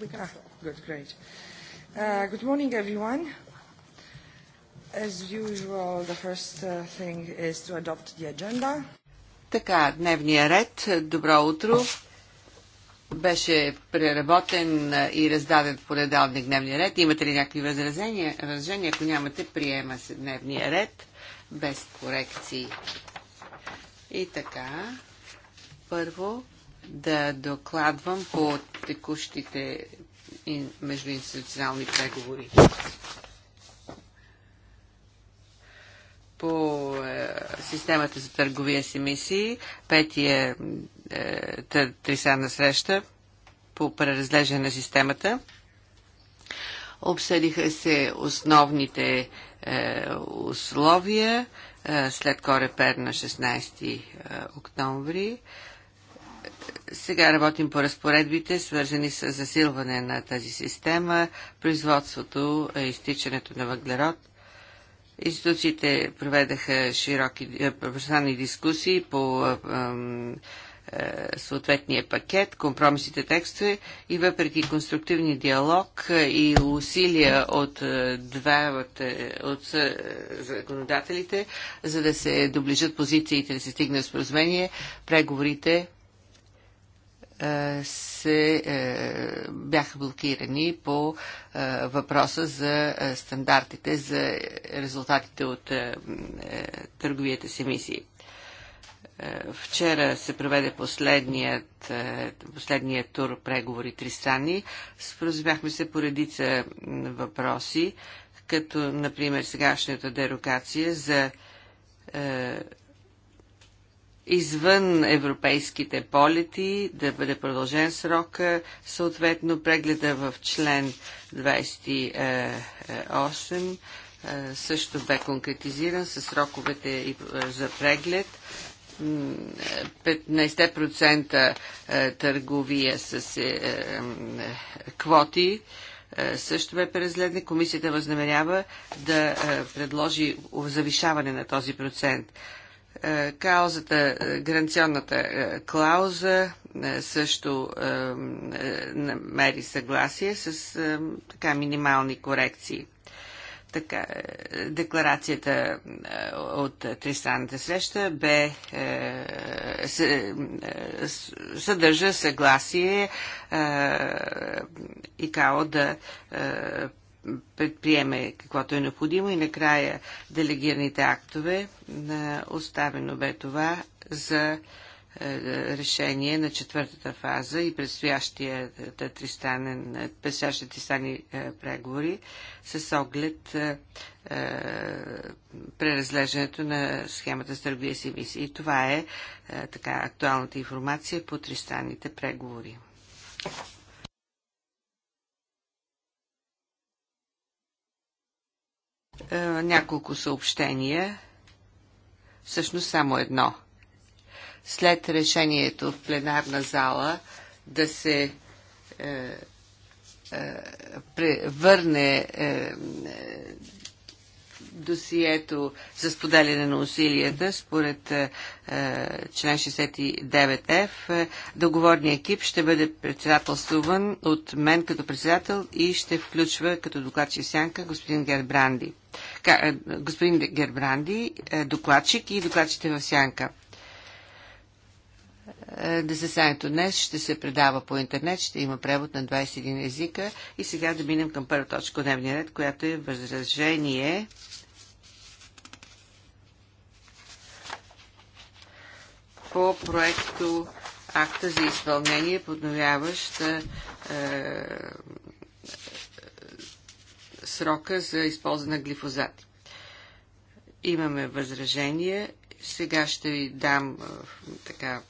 We can. Good, great. Uh, good morning, everyone. As usual, the first uh, thing is to adopt the agenda. Така, дневния ред. Добро утро. Беше преработен и раздаден в понеделник дневния ред. Имате ли някакви възражения? възражения? Ако нямате, приема се дневния ред без корекции. И така, първо да докладвам по текущите междуинституционални преговори. По е, системата за търговия с емисии, петия е, трисадна трисана среща по преразлежане на системата. Обсъдиха се основните е, условия е, след корепер на 16 е, октомври. Е, сега работим по разпоредбите, свързани с засилване на тази система, производството, е изтичането на въглерод. Институциите проведаха широки е, професионални дискусии по е, съответния пакет, компромисите текстове и въпреки конструктивни диалог и усилия от два от, от законодателите, за да се доближат позициите, да се стигне споразумение, преговорите е, се е, бяха блокирани по е, въпроса за стандартите за резултатите от търговията с емисии. Вчера се проведе последният, последният тур преговори три страни. Споразумяхме се по редица въпроси, като, например, сегашната дерогация за извън европейските полети, да бъде продължен срока, съответно прегледа в член 28 е, също бе конкретизиран с сроковете е, за преглед. 15% е, търговия с квоти също бе преразгледан. Комисията възнамерява да предложи завишаване на този процент. Е, каузата, е, гаранционната е, клауза също намери съгласие с така минимални корекции. Така, декларацията от тристранната среща бе съдържа съгласие и као да предприеме каквото е необходимо и накрая делегираните актове. Оставено бе това за е, решение на четвъртата фаза и е, предстоящите тристани е, преговори с оглед преразглеждането на схемата с търговия с емисии. И това е, така актуалната информация по тристанните преговори. е, няколко съобщения, всъщност само едно. След решението в пленарна зала да се е, е, върне е, досието за споделяне на усилията според е, е член 69F. Е, Договорния екип ще бъде председателствуван от мен като председател и ще включва като докладчи сянка господин Гербранди. Е, господин Гербранди, е, докладчик и докладчите в Сянка. Е, десесанието днес ще се предава по интернет, ще има превод на 21 езика. И сега да минем към първа точка от дневния ред, която е възражение по проекто акта за изпълнение, подновяващ е, срока за използване на глифозат. Имаме възражение. Сега ще ви дам така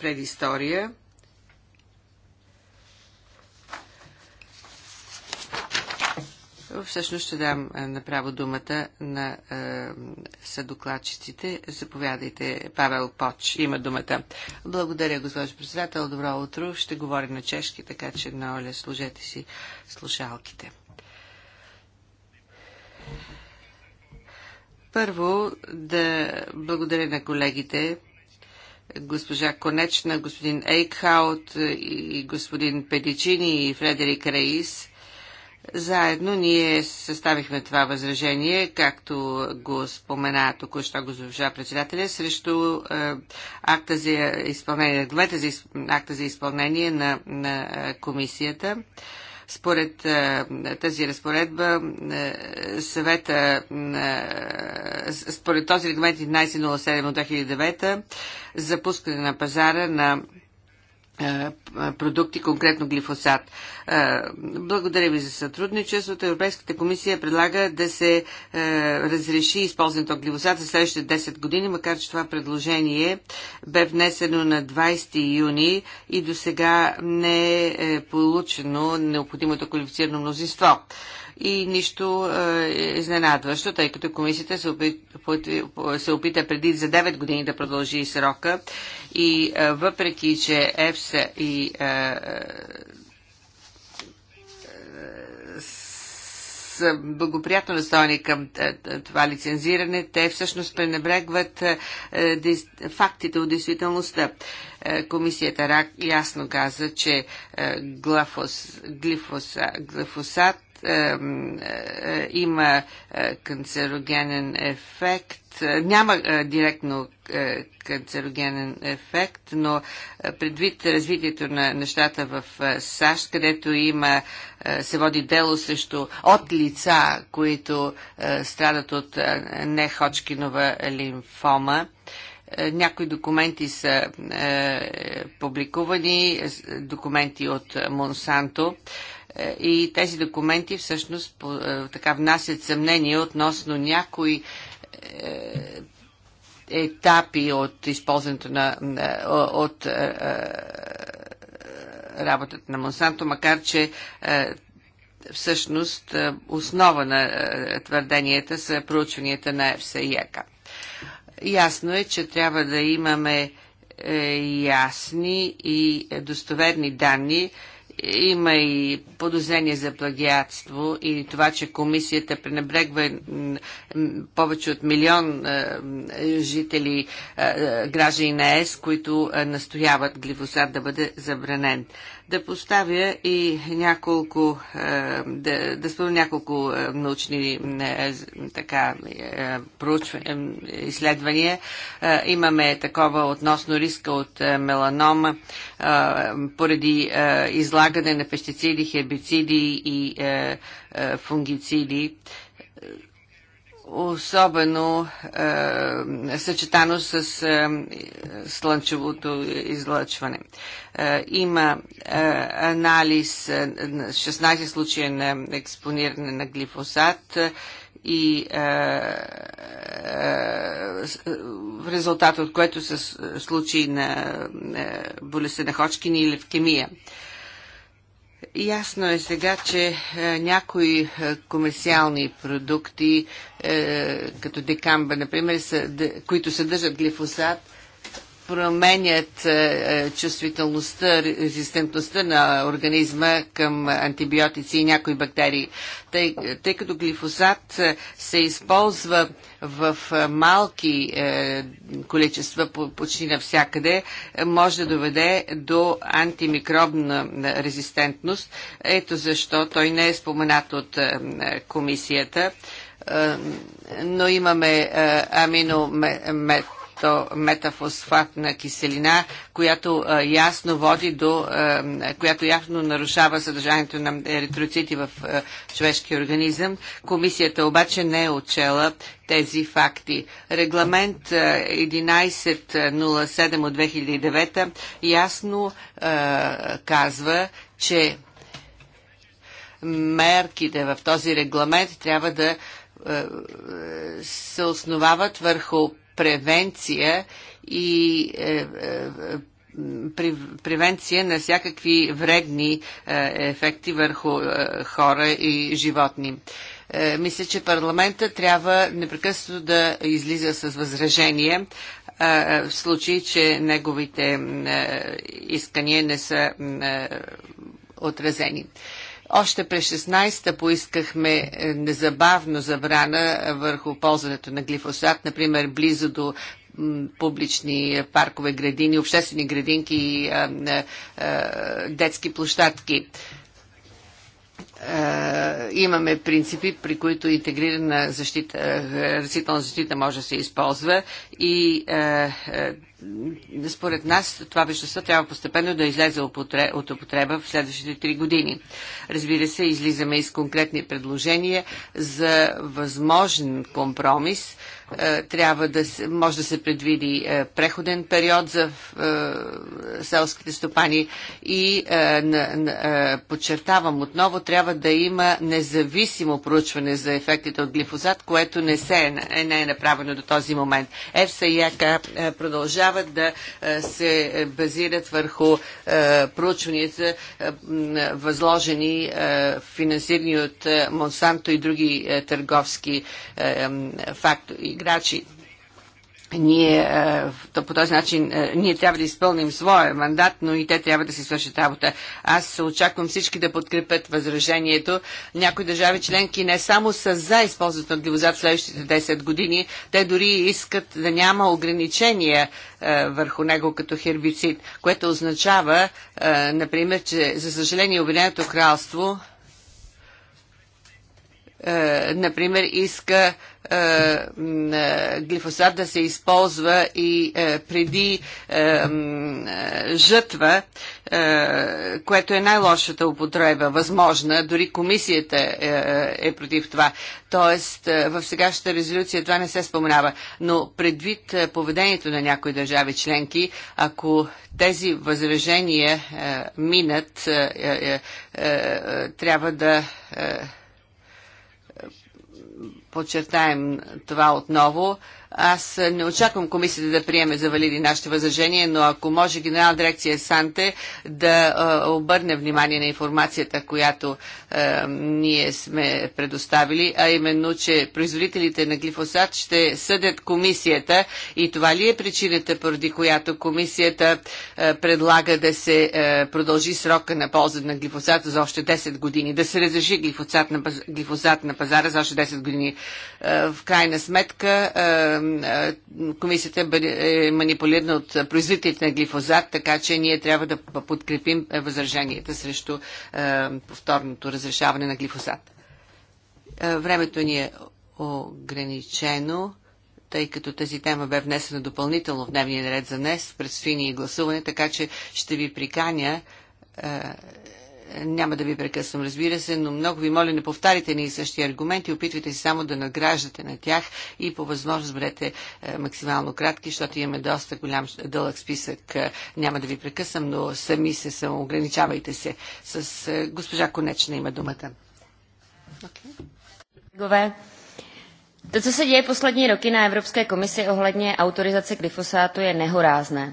предистория. Всъщност ще дам направо думата на е, съдокладчиците. Заповядайте, Павел Поч. Има думата. Благодаря, госпожо председател. Добро утро. Ще говоря на чешки, така че, оля служете си слушалките. Първо да благодаря на колегите, госпожа Конечна, господин Ейкхаут и господин Педичини и Фредерик Рейс. Заедно ние съставихме това възражение, както го спомена току-що госпожа председателя, срещу е, акта за изпълнение, регламента за акта за изпълнение на, на е, комисията. Е, според е, тази разпоредба е, съвета, е, според този регламент 1107 от 2009, запускане на пазара на е, продукти, конкретно глифосат. Е, благодаря ви за сътрудничеството. Европейската комисия предлага да се е, разреши използването на глифосат за следващите 10 години, макар че това предложение бе внесено на 20 юни и до сега не е получено необходимото квалифицирано мнозинство и нищо е, изненадващо, тъй като комисията се, опит, се опита преди за 9 години да продължи срока и е, въпреки, че ЕФСА и е, е са благоприятно настроени към е, е, това лицензиране, те всъщност пренебрегват фактите от действителността. Комисията Рак ясно каза, че глифосат е, е, има е, канцерогенен ефект. Няма директно канцерогенен ефект, но предвид развитието на нещата в САЩ, където има, се води дело срещу от лица, които страдат от нехочкинова лимфома, е, някои документи са е, публикувани, е, документи от Монсанто и тези документи всъщност така внасят съмнение относно някои етапи от използването на от работата на Монсанто, макар че всъщност основа на твърденията са проучванията на ЕФСА Ясно е, че трябва да имаме е, ясни и достоверни данни има и подозрение за плагиатство и това, че комисията пренебрегва повече от милион е, жители, е, граждани на ЕС, които е, настояват глифосат да бъде забранен. Да поставя и няколко, да, да спомня няколко научни така, проучвания, изследвания. Имаме такова относно риска от меланома, поради излагане на пестициди, хербициди и фунгициди особено съчетано с слънчевото излъчване. има анализ на 16 случая на експониране на глифосат. и и а, е, а, е, в резултат от което се случи на на е, болестта на Ходжкин в левкемия. Ясно е сега, че а, някои комерциални продукти, а, като декамба, например, са, де, които съдържат глифосат, променят е, е, чувствителността, резистентността на организма към антибиотици и някои бактерии. Тъй, тъй като глифосат е, се използва в малки количества почти навсякъде, може да доведе до антимикробна резистентност. Ето защо той не е споменат от комисията но имаме аминомет Метафосфат метафосфатна киселина, която а, ясно води до, а, която ясно нарушава съдържанието на еритроцити в а, човешкия организъм. Комисията обаче не е отчела тези факти. Регламент 1107 от 2009 ясно а, казва, че мерките в този регламент трябва да се основават върху превенция и е, е, превенция на всякакви вредни е, ефекти върху хора и животни. Мисля, че парламента трябва непрекъснато да излиза с възражение, в случай, че неговите искания не са отразени. Още през 16-та поискахме е, незабавно забрана е, върху ползването на глифосат, например близо до публични паркове, градини, обществени градинки и е, детски площадки. Е, имаме принципи, при които интегрирана защита, е, растителна защита може да се използва и е, е, според нас това вещество трябва постепенно да излезе от употреба в следващите три години. Разбира се, излизаме из конкретни предложения за възможен компромис – е, трябва да се може да се предвиди е, преходен период за е, селските стопани и подчертавам отново, трябва да има независимо проучване за ефектите от глифозат, което не, се, не е направено до този момент. ЕФСА и ЕКА продължават да се базират върху проучванията възложени, финансирани от Монсанто и други търговски фактори играчи. Ние е, по този начин е, ние трябва да изпълним своя мандат, но и те трябва да си свършат работа. Аз очаквам всички да подкрепят възражението. Някои държави членки не само са за използването на глифозат в следващите 10 години, те дори искат да няма ограничения е, върху него като хербицид, което означава, например, че за съжаление Обединеното кралство е, например, иска е, е, глифосат да се използва и преди жътва, което е най-лошата употреба, възможна. Дори комисията е против това. Тоест, в сегашната резолюция това не се споменава. Но предвид поведението на някои държави членки, ако тези възражения минат, трябва да подчертаем това отново. Аз не очаквам комисията да приеме за валиди нашите възражения, но ако може генерална дирекция Санте да обърне внимание на информацията, която е, ние сме предоставили, а именно, че производителите на глифосат ще съдят комисията и това ли е причината, поради която комисията е, предлага да се е, продължи срока на полза на глифосат за още 10 години, да се разреши глифосат на, глифосат на пазара за още 10 години. в крайна сметка комисията е манипулирана от производителите на глифозат, така че ние трябва да подкрепим възраженията срещу повторното разрешение разрешаване на глифосат. Е, времето ни е ограничено, тъй като тази тема бе внесена допълнително в дневния ред за днес, предстои ни и гласуване, така че ще ви приканя е, няма да ви прекъсвам, разбира се, но много ви моля, не повтарите ни същи аргументи, опитвайте се само да награждате на тях и по възможност бъдете е, максимално кратки, защото имаме доста голям, дълъг списък. Е, няма да ви прекъсвам, но сами се самоограничавайте се. С е, госпожа Конечна има думата. Okay. To, co se děje poslední roky na Evropské komisi ohledně autorizace glyfosátu, je nehorázné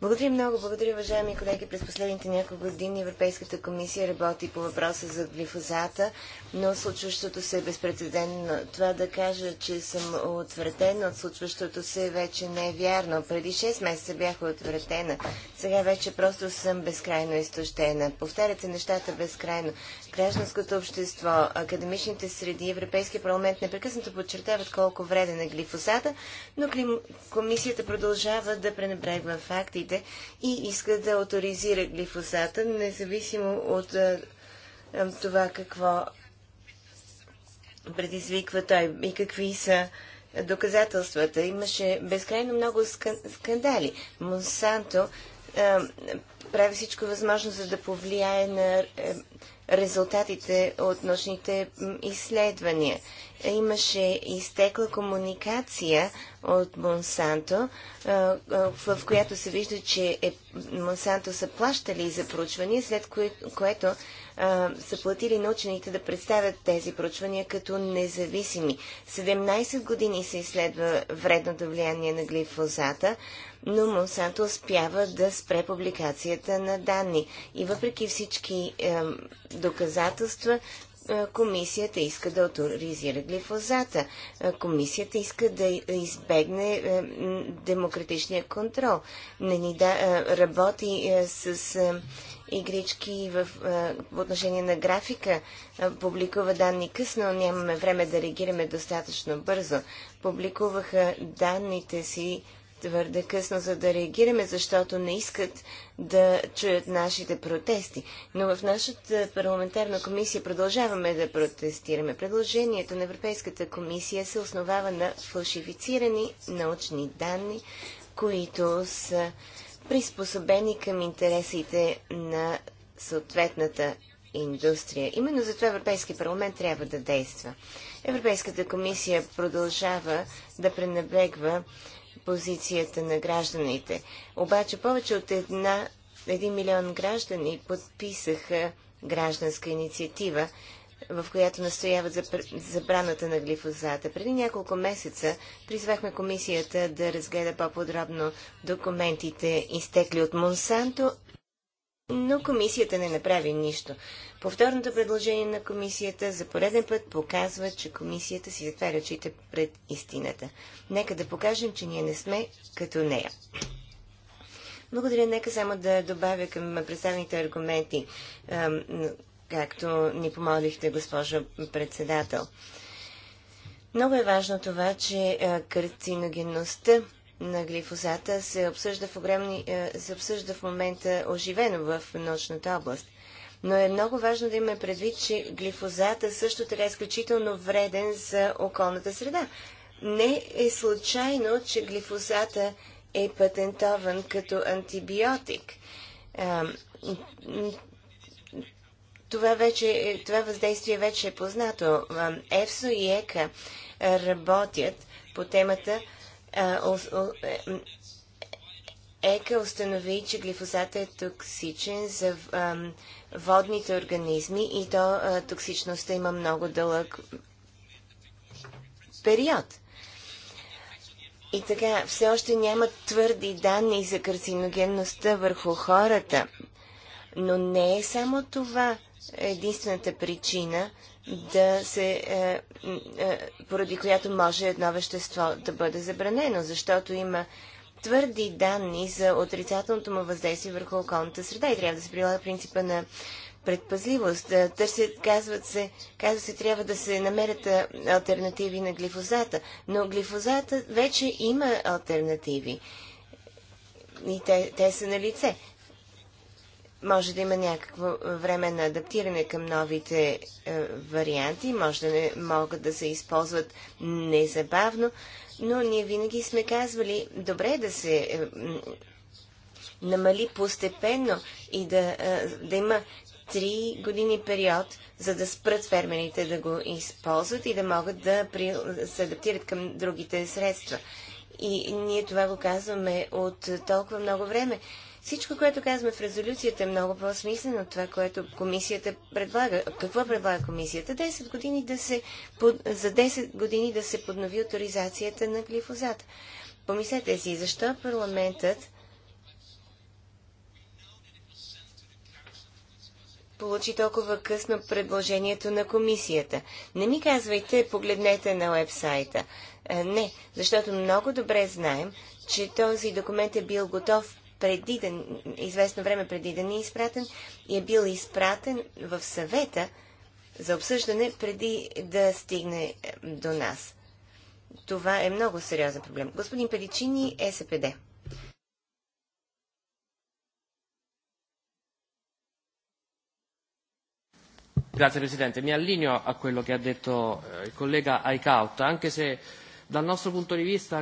благодаря много. Благодаря, уважаеми колеги. През последните няколко години Европейската комисия работи по въпроса за глифозата, но случващото се е безпредседентно. Това да кажа, че съм отвратена от случващото се вече не е вярно. Преди 6 месеца бях отвратена. Сега вече просто съм безкрайно изтощена. Повтарят се нещата безкрайно гражданското общество, академичните среди, Европейския парламент непрекъснато подчертават колко вреден е глифосата, но комисията продължава да пренебрегва фактите и иска да авторизира глифосата, независимо от това какво предизвиква той и какви са доказателствата. Имаше безкрайно много скандали. Монсанто прави всичко възможно, за да повлияе на е, резултатите от научните изследвания. Имаше изтекла комуникация от Монсанто, в която се вижда, че е, Монсанто са плащали за проучвания, след кое, което са платили на учените да представят тези проучвания като независими. 17 години се изследва вредното влияние на глифозата, но Монсанто успява да спре публикацията на данни. И въпреки всички е, доказателства, е, комисията иска да авторизира глифозата. Е, комисията иска да избегне демократичния контрол. Не ни да, работи с игрички в, в отношение на графика. Публикува данни късно, нямаме време да реагираме достатъчно бързо. Публикуваха данните си твърде късно, за да реагираме, защото не искат да чуят нашите протести. Но в нашата парламентарна комисия продължаваме да протестираме. Предложението на Европейската комисия се основава на фалшифицирани научни данни, които са приспособени към интересите на съответната индустрия. Именно затова Европейски парламент трябва да действа. Европейската комисия продължава да пренебрегва позицията на гражданите. Обаче повече от една, един милион граждани подписаха гражданска инициатива в която настояват за забраната на глифозата. Преди няколко месеца призвахме комисията да разгледа по-подробно документите, изтекли от Монсанто, но комисията не направи нищо. Повторното предложение на комисията за пореден път показва, че комисията си затваря очите пред истината. Нека да покажем, че ние не сме като нея. Благодаря. Нека само да добавя към представените аргументи както ни помолихте, госпожо председател. Много е важно това, че е, карциногенността на глифозата се обсъжда в, огромни, е, се обсъжда в момента оживено в научната област. Но е много важно да имаме предвид, че глифозата също така е изключително вреден за околната среда. Не е случайно, че глифозата е патентован като антибиотик това, вече, това въздействие вече е познато. ЕФСО и ЕКА работят по темата. Е, ЕКА установи, че глифосат е токсичен за водните организми и то токсичността има много дълъг период. И така, все още няма твърди данни за карциногенността върху хората. Но не е само това единствената причина да се, е, е, поради която може едно вещество да бъде забранено, защото има твърди данни за отрицателното му въздействие върху околната среда и трябва да се прилага принципа на предпазливост. Е, търсят, казват се, казва се, трябва да се намерят е, альтернативи на глифозата, но глифозата вече има альтернативи и те, те са на лице. Може да има някакво време на адаптиране към новите е, варианти, може да не могат да се използват незабавно, но ние винаги сме казвали, добре е да се е, намали постепенно и да, е, да има три години период, за да спрат фермерите да го използват и да могат да при... се адаптират към другите средства. И ние това го казваме от толкова много време. Всичко, което казваме в резолюцията е много по-смислено от това, което комисията предлага. Какво предлага комисията? 10 години да се, за 10 години да се поднови авторизацията на глифозат. Помислете си, защо парламентът получи толкова късно предложението на комисията. Не ми казвайте, погледнете на вебсайта. Е, не, защото много добре знаем, че този документ е бил готов преди да, известно време преди да ни е изпратен и е бил изпратен в съвета за обсъждане преди да стигне е, до нас. Това е много сериозен проблем. Господин Пеличини, СПД. Grazie Presidente, mi allineo a quello che ha detto eh, il collega Aicaut, anche se dal nostro punto di vista...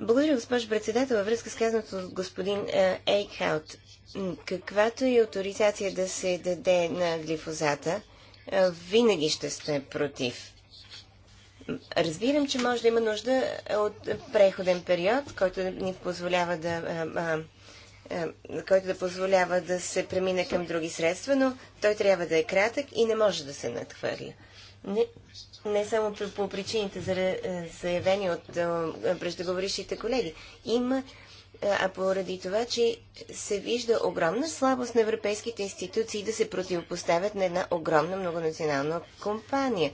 Благодаря, госпожо председател, във връзка с казаното от господин е, Ейкхаут. Каквато и авторизация да се даде на глифозата, е, винаги ще сте против. Разбирам, че може да има нужда от преходен период, който да ни позволява да. Е, който да позволява да се премине към други средства, но той трябва да е кратък и не може да се надхвърля. Не, не само по причините за е, заявени от е, преждеговорившите колеги. Има е, а поради това, че се вижда огромна слабост на европейските институции да се противопоставят на една огромна многонационална компания.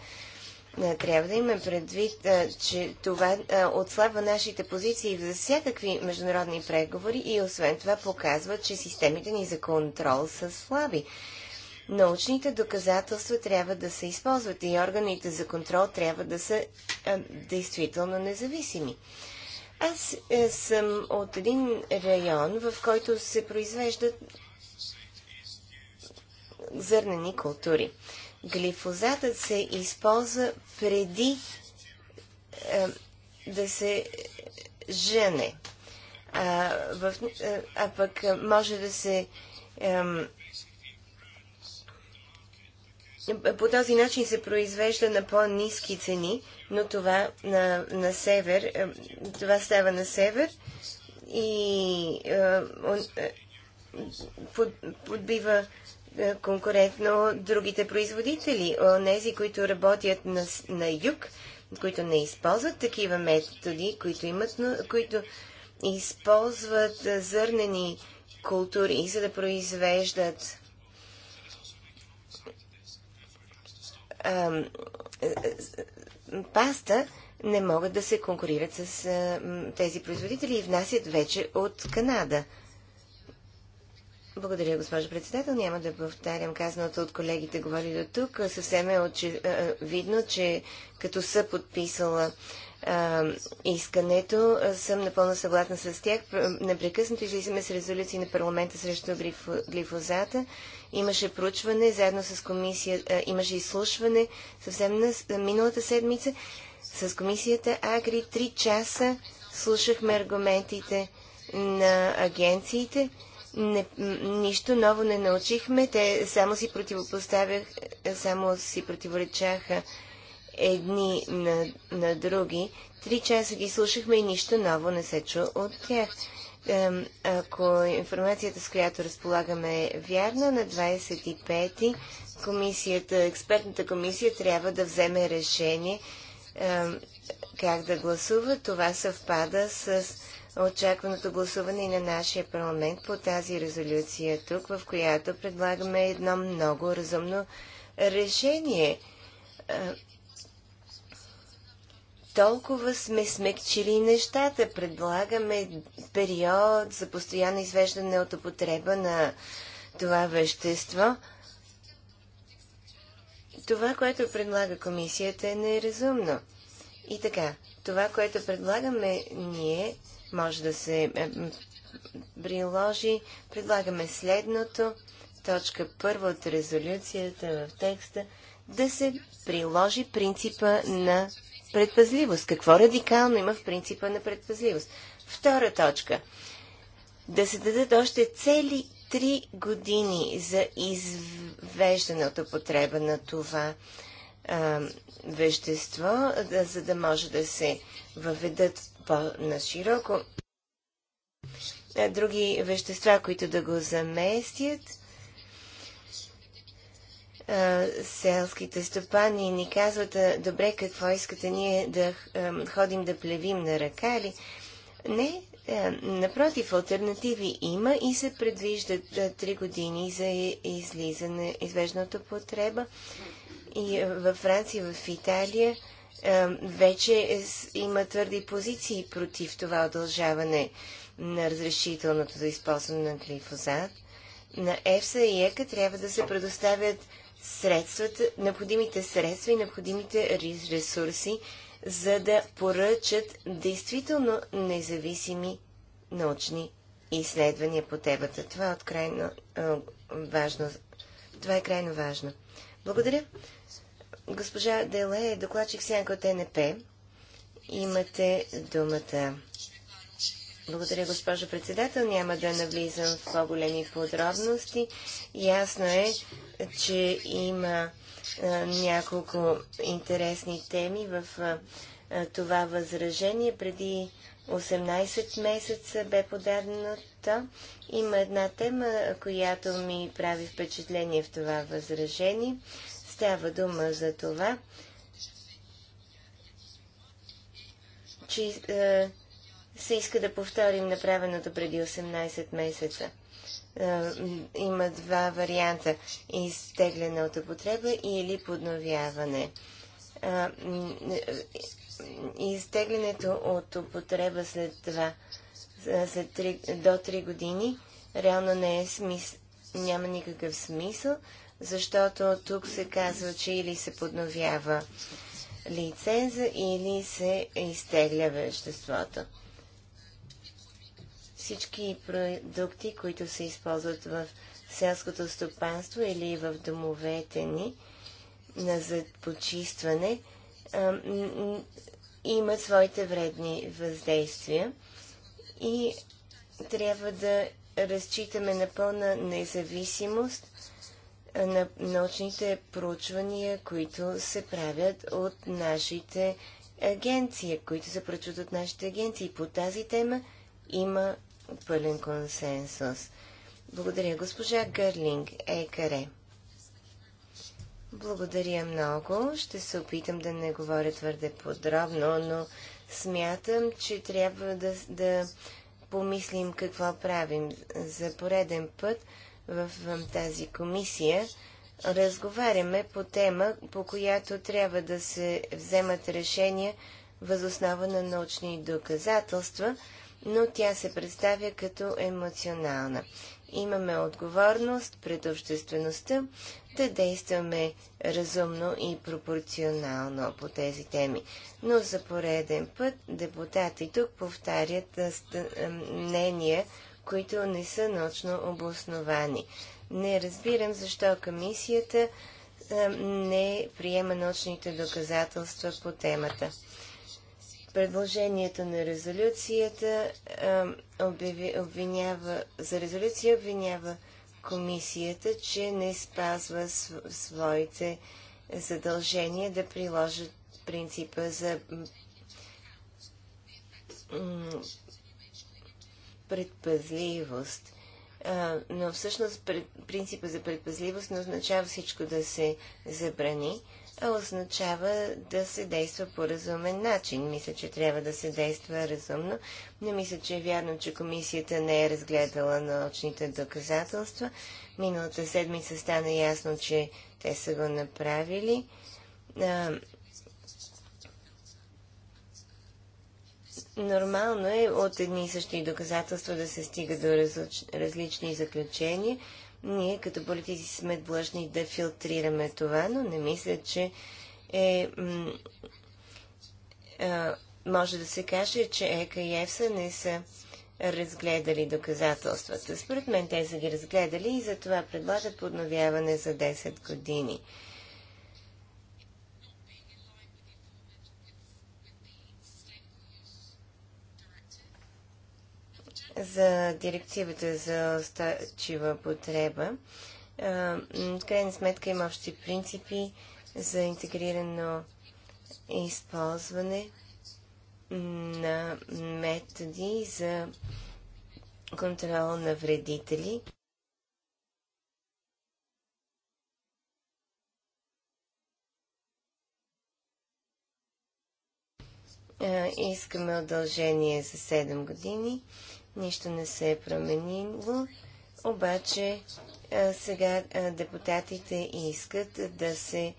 Трябва да имаме предвид, че това отслабва нашите позиции за всякакви международни преговори и освен това показва, че системите ни за контрол са слаби научните доказателства трябва да се използват и органите за контрол трябва да са а, действително независими. Аз е, съм от един район, в който се произвеждат зърнени култури. Глифозатът се използва преди е, да се жене. А, в, е, а пък е, може да се Е, по този начин се произвежда на по-низки цени, но това на, на север, е, това става на север и е, е, под, подбива конкурентно другите производители. Онези, които работят на, на юг, които не използват такива методи, които, имат, но, които използват зърнени култури, за да произвеждат Е, е, е, паста не могат да се конкурират с а, тези производители и внасят вече от Канада. Благодаря, госпожо председател. Няма да повтарям казаното от колегите, говори до тук. Съвсем е видно, че като са подписала а, искането, съм напълно съгласна с тях. Непрекъснато излизаме с резолюции на парламента срещу глифозата Имаше проучване заедно с комисия, а, имаше изслушване съвсем на миналата седмица с комисията Агри. Три часа слушахме аргументите на агенциите. Не, нищо ново не научихме. Те само си противопоставях, само си противоречаха едни на, на други. Три часа ги слушахме и нищо ново не се чу от тях ако информацията, с която разполагаме е вярна, на 25-ти комисията, експертната комисия трябва да вземе решение как да гласува. Това съвпада с очакваното гласуване и на нашия парламент по тази резолюция тук, в която предлагаме едно много разумно решение толкова сме смекчили нещата. Предлагаме период за постоянно извеждане от употреба на това вещество. Това, което предлага комисията е неразумно. И така, това, което предлагаме ние, може да се приложи. Предлагаме следното. Точка първа от резолюцията в текста да се приложи принципа на предпазливост. Какво радикално има в принципа на предпазливост? Втора точка. Да се дадат още цели три години за извеждане от употреба на това а, вещество, да, за да може да се въведат по-нашироко други вещества, които да го заместят селските стопани ни казват, добре, какво искате ние да ходим да плевим на ръка ли? Не, напротив, альтернативи има и се предвиждат три 3 години за излизане, извежната потреба. И във Франция, в Италия вече има твърди позиции против това удължаване на разрешителното за използване на глифозат. На ЕФСА и ЕКА трябва да се предоставят средствата, необходимите средства и необходимите ресурси, за да поръчат действително независими научни изследвания по темата. Това е, от крайно, важно. Това е крайно важно. Благодаря. Госпожа Деле е докладчик сянка от НП. Имате думата. Благодаря, госпожо председател. Няма да навлизам в по-големи подробности. Ясно е, че има а, няколко интересни теми в а, това възражение. Преди 18 месеца бе подадената. Има една тема, която ми прави впечатление в това възражение. Става дума за това, че се иска да повторим направеното преди 18 месеца. Е, има два варианта изтегляне от употреба или подновяване. Е, изтеглянето от употреба след това, е, след 3, до 3 години реално не е смис... няма никакъв смисъл, защото тук се казва, че или се подновява лиценза, или се изтегля веществото всички продукти, които се използват в селското стопанство или в домовете ни на за почистване, имат своите вредни въздействия и трябва да разчитаме на пълна независимост на научните проучвания, които се правят от нашите агенции, които се прочут от нашите агенции. По тази тема има пълен консенсус. Благодаря, госпожа Гърлинг, Екаре. Благодаря много. Ще се опитам да не говоря твърде подробно, но смятам, че трябва да, да помислим какво правим. За пореден път в, в тази комисия разговаряме по тема, по която трябва да се вземат решения възоснова на научни доказателства, но тя се представя като емоционална. Имаме отговорност пред обществеността да действаме разумно и пропорционално по тези теми. Но за пореден път депутати тук повтарят е, мнения, които не са научно обосновани. Не разбирам защо комисията е, не приема научните доказателства по темата предложението на резолюцията а, обяви, обвинява, за резолюция обвинява комисията, че не спазва своите задължения да приложат принципа за предпазливост. но всъщност принципа за предпазливост не означава всичко да се забрани, означава да се действа по разумен начин. Мисля, че трябва да се действа разумно. Не мисля, че е вярно, че комисията не е разгледала научните доказателства. Миналата седмица стана ясно, че те са го направили. нормално е от едни и същи доказателства да се стига до различни заключения ние като политици сме длъжни да филтрираме това, но не мисля, че е, може да се каже, че ЕКА и ЕФСА не са разгледали доказателствата. Според мен те са ги разгледали и затова предлагат подновяване за 10 години. за директивата за устойчива потреба. В крайна сметка има общи принципи за интегрирано използване на методи за контрол на вредители. Искаме удължение за 7 години. Нищо не се е променило, обаче сега депутатите искат да се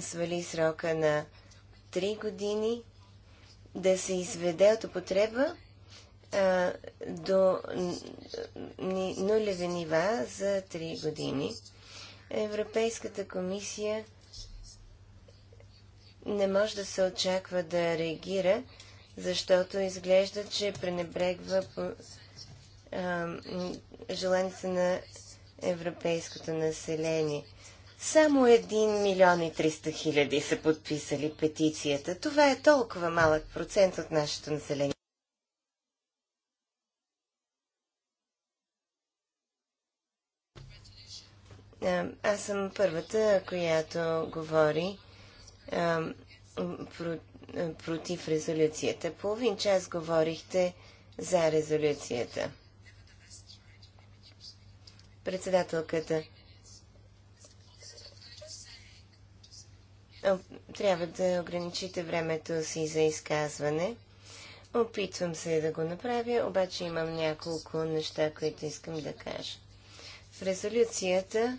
свали срока на 3 години, да се изведе от употреба а, до нулеви нива за 3 години. Европейската комисия не може да се очаква да реагира защото изглежда, че пренебрегва желанието на европейското население. Само 1 милион и 300 хиляди са подписали петицията. Това е толкова малък процент от нашето население. Аз съм първата, която говори про е, против резолюцията. Половин час говорихте за резолюцията. Председателката трябва да ограничите времето си за изказване. Опитвам се да го направя, обаче имам няколко неща, които искам да кажа. В резолюцията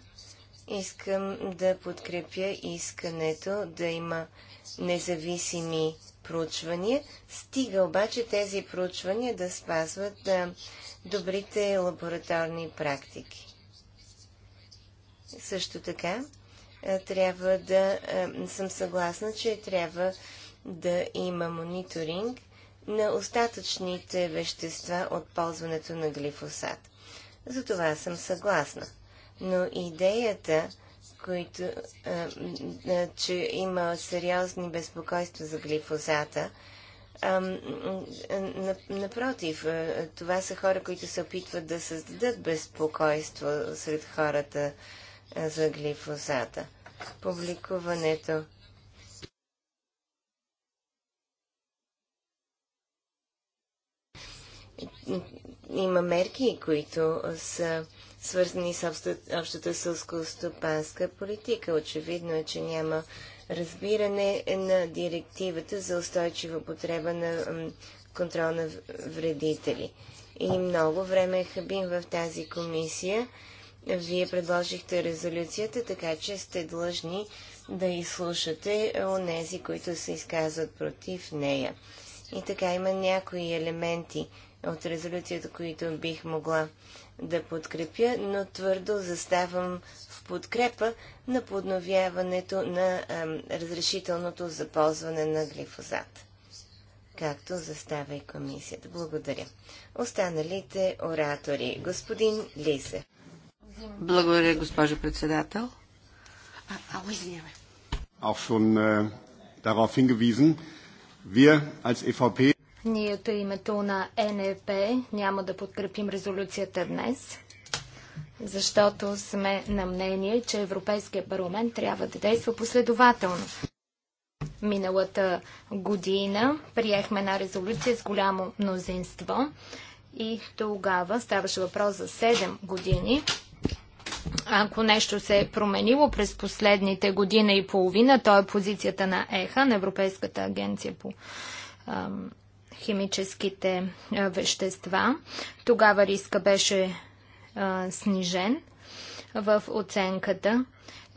искам да подкрепя искането да има независими проучвания, стига обаче тези проучвания да спазват а, добрите лабораторни практики. Също така, а, трябва да а, съм съгласна, че трябва да има мониторинг на остатъчните вещества от ползването на глифосат. За това съм съгласна. Но идеята които, а, че има сериозни безпокойства за глифозата. А, напротив, това са хора, които се опитват да създадат безпокойство сред хората за глифозата. Публикуването. Има мерки, които са свързани с общата, сълско-стопанска политика. Очевидно е, че няма разбиране на директивата за устойчива потреба на контрол на вредители. И много време е хабим в тази комисия. Вие предложихте резолюцията, така че сте длъжни да изслушате нези, които се изказват против нея. И така има някои елементи от резолюцията, които бих могла да подкрепя, но твърдо заставам в подкрепа на подновяването на а, разрешителното за ползване на глифозат, както застава и комисията. Благодаря. Останалите оратори. Господин Лисе. Благодаря, госпожо председател. А, ау, извинявай. Auch schon äh, darauf hingewiesen, wir als EVP ние от името на НЕП няма да подкрепим резолюцията днес, защото сме на мнение, че Европейския парламент трябва да действа последователно. Миналата година приехме една резолюция с голямо мнозинство и тогава ставаше въпрос за 7 години. Ако нещо се е променило през последните година и половина, то е позицията на ЕХА, на Европейската агенция по ам, химическите вещества. Тогава риска беше а, снижен в оценката.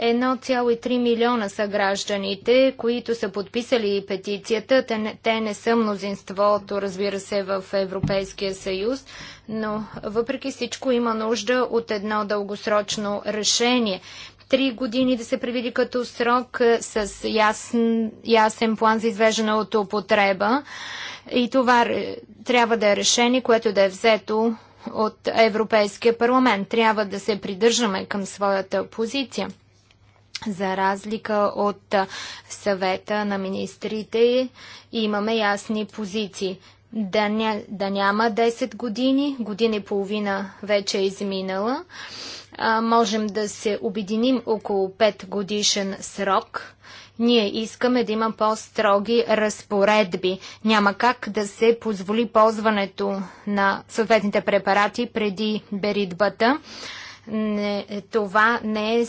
1,3 милиона са гражданите, които са подписали петицията. Те не, те не са мнозинството, разбира се, в Европейския съюз, но въпреки всичко има нужда от едно дългосрочно решение. Три години да се предвиди като срок с ясен, ясен план за извеждане от употреба. И това е, трябва да е решение, което да е взето от Европейския парламент. Трябва да се придържаме към своята позиция. За разлика от съвета на министрите имаме ясни позиции. Да, ня, да няма 10 години, година и половина вече е изминала. А, можем да се обединим около 5 годишен срок ние искаме да има по-строги разпоредби. Няма как да се позволи ползването на съответните препарати преди беритбата. Не, това не е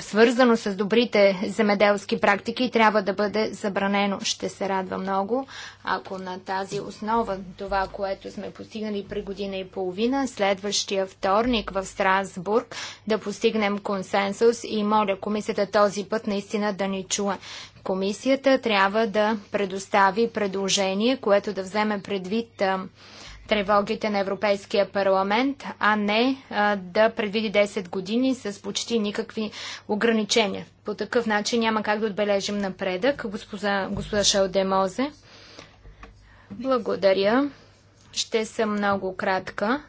свързано с добрите земеделски практики, трябва да бъде забранено. Ще се радва много, ако на тази основа това, което сме постигнали при година и половина, следващия вторник в Страсбург да постигнем консенсус и моля комисията този път наистина да ни чуе. Комисията трябва да предостави предложение, което да вземе предвид тревогите на Европейския парламент, а не а, да предвиди 10 години с почти никакви ограничения. По такъв начин няма как да отбележим напредък. Госпожа, госпожа Шалдемозе, благодаря. Ще съм много кратка.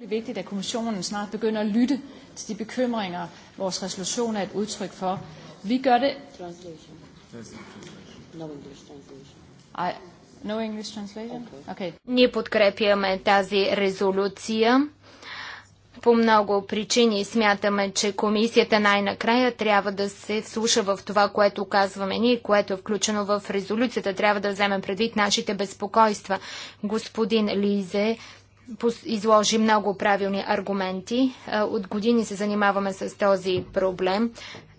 Det er vigtigt, at kommissionen snart begynder at lytte til de bekymringer, vores resolution er et udtryk for. Vi gør det... Translation. translation. No English translation? Okay. Ние подкрепяме тази резолюция. По много причини смятаме, че комисията най-накрая трябва да се вслуша в това, което казваме ние, което е включено в резолюцията. Трябва да вземем предвид нашите безпокойства. Господин Лизе изложи много правилни аргументи. Е, от години се занимаваме с този проблем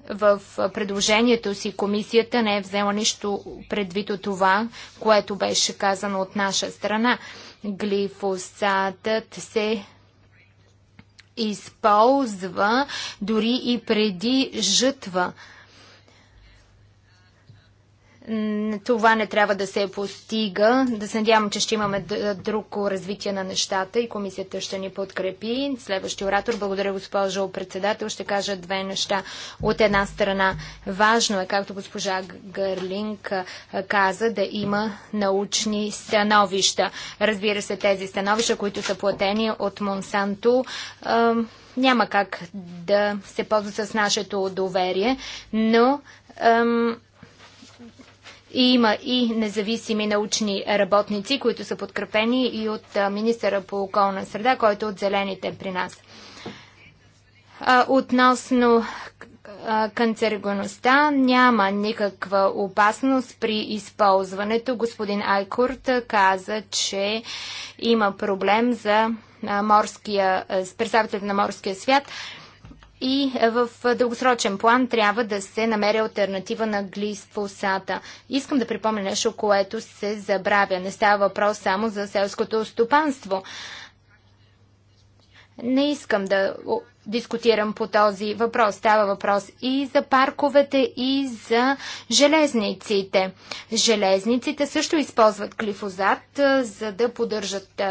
в предложението си комисията не е взела нищо предвид от това, което беше казано от наша страна. Глифосатът се използва дори и преди жътва. Това не трябва да се постига. Да се надявам, че ще имаме друго развитие на нещата и комисията ще ни подкрепи. Следващия оратор, благодаря госпожо председател, ще кажа две неща. От една страна, важно е, както госпожа Гърлинг каза, да има научни становища. Разбира се, тези становища, които са платени от Монсанто, няма как да се ползва с нашето доверие, но и има и независими научни работници, които са подкрепени и от министъра по околна среда, който е от зелените при нас. Относно канцерогеността няма никаква опасност при използването. Господин Айкурт каза, че има проблем за морския, представителите на морския свят. И в дългосрочен план трябва да се намери альтернатива на глисфосата. Искам да припомня нещо, което се забравя. Не става въпрос само за селското стопанство. Не искам да дискутирам по този въпрос. Става въпрос и за парковете, и за железниците. Железниците също използват глифозат, за да поддържат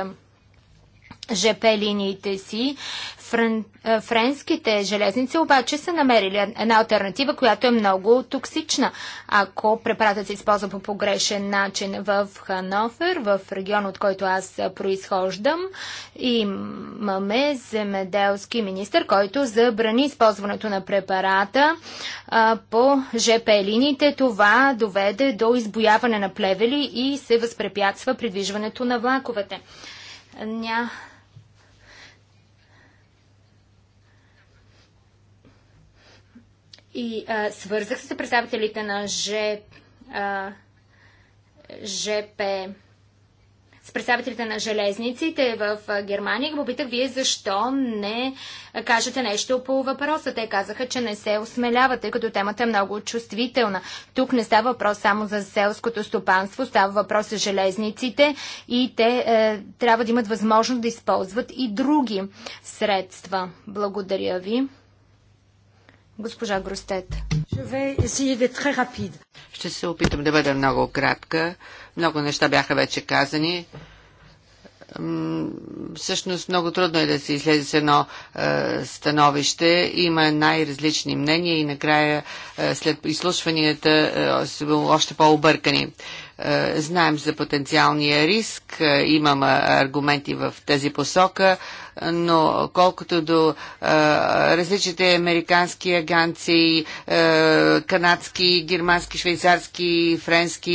ЖП линиите си. Френ, френските железници обаче са намерили една альтернатива, която е много токсична. Ако препаратът се използва по погрешен начин в Ханофер, в регион, от който аз произхождам, имаме земеделски министр, който забрани използването на препарата а, по ЖП линиите. Това доведе до избояване на плевели и се възпрепятства придвижването на влаковете. Ня... И а, свързах се с представителите на Ж, а, ЖП с представителите на железниците в Германия и попитах вие защо не кажете нещо по въпроса. Те казаха, че не се осмелявате, тъй като темата е много чувствителна. Тук не става въпрос само за селското стопанство, става въпрос за железниците и те е, трябва да имат възможност да използват и други средства. Благодаря ви. Госпожа Гростет. Ще се опитам да бъда много кратка. Много неща бяха вече казани. Всъщност много трудно е да се излезе с едно е, становище. Има най-различни мнения и накрая е, след изслушванията е, са още по-объркани е, знаем за потенциалния риск, е, имам е, аргументи в тези посока, но колкото до различните американски агенции, канадски, германски, швейцарски, френски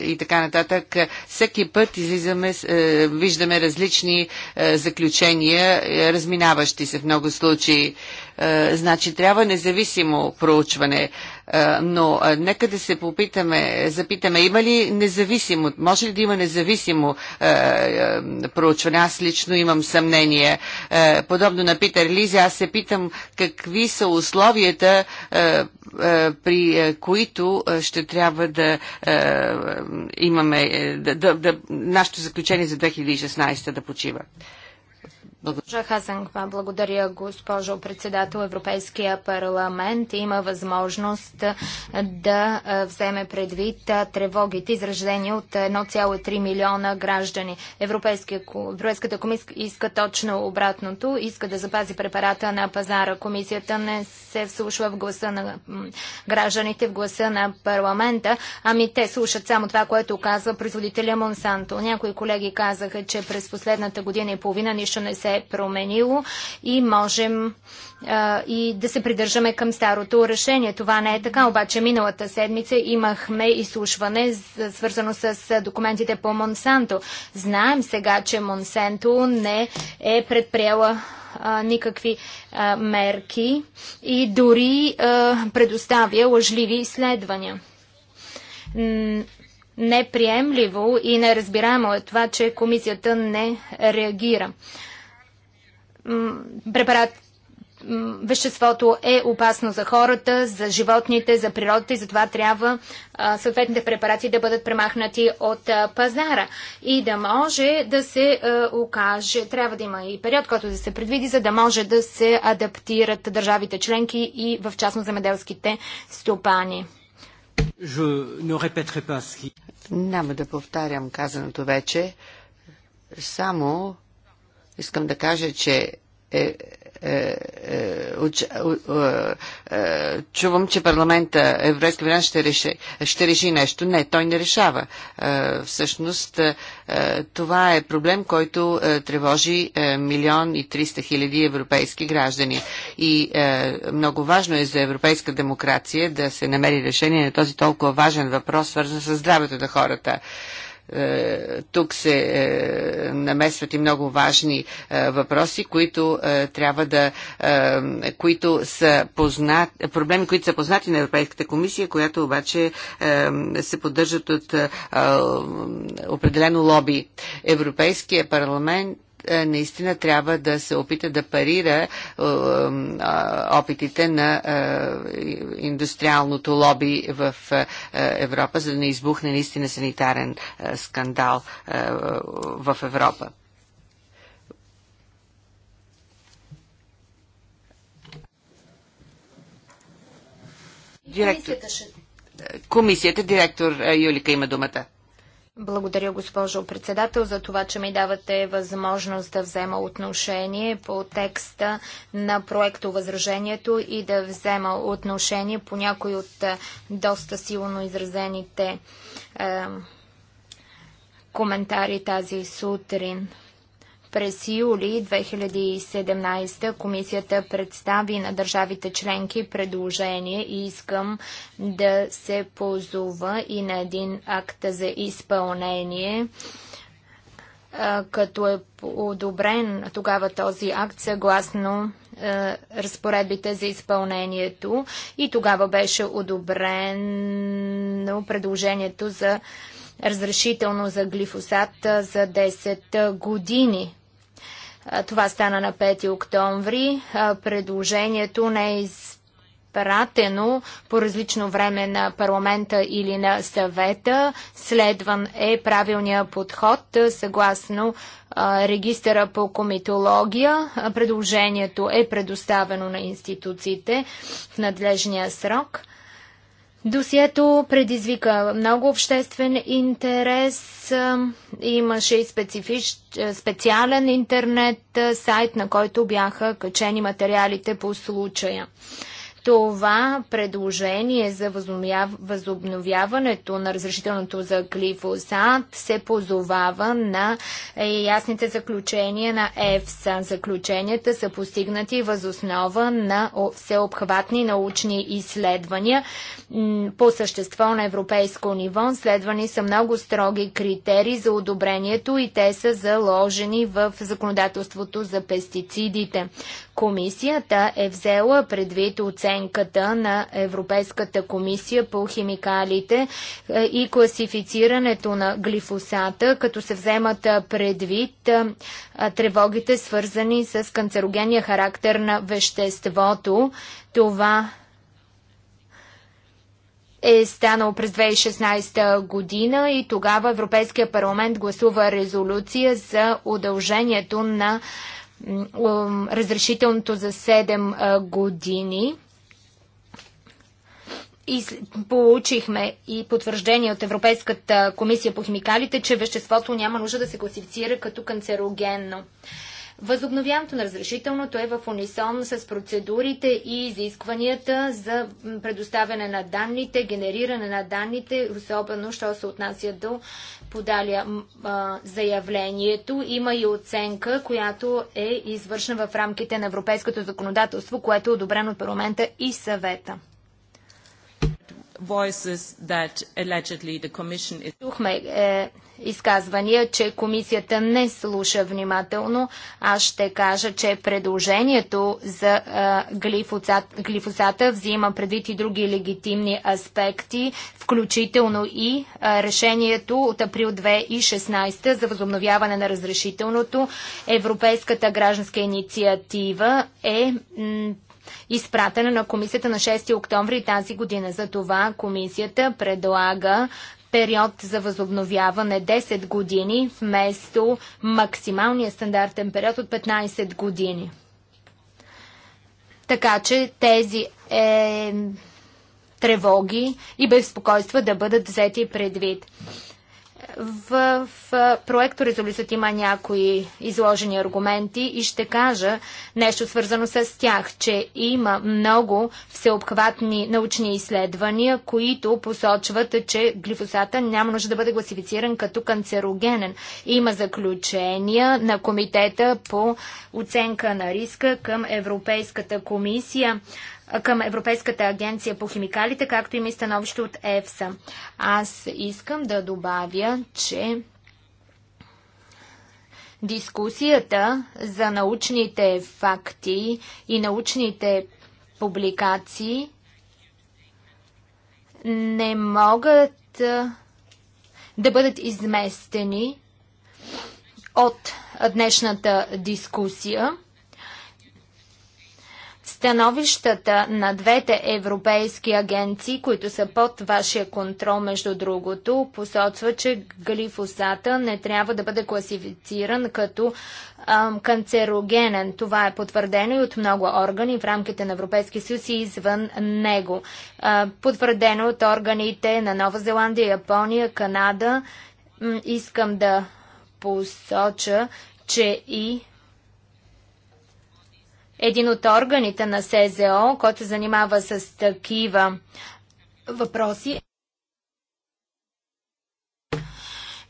и така нататък, всеки път излизаме, виждаме различни заключения, разминаващи се в много случаи. Значи трябва независимо проучване, но нека да се попитаме, запитаме, има ли независимо, може ли да има независимо проучване? Аз лично имам съмнение изменения. Е, подобно на Питер Лизи, аз се питам какви са условията, е, е, при които ще трябва да имаме да, да, да, нашето заключение за 2016 да почива. Благодаря. Благодаря, госпожо председател. Европейския парламент има възможност да вземе предвид тревогите, изражени от 1,3 милиона граждани. Европейската комисия иска точно обратното. Иска да запази препарата на пазара. Комисията не се вслушва в гласа на гражданите, в гласа на парламента, ами те слушат само това, което казва производителя Монсанто. Някои колеги казаха, че през последната година и половина нищо не се е променило и можем и да се придържаме към старото решение. Това не е така, обаче миналата седмица имахме изслушване, свързано с документите по Монсанто. Знаем сега, че Монсанто не е предприела никакви мерки и дори предоставя лъжливи изследвания. Неприемливо и неразбираемо е това, че комисията не реагира препарат веществото е опасно за хората, за животните, за природата и затова трябва съответните препарати да бъдат премахнати от пазара и да може да се окаже, трябва да има и период, който да се предвиди, за да може да се адаптират държавите членки и в частно земеделските стопани. Няма да повтарям казаното вече, само Искам да кажа, че е, е, е, чувам, че парламента, Европейския вариант ще, реши, ще реши нещо. Не, той не решава. Всъщност, това е проблем, който тревожи милион и триста хиляди европейски граждани. И много важно е за европейска демокрация да се намери решение на този толкова важен въпрос, свързан с здравето на хората. Е, тук се е, намесват и много важни е, въпроси, които трябва да, които са познати, проблеми, които са познати на Европейската комисия, която обаче се поддържат от определено лоби. Европейския парламент е, наистина трябва да се опита да парира е, е, опитите на индустриалното лоби в Европа, за да не избухне наистина санитарен скандал в Европа. Директор. Комисията, директор Юлика има думата. Благодаря, госпожо председател, за това, че ми давате възможност да взема отношение по текста на проекто възражението и да взема отношение по някои от е, доста силно изразените е, коментари тази сутрин. През юли 2017 комисията представи на държавите членки предложение и искам да се позова и на един акт за изпълнение като е одобрен тогава този акт съгласно е, разпоредбите за изпълнението и тогава беше одобрено предложението за разрешително за глифосат за 10 години. Това стана на 5 октомври. Предложението не е изпратено по различно време на парламента или на съвета. Следван е правилния подход съгласно регистъра по комитология. Предложението е предоставено на институциите в надлежния срок – Досието предизвика много обществен интерес. Имаше и специфич, специален интернет сайт, на който бяха качени материалите по случая това предложение за възобновяването на разрешителното за глифосат се позовава на е, ясните заключения на ЕФСА. Заключенията са постигнати възоснова на всеобхватни научни изследвания по същество на европейско ниво. Следвани са много строги критерии за одобрението и те са заложени в законодателството за пестицидите. Комисията е взела предвид оценката на Европейската комисия по химикалите е, и класифицирането на глифосата, като се вземат е, предвид е, тревогите свързани с канцерогения характер на веществото. Това е станал през 2016 година и тогава Европейския парламент гласува резолюция за удължението на разрешителното за 7 години. И получихме и потвърждение от Европейската комисия по химикалите, че веществото няма нужда да се класифицира като канцерогенно. Възобновяването на разрешителното е в унисон с процедурите и изискванията за предоставяне на данните, генериране на данните, особено що се отнася до подалия заявлението. Има и оценка, която е извършена в рамките на европейското законодателство, което е одобрено от парламента и съвета voices that allegedly the commission is... Чухме е, изказвания, че комисията не слуша внимателно. Аз ще кажа, че предложението за е, глифоцат, глифосата взима предвид и други легитимни аспекти, включително и е, решението от април 2016 за възобновяване на разрешителното. Европейската гражданска инициатива е изпратена на комисията на 6 октомври тази година. За това комисията предлага период за възобновяване 10 години вместо максималния стандартен период от 15 години. Така че тези е, тревоги и безпокойства да бъдат взети предвид. В, в проекто резолюцията има някои изложени аргументи и ще кажа нещо свързано с тях, че има много всеобхватни научни изследвания, които посочват, че глифосата няма нужда да бъде класифициран като канцерогенен. Има заключения на комитета по оценка на риска към Европейската комисия към Европейската агенция по химикалите, както и становище от ЕФСА. Аз искам да добавя, че дискусията за научните факти и научните публикации не могат да бъдат изместени от днешната дискусия. Становищата на двете европейски агенции, които са под вашия контрол, между другото, посочва, че глифосата не трябва да бъде класифициран като ам, канцерогенен. Това е потвърдено и от много органи в рамките на Европейския съюз и извън него. А, потвърдено от органите на Нова Зеландия, Япония, Канада. М искам да посоча, че и един от органите на СЗО, който се занимава с такива въпроси,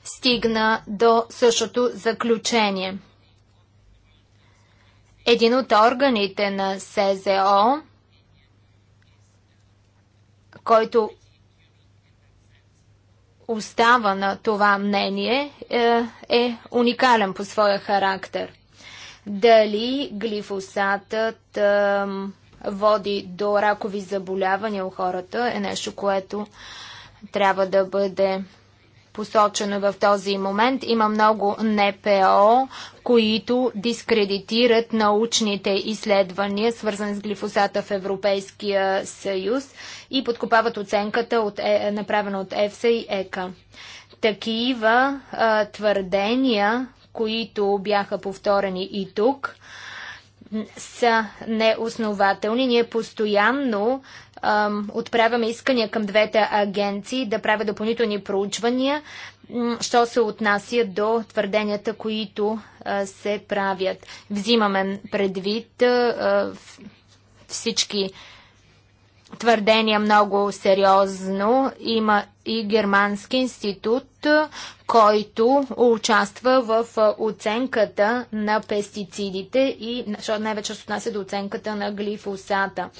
стигна до същото заключение. Един от органите на СЗО, който остава на това мнение, е, е уникален по своя характер – дали глифосатът а, води до ракови заболявания у хората е нещо, което трябва да бъде посочено в този момент. Има много НПО, които дискредитират научните изследвания, свързани с глифосата в Европейския съюз и подкопават оценката, от, е, направена от ЕФСА и ЕКА. Такива а, твърдения които бяха повторени и тук, са неоснователни. Ние постоянно ам, отправяме искания към двете агенции да правят допълнителни проучвания, що се отнася до твърденията, които а, се правят. Взимаме предвид а, всички твърдения много сериозно. Има и Германски институт, който участва в оценката на пестицидите и най-вече се отнася до оценката на глифосата.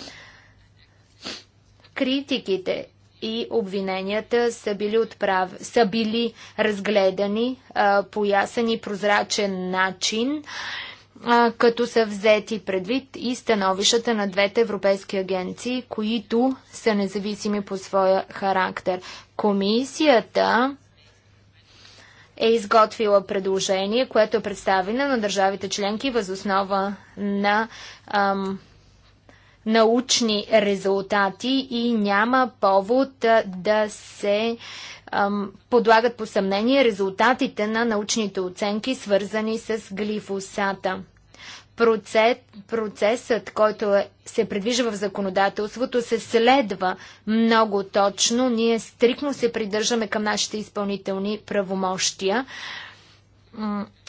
Критиките и обвиненията са били, отправ... са били разгледани а, по ясен и прозрачен начин. А, като са взети предвид и становищата на двете европейски агенции, които са независими по своя характер. Комисията е изготвила предложение, което е представено на държавите членки възоснова на ам, научни резултати и няма повод да се ам, подлагат по съмнение резултатите на научните оценки, свързани с глифосата. Процес, процесът, който е, се предвижда в законодателството, се следва много точно. Ние стрикно се придържаме към нашите изпълнителни правомощия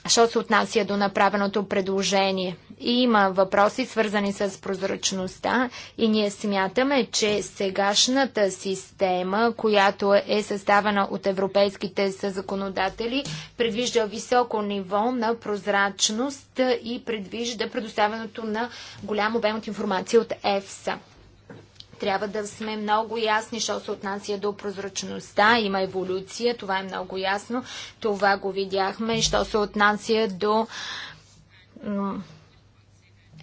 що се отнася до направеното предложение. И има въпроси, свързани с прозрачността и ние смятаме, че сегашната система, която е съставена от европейските законодатели, предвижда високо ниво на прозрачност и предвижда предоставянето на голям обем от информация от ЕФСА. Трябва да сме много ясни, що се отнася до прозрачността. Има еволюция, това е много ясно. Това го видяхме, що се отнася до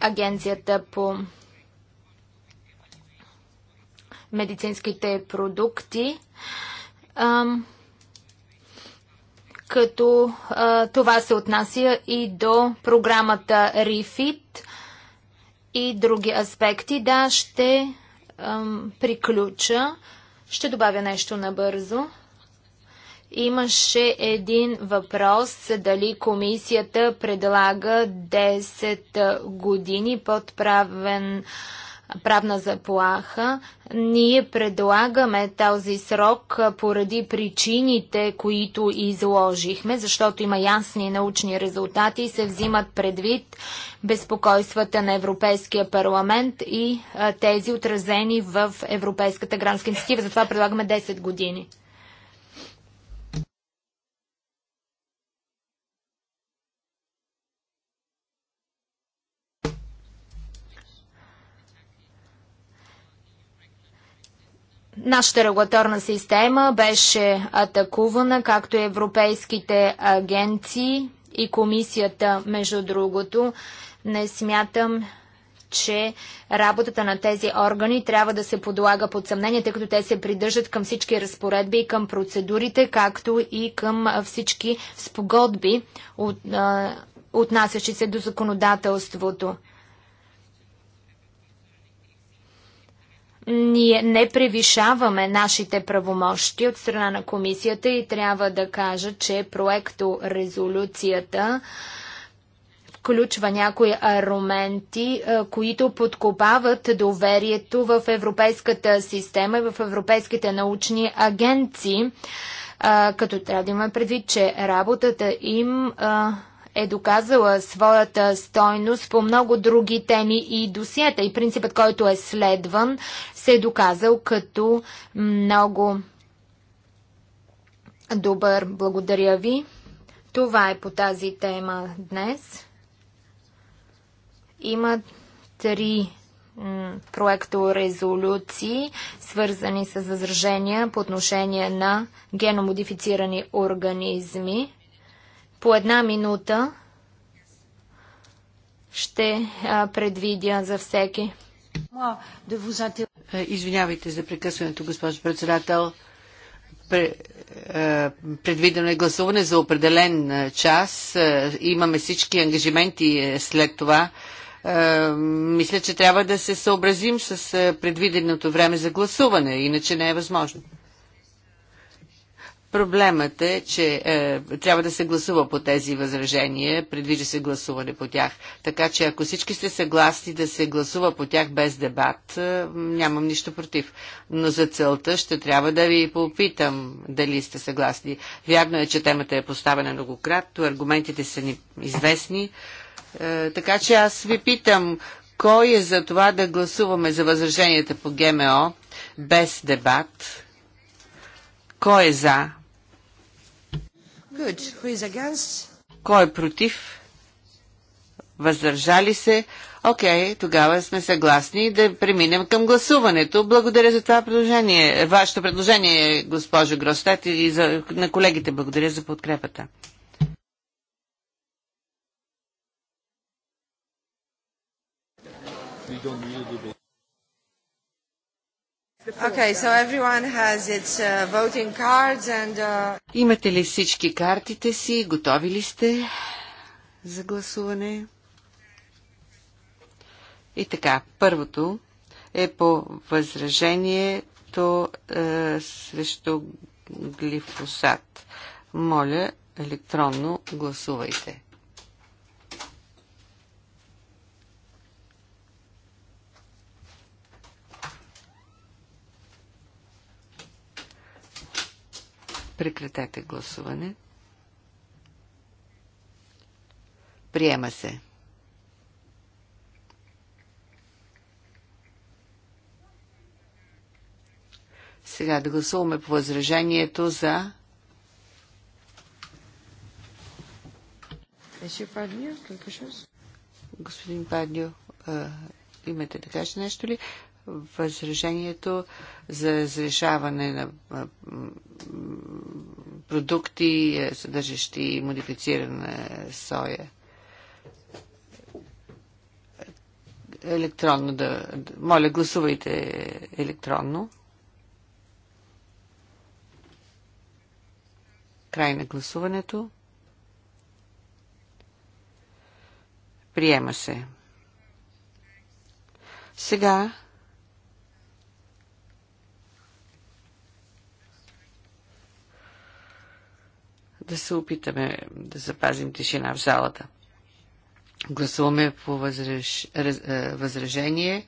агенцията по медицинските продукти. като това се отнася и до програмата REFIT и други аспекти. Да, ще ам, приключа. Ще добавя нещо набързо. Имаше един въпрос дали комисията предлага 10 години подправен. правен правна заплаха. Ние предлагаме този срок поради причините, които изложихме, защото има ясни научни резултати и се взимат предвид безпокойствата на Европейския парламент и тези отразени в Европейската гражданска инициатива. Затова предлагаме 10 години. Нашата регулаторна система беше атакувана, както и европейските агенции и комисията, между другото. Не смятам, че работата на тези органи трябва да се подлага под съмнение, тъй като те се придържат към всички разпоредби и към процедурите, както и към всички спогодби, отнасящи се до законодателството. ние не превишаваме нашите правомощи от страна на комисията и трябва да кажа, че проекто резолюцията включва някои аргументи, е, които подкопават доверието в европейската система и в европейските научни агенции, е, като трябва да имаме предвид, че работата им е, е доказала своята стойност по много други теми и досиета. И принципът, който е следван, се е доказал като много добър. Благодаря ви. Това е по тази тема днес. Има три проекто резолюции, свързани с възражения по отношение на геномодифицирани организми. По една минута ще предвидя за всеки. Е, извинявайте за прекъсването, госпожо председател. Е, предвидено е гласуване за определен е, час. Имаме всички ангажименти след това. Мисля, че трябва да се съобразим с предвиденото време за гласуване, иначе не е възможно. Проблемът е, че е, трябва да се гласува по тези възражения, предвижда се гласуване по тях. Така че ако всички сте съгласни да се гласува по тях без дебат, е, нямам нищо против. Но за целта ще трябва да ви попитам дали сте съгласни. Вярно е, че темата е поставена многократно, аргументите са ни известни. Е, така че аз ви питам, кой е за това да гласуваме за възраженията по ГМО без дебат? Кой е за? Good. Who is against? Кой е против? Въздържали се? Окей, okay, тогава сме съгласни да преминем към гласуването. Благодаря за това предложение. Вашето предложение, госпожо Гростет, и за, на колегите благодаря за подкрепата. We don't need Uh, uh, Имате ли всички картите си? Готови ли сте за гласуване? И така, първото е по възражението е, срещу глифосат. Моля, електронно гласувайте. Прекратете гласуване. Приема се. Сега да гласуваме по възражението за. Господин Падио, имате да кажете нещо ли? възражението за разрешаване на продукти, е, съдържащи модифицирана соя. Електронно да... Моля, гласувайте електронно. Край на гласуването. Приема се. Сега да се опитаме да запазим тишина в залата. Гласуваме по възреж... раз... Е, възражение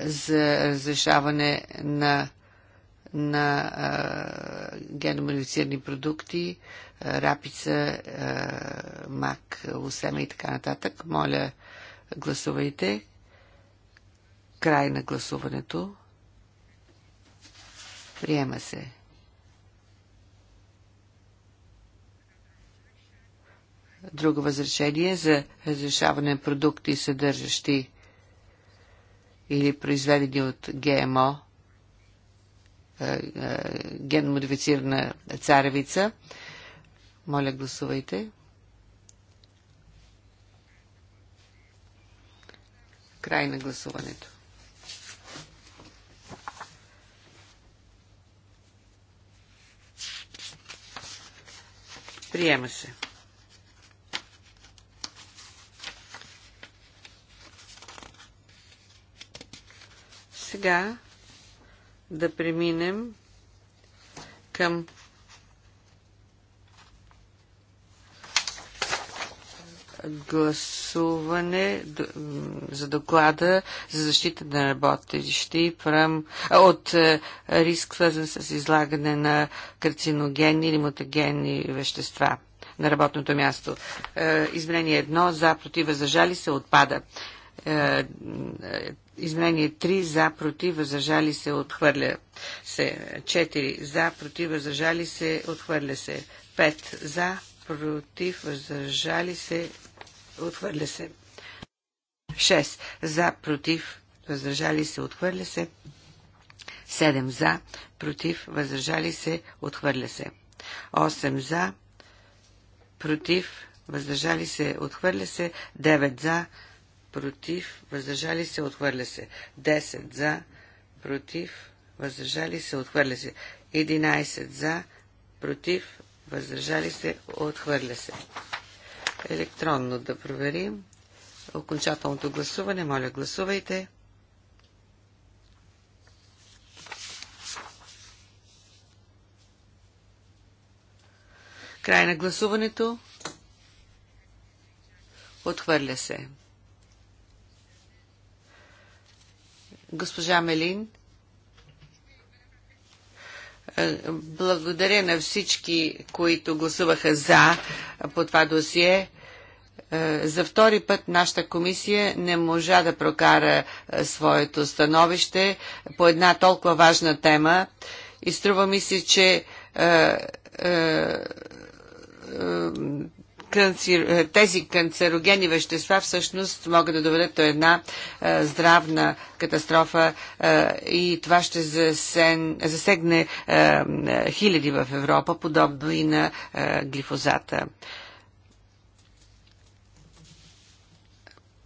за разрешаване на, на а, е, геномодифицирани продукти, а, е, рапица, а, мак, усема и така нататък. Моля, гласувайте. Край на гласуването. Приема се. друго възрешение за разрешаване на продукти, съдържащи или произведени от ГМО, е, е, генмодифицирана царевица. Моля, гласувайте. Край на гласуването. Приема се. Сега да преминем към гласуване за доклада за защита на работещи от е, риск, свързан с излагане на карциногенни или мутагенни вещества на работното място. Е, изменение едно за против въздържали се отпада. Е, е, изменение 3 за, против, възражали се, отхвърля се. 4 за, против, възражали се, отхвърля се. 5 за, против, възражали се, отхвърля се. 6 за, против, възражали се, отхвърля се. 7 за, против, възражали се, отхвърля се. 8 за, против, възражали се, отхвърля се. 9 за, против, въздържали се, отхвърля се. 10 за, против, въздържали се, отхвърля се. 11 за, против, въздържали се, отхвърля се. Електронно да проверим. Окончателното гласуване, моля гласувайте. Край на гласуването. Отхвърля се. Госпожа Мелин. Е, благодаря на всички, които гласуваха за по това досие. Е, за втори път нашата комисия не можа да прокара е, своето становище по една толкова важна тема и струва ми се, че канцер... тези канцерогени вещества всъщност могат да доведат до една е, здравна катастрофа е, и това ще засен... засегне е, хиляди в Европа, подобно и на глифозата.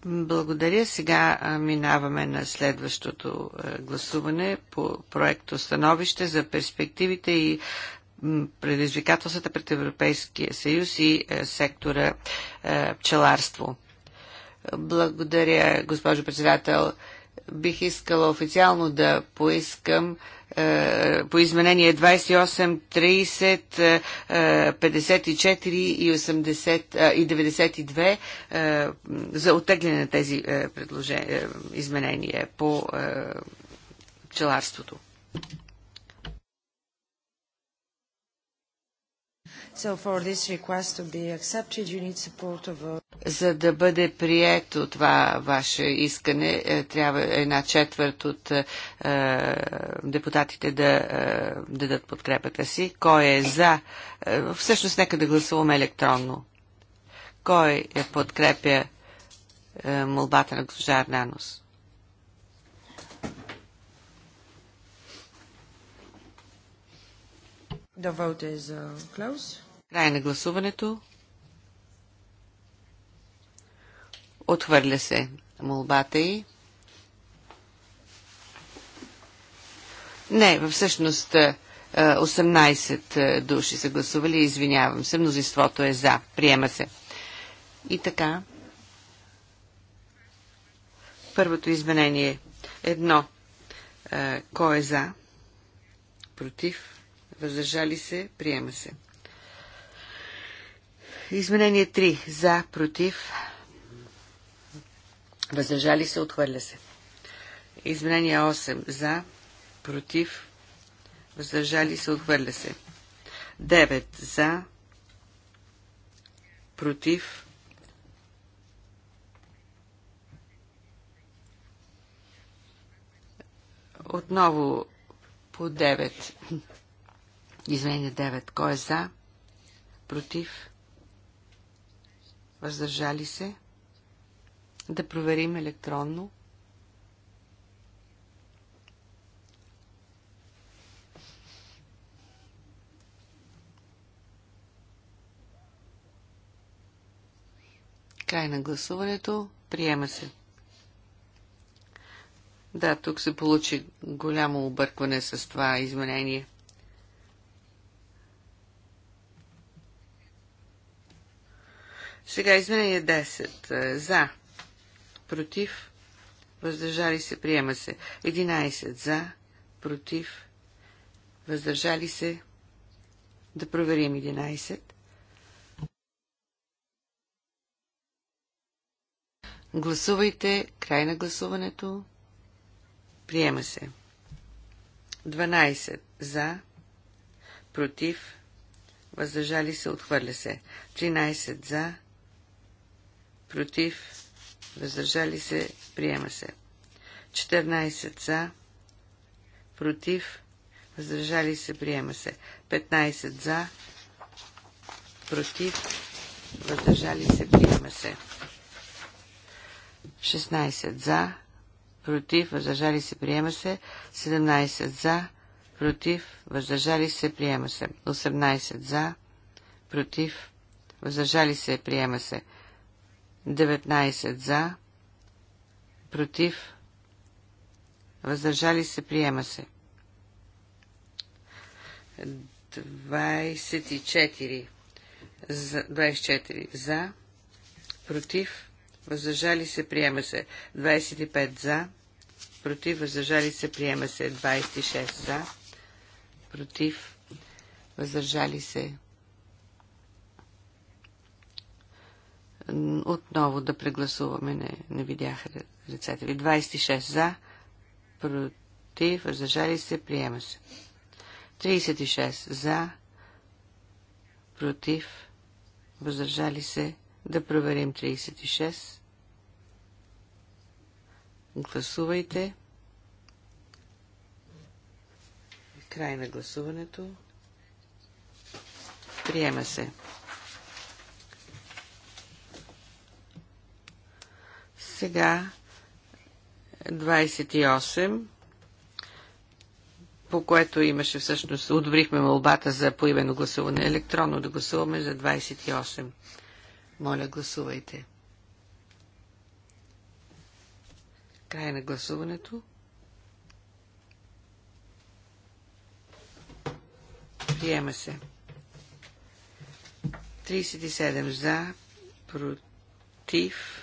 Благодаря. Сега минаваме на следващото гласуване по проекто становище за перспективите и предизвикателствата пред Европейския съюз и е, сектора е, пчеларство. Благодаря, госпожо председател. Бих искала официално да поискам е, по изменение 28, 30, 54 и, 80, и 92 за оттегляне на тези изменения по пчеларството. За да бъде прието това ваше искане, е, трябва една четвърт от е, е, депутатите да дадат подкрепата си. Кой е за? Всъщност, нека да гласуваме електронно. Кой е подкрепя молбата на госпожа Арнанос? The vote is uh, closed. Край на гласуването. Отхвърля се молбата й. Не, всъщност 18 е, е, души са гласували, извинявам се, мнозинството е за, приема се. И така, първото изменение, е едно, кой е за, против, въздържали се, приема се. Изменение 3. За, против. Въздържали се, отхвърля се. Изменение 8. За, против. Въздържали се, отхвърля се. 9. За, против. Отново по 9. Изменение 9. Кой е за? Против? въздържали се, да проверим електронно. Край на гласуването. Приема се. Да, тук се получи голямо объркване с това изменение. Сега изменение 10. Е, за. Против. Въздържали се. Приема се. 11. За. Против. Въздържали се. Да проверим 11. Гласувайте. Край на гласуването. Приема се. 12. За. Против. Въздържали се. Отхвърля се. 13. За против, въздържали се, приема се. 14 за, против, въздържали се, приема се. 15 за, против, въздържали се, приема се. 16 за, против, въздържали се, приема се. 17 за, против, въздържали се, приема се. 18 за, против, въздържали се, приема се. 19 за, против, въздържали се, приема се. 24 за, 24 за, против, въздържали се, приема се. 25 за, против, въздържали се, приема се. 26 за, против, въздържали се, Отново да прегласуваме. Не, не видяха лицата ви. 26 за, против, въздържали се, приема се. 36 за, против, въздържали се. Да проверим 36. Гласувайте. Край на гласуването. Приема се. Сега 28 по което имаше всъщност, одобрихме молбата за поименно гласуване. Електронно да гласуваме за 28. Моля, гласувайте. Край на гласуването. Приема се. 37 за, против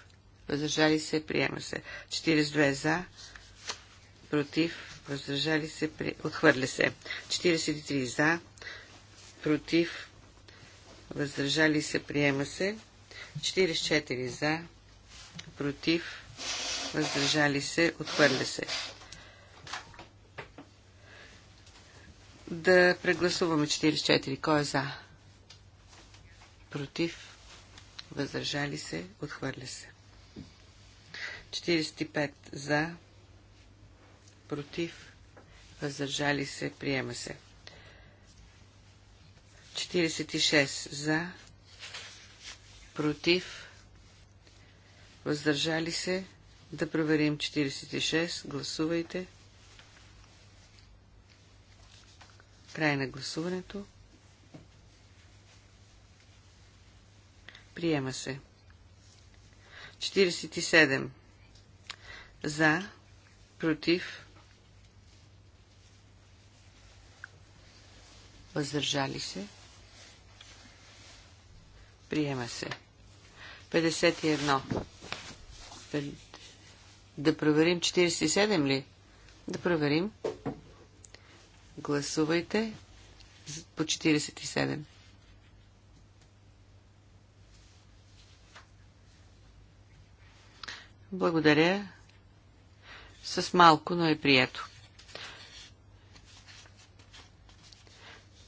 въздържали се, приема се. 42 за, против, въздържали се, при... отхвърля се. 43 за, против, въздържали се, приема се. 44 за, против, въздържали се, отхвърля се. Да прегласуваме 44. Кой е за? Против? Въздържали се? Отхвърля се. 45 за, против, въздържали се, приема се. 46 за, против, въздържали се, да проверим 46, гласувайте. Край на гласуването. Приема се. 47 за, против, въздържали се, приема се. 51. Да проверим 47 ли? Да проверим. Гласувайте по 47. Благодаря. С малко, но е прието.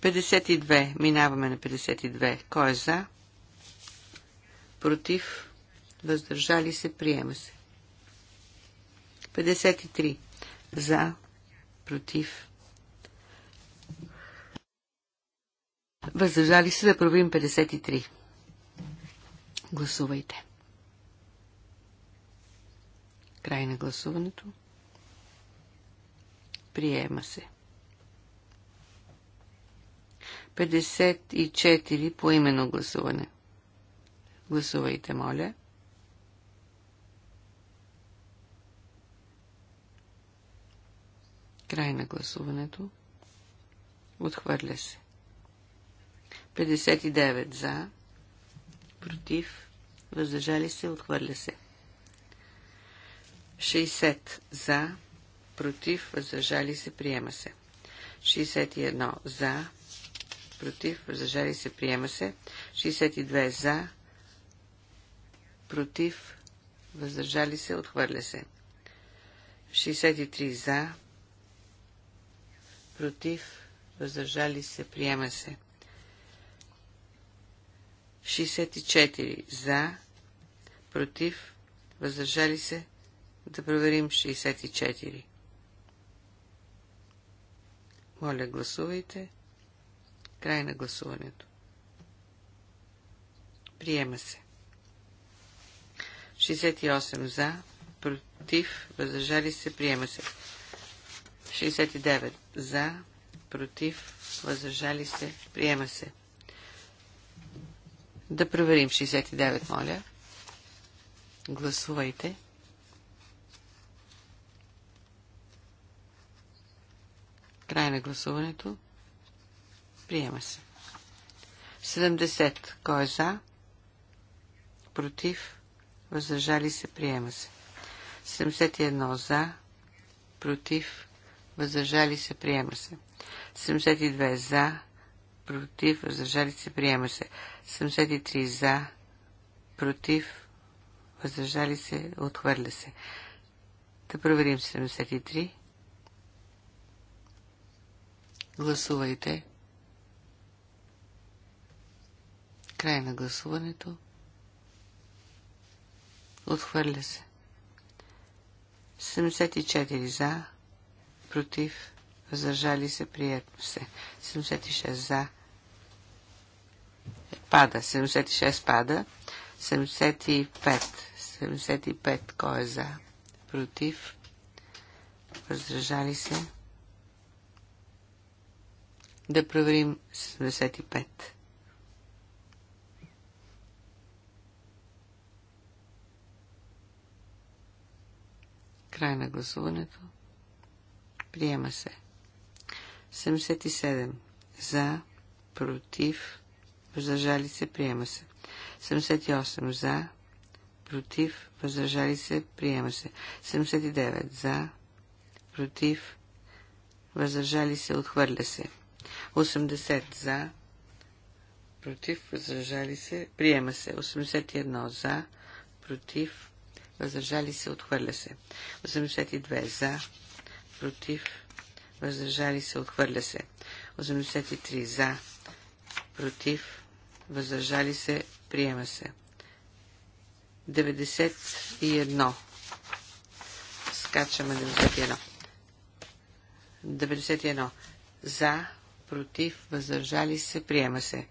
52. Минаваме на 52. Кой е за? Против? Въздържали се? Приема се. 53. За? Против? Въздържали се да пробим 53. Гласувайте. Край на гласуването. Приема се. 54 по именно гласуване. Гласувайте, моля. Край на гласуването. Отхвърля се. 59 за, против, въздържали се, отхвърля се. 60 за, против, въздържали се, приема се. 61 за, против, въздържали се, приема се. 62 за, против, въздържали се, отхвърля се. 63 за, против, въздържали се, приема се. 64 за, против, въздържали се, да проверим 64. Моля, гласувайте. Край на гласуването. Приема се. 68 за, против, въздържали се, приема се. 69 за, против, въздържали се, приема се. Да проверим 69, моля. Гласувайте. Край на гласуването. Приема се. 70. Кой е за? Против? Въздържали се? Приема се. 71. За? Против? Въздържали се? Приема се. 72. За? Против? Въздържали се? Приема се. 73. За? Против? Въздържали се? Отхвърля се. Да проверим 73. Гласувайте. Край на гласуването. Отхвърля се. 74 за, против, въздържали се, приятно се. 76 за. Пада. 76 пада. 75. 75. Кой е за? Против. Въздържали се. Да проверим 75. Край на гласуването. Приема се. 77. За, против, въздържали се, приема се. 78. За, против, въздържали се, приема се. 79. За, против, въздържали се, отхвърля се. 80 за, против, въздържали се, приема се. 81 за, против, въздържали се, отхвърля се. 82 за, против, въздържали се, отхвърля се. 83 за, против, въздържали се, приема се. 91. Скачаме 91. 91. За, против, въздържали се, приема се.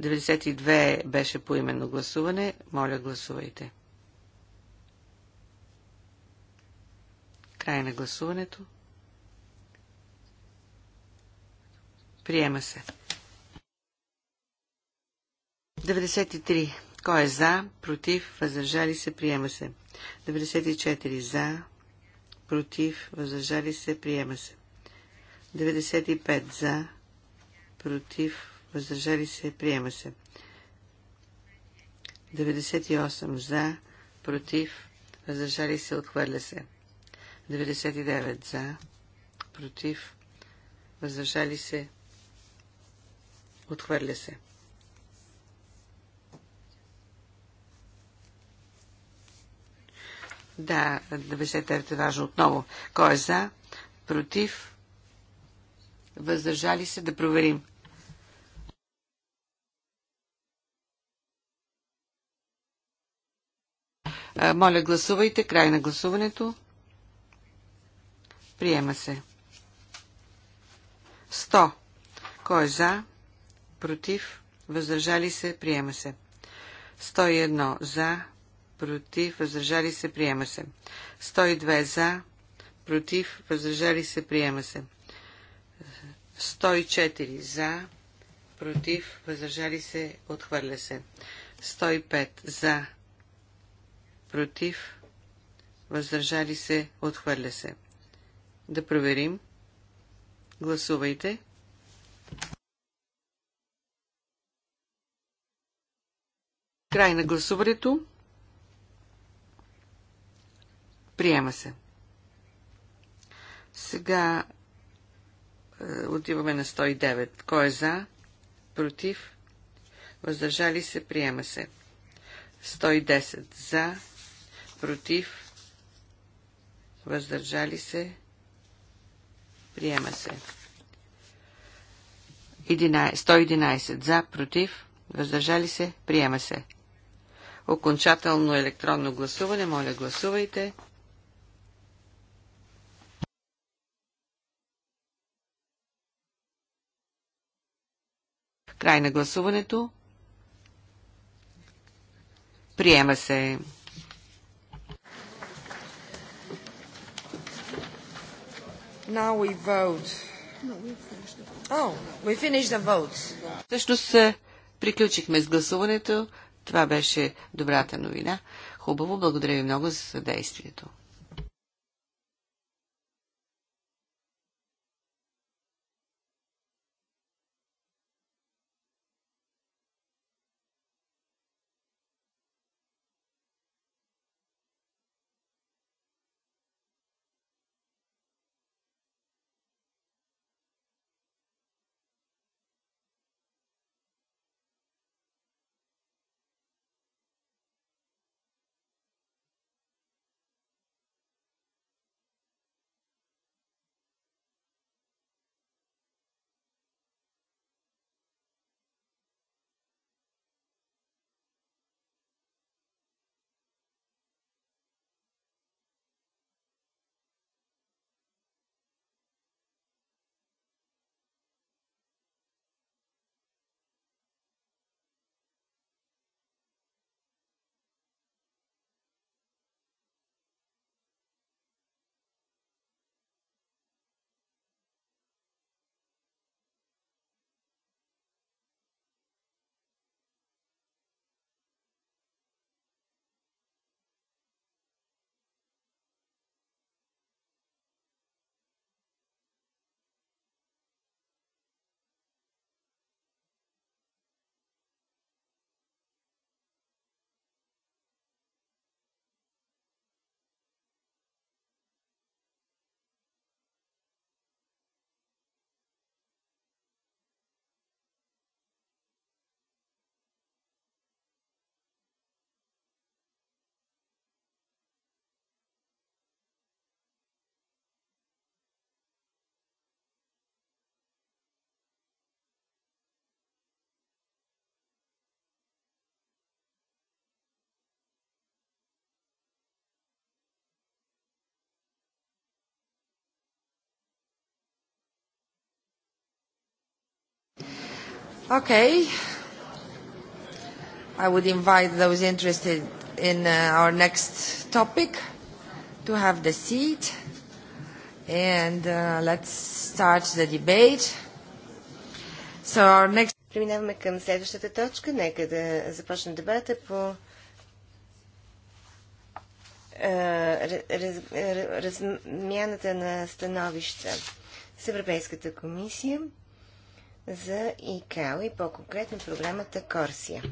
92 беше по именно гласуване. Моля, гласувайте. Край на гласуването. Приема се. 93. Кой е за, против, въздържали се, приема се. 94. За, против, въздържали се, приема се. 95. За, против, въздържали се, приема се. 98 за, против, въздържали се, отхвърля се. 99 за, против, въздържали се, отхвърля се. Да, 99 е важно отново. Кой е за, против, въздържали се да проверим. Моля, гласувайте. Край на гласуването. Приема се. 100. Кой е за? Против? Въздържали се? Приема се. 101. За? Против? Въздържали се? Приема се. 102. За? Против? Въздържали се? Приема се. 104 за, против, въздържали се, отхвърля се. 105 за, против, въздържали се, отхвърля се. Да проверим. Гласувайте. Край на гласуването. Приема се. Сега е, отиваме на 109. Кой е за? Против? Въздържали се? Приема се. 110. За? Против? Въздържали се? Приема се. 111. За? Против? Въздържали се? Приема се. Окончателно електронно гласуване. Моля, гласувайте. Край на гласуването. Приема се. Now we vote. Oh, we finished the Всъщност е, приключихме с гласуването. Това беше добрата новина. Хубаво, благодаря ви много за съдействието. Okay. I would invite those interested in uh, our next topic to have the seat. And uh, let's start the debate. So our next... Преминаваме към следващата точка. Нека да започнем дебата по размяната на становища с Европейската комисия за ИКАО и по-конкретно програмата Корсия.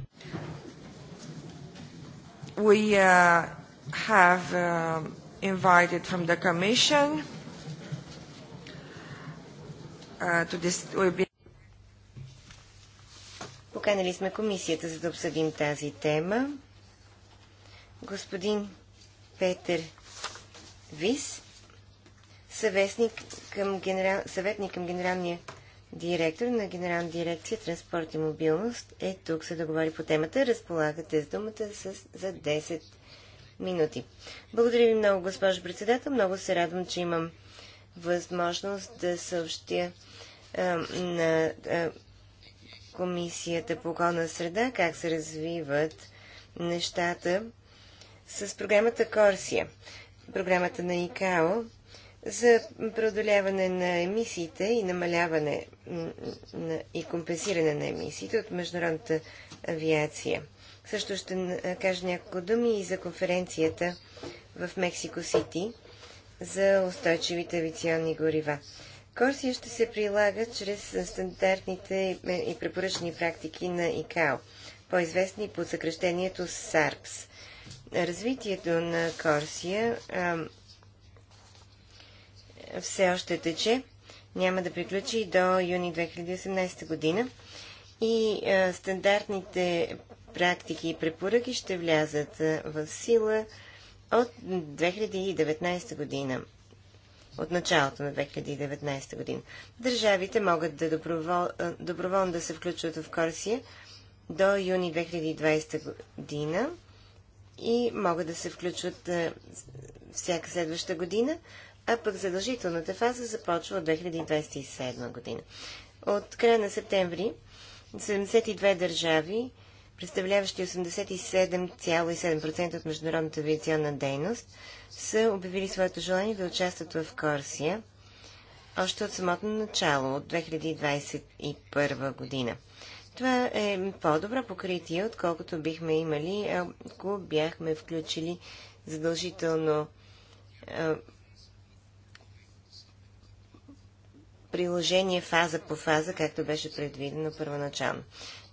We uh, have uh, invited from the Commission uh, Поканали сме комисията, за да обсъдим тази тема. Господин Петър Вис, съветник към, генерал, съветник към генералния директор на Генерална дирекция Транспорт и мобилност е тук, за да говори по темата. Разполагате с думата с, за 10 минути. Благодаря ви много, госпожо председател. Много се радвам, че имам възможност да съобщя а, на а, Комисията по околна среда как се развиват нещата с програмата Корсия. Програмата на ИКАО за преодоляване на емисиите и намаляване и компенсиране на емисиите от международната авиация. Също ще кажа няколко думи и за конференцията в Мексико Сити за устойчивите авиационни горива. Корсия ще се прилага чрез стандартните и препоръчни практики на ИКАО, по-известни под съкрещението САРПС. Развитието на Корсия все още тече. Няма да приключи и до юни 2018 година. И а, стандартните практики и препоръки ще влязат в сила от 2019 година. От началото на 2019 година. Държавите могат да добровол, доброволно да се включват в Корсия до юни 2020 година и могат да се включват всяка следваща година, а пък задължителната фаза започва от 2027 година. От края на септември 72 държави, представляващи 87,7% от международната авиационна дейност, са обявили своето желание да участват в Корсия още от самото начало, от 2021 година. Това е по-добро покритие, отколкото бихме имали, ако бяхме включили задължително приложение фаза по фаза, както беше предвидено първоначално.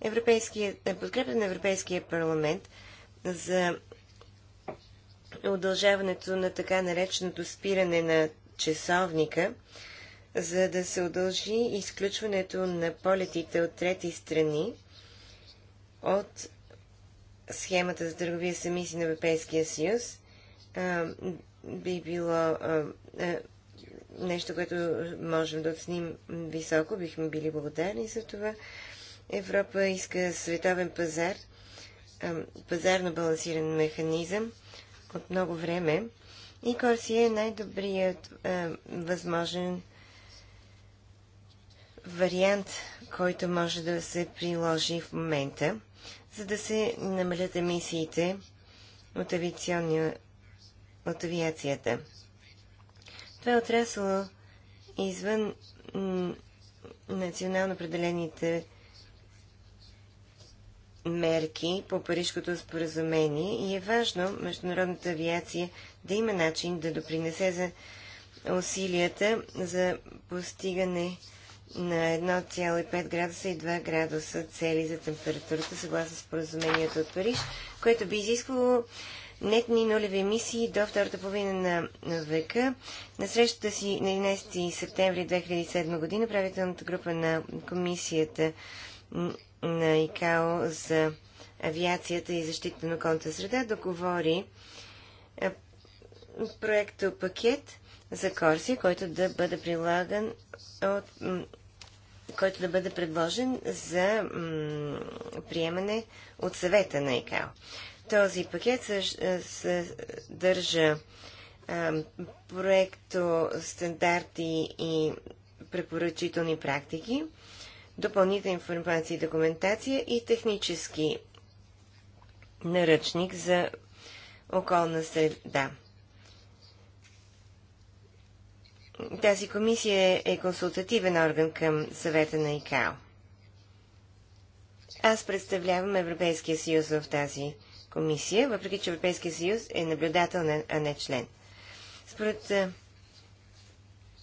Европейския, е, подкрепа на Европейския парламент за удължаването на така нареченото спиране на часовника, за да се удължи изключването на полетите от трети страни от схемата за търговия с емисии на Европейския съюз, би било нещо, което можем да оценим високо, бихме били благодарни за това. Европа иска световен пазар, пазарно балансиран механизъм от много време и Корси е най-добрият възможен вариант, който може да се приложи в момента, за да се намалят емисиите от, авиационния, от авиацията. Това е отрасло извън национално определените мерки по Парижкото споразумение и е важно международната авиация да има начин да допринесе за усилията за постигане на 1,5 градуса и 2 градуса цели за температурата, съгласно споразумението от Париж, което би изисквало нетни нулеви емисии до втората половина на века. На срещата си на 11 септември 2007 година правителната група на комисията на ИКАО за авиацията и защита на околната среда договори е, проекто пакет за Корсия, който да бъде прилаган от който да бъде предложен за приемане от съвета на ИКАО. Този пакет съдържа проекто стандарти и препоръчителни практики, допълнителна информация и документация и технически наръчник за околна среда. Тази комисия е консултативен орган към съвета на ИКАО. Аз представлявам Европейския съюз в тази комисия, въпреки че Европейския съюз е наблюдател, а не член. Според е,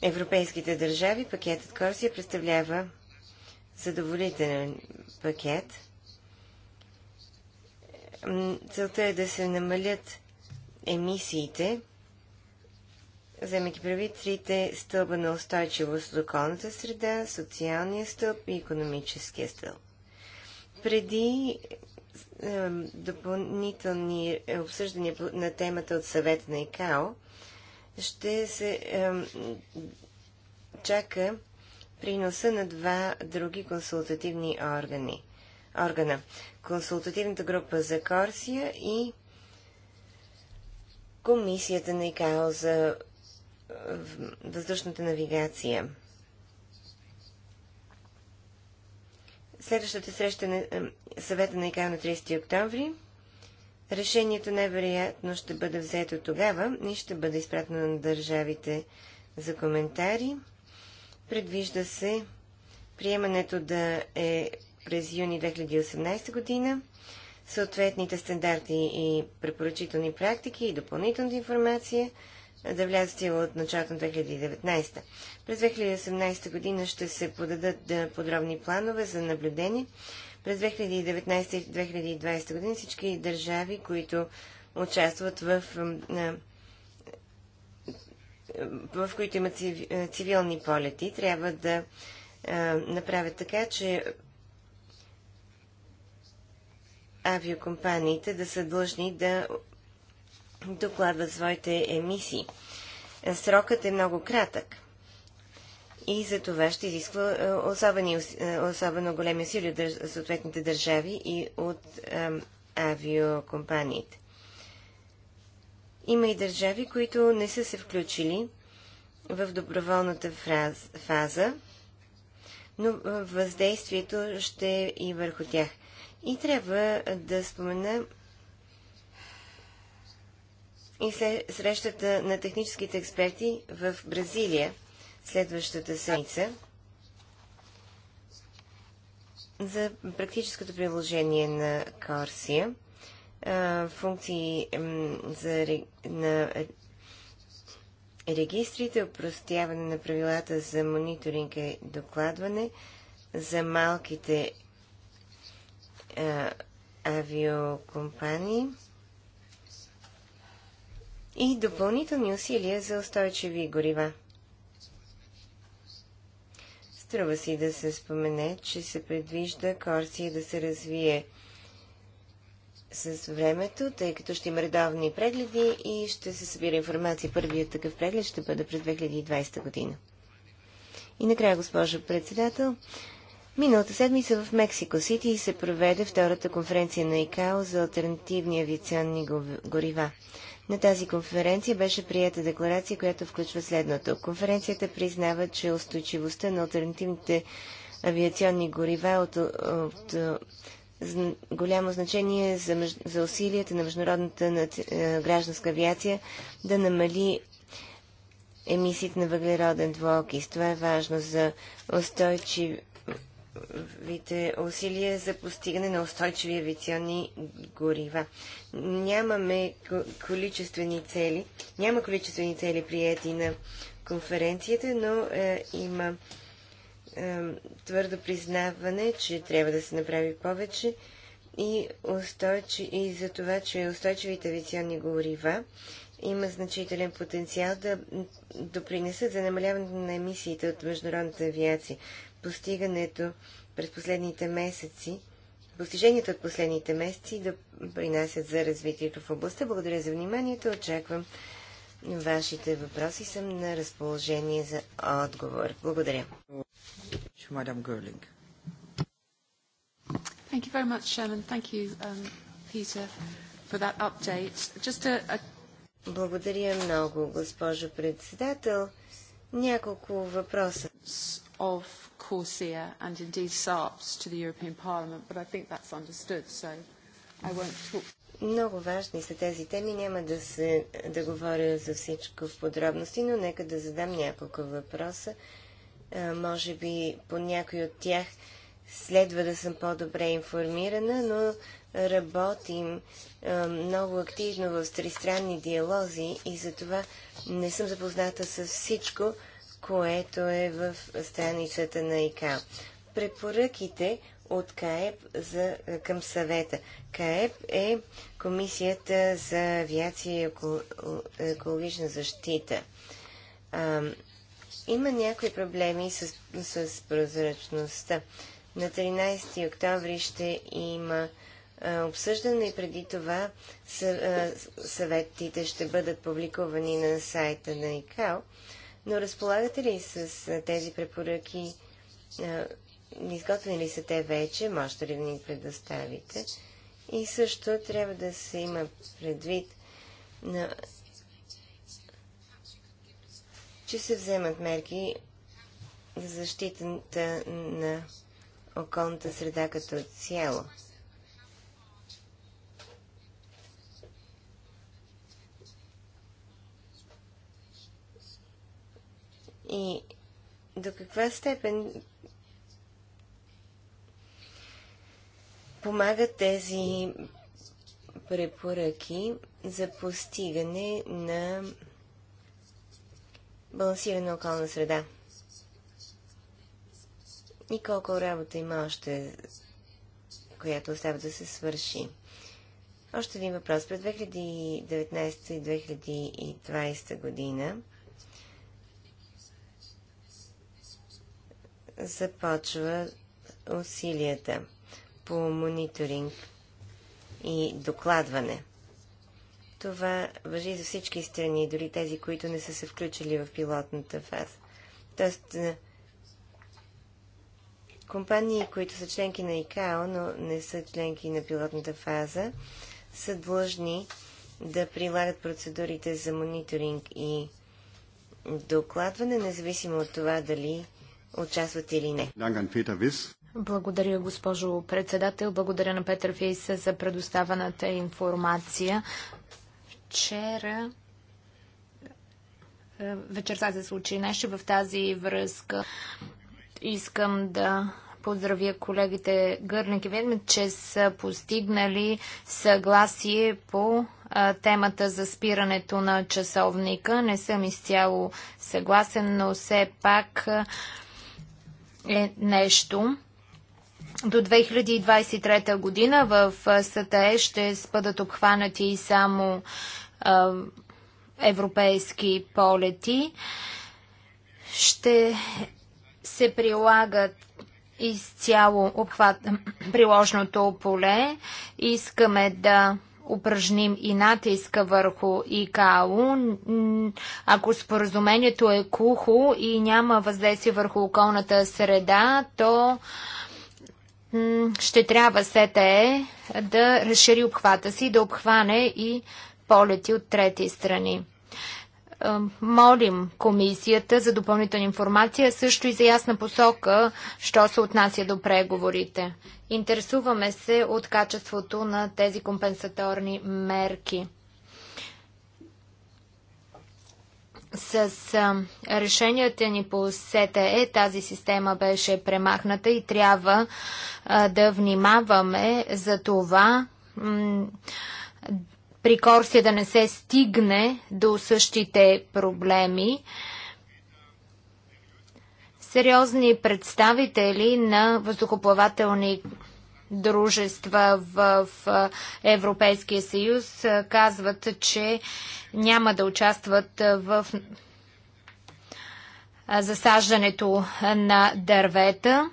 европейските държави пакетът Корсия представлява задоволителен пакет. Целта е да се намалят емисиите, вземайки прави трите стълба на устойчивост от околната среда, социалния стълб и економическия стълб. Преди допълнителни обсъждания на темата от съвет на ИКАО ще се е, чака приноса на два други консултативни органи. Органа. Консултативната група за Корсия и Комисията на ИКАО за въздушната навигация. Следващата среща на е, съвета на ИКАО на 30 октомври. Решението най-вероятно ще бъде взето тогава и ще бъде изпратено на държавите за коментари. Предвижда се приемането да е през юни 2018 година. Съответните стандарти и препоръчителни практики и допълнителната информация – да влязат сила от началото на 2019. През 2018 година ще се подадат е, подробни планове за наблюдение. През 2019 и 2020 година всички държави, които участват в е, е, в които имат цивилни полети, трябва да направят така, че авиокомпаниите да са длъжни да докладват своите емисии. Срокът е много кратък и за това ще изисква е, особени, е, особено големи сили от съответните държави и от ам, авиокомпаниите. Има и държави, които не са се включили в доброволната фраз, фаза, но е, въздействието ще е и върху тях. И трябва да спомена и след срещата на техническите експерти в Бразилия следващата седмица за практическото приложение на Корсия, функции за, на е, регистрите, опростяване на правилата за мониторинг и докладване, за малките а, авиокомпании и допълнителни усилия за устойчиви горива. Струва си да се спомене, че се предвижда Корсия да се развие с времето, тъй като ще има редовни прегледи и ще се събира информация. Първият такъв преглед ще бъде през 2020 година. И накрая, госпожо председател, миналата седмица в Мексико Сити се проведе втората конференция на ИКАО за альтернативни авиационни горива. На тази конференция беше прията декларация, която включва следното. Конференцията признава, че устойчивостта на альтернативните авиационни горива е от, от, от голямо значение за, за усилията на международната е, гражданска авиация да намали емисиите на въглероден двуокис. Това е важно за устойчив вите усилия за постигане на устойчиви авиационни горива. Нямаме количествени цели, няма количествени цели приети на конференцията, но е, има е, твърдо признаване, че трябва да се направи повече и, устойчи, и за това, че устойчивите авиационни горива има значителен потенциал да допринесат за намаляването на емисиите от международната авиация постигането през последните месеци, постиженията от последните месеци да принасят за развитието в областта. Благодаря за вниманието. Очаквам вашите въпроси. Съм на разположение за отговор. Благодаря. Thank you very much, Chairman. Thank you, um, Peter, for that update. Just a, a... Благодаря много, госпожо председател. Няколко въпроса. Of Corsia and indeed SARPS to the European Parliament, but I think that's understood, so I won't talk. Много важни са тези теми. Няма да, се, да говоря за всичко в подробности, но нека да задам няколко въпроса. А, може би по някой от тях следва да съм по-добре информирана, но работим а, много активно в тристранни диалози и затова не съм запозната с всичко, което е в страницата на ИКА. Препоръките от КАЕП за, към съвета. КАЕП е Комисията за авиация и екологична защита. А, има някои проблеми с, с прозрачността. На 13 октомври ще има а, обсъждане и преди това съ, а, съветите ще бъдат публикувани на сайта на ИКАО. Но разполагате ли с тези препоръки? Изготвени ли са те вече? Можете ли да ни предоставите? И също трябва да се има предвид, на... че се вземат мерки за защитата на околната среда като цяло. И до каква степен помагат тези препоръки за постигане на балансирана околна среда. И колко работа има още, която остава да се свърши. Още един въпрос. През 2019 и 2020 година започва усилията по мониторинг и докладване. Това въжи за всички страни, дори тези, които не са се включили в пилотната фаза. Тоест, е, компании, които са членки на ИКАО, но не са членки на пилотната фаза, са длъжни да прилагат процедурите за мониторинг и докладване, независимо от това дали участват или не. Благодаря, госпожо председател. Благодаря на Петър Фейса за предоставената информация. Вчера е, вечерта се случи нещо в тази връзка. Искам да поздравя колегите Гърник и Ведмет, че са постигнали съгласие по е, темата за спирането на часовника. Не съм изцяло съгласен, но все пак е, е нещо. До 2023 година в САТЕ ще бъдат обхванати и само а, европейски полети. Ще се прилагат изцяло обхват приложното поле. Искаме да упражним и натиска върху ИКАО. Ако споразумението е кухо и няма въздействие върху околната среда, то ще трябва СТЕ да разшири обхвата си, да обхване и полети от трети страни. Е, молим комисията за допълнителна информация, също и за ясна посока, що се отнася до преговорите. Интересуваме се от качеството на тези компенсаторни мерки. С е, решенията ни по СТЕ тази система беше премахната и трябва е, да внимаваме за това при Корсия да не се стигне до същите проблеми. Сериозни представители на въздухоплавателни дружества в Европейския съюз казват, че няма да участват в засаждането на дървета,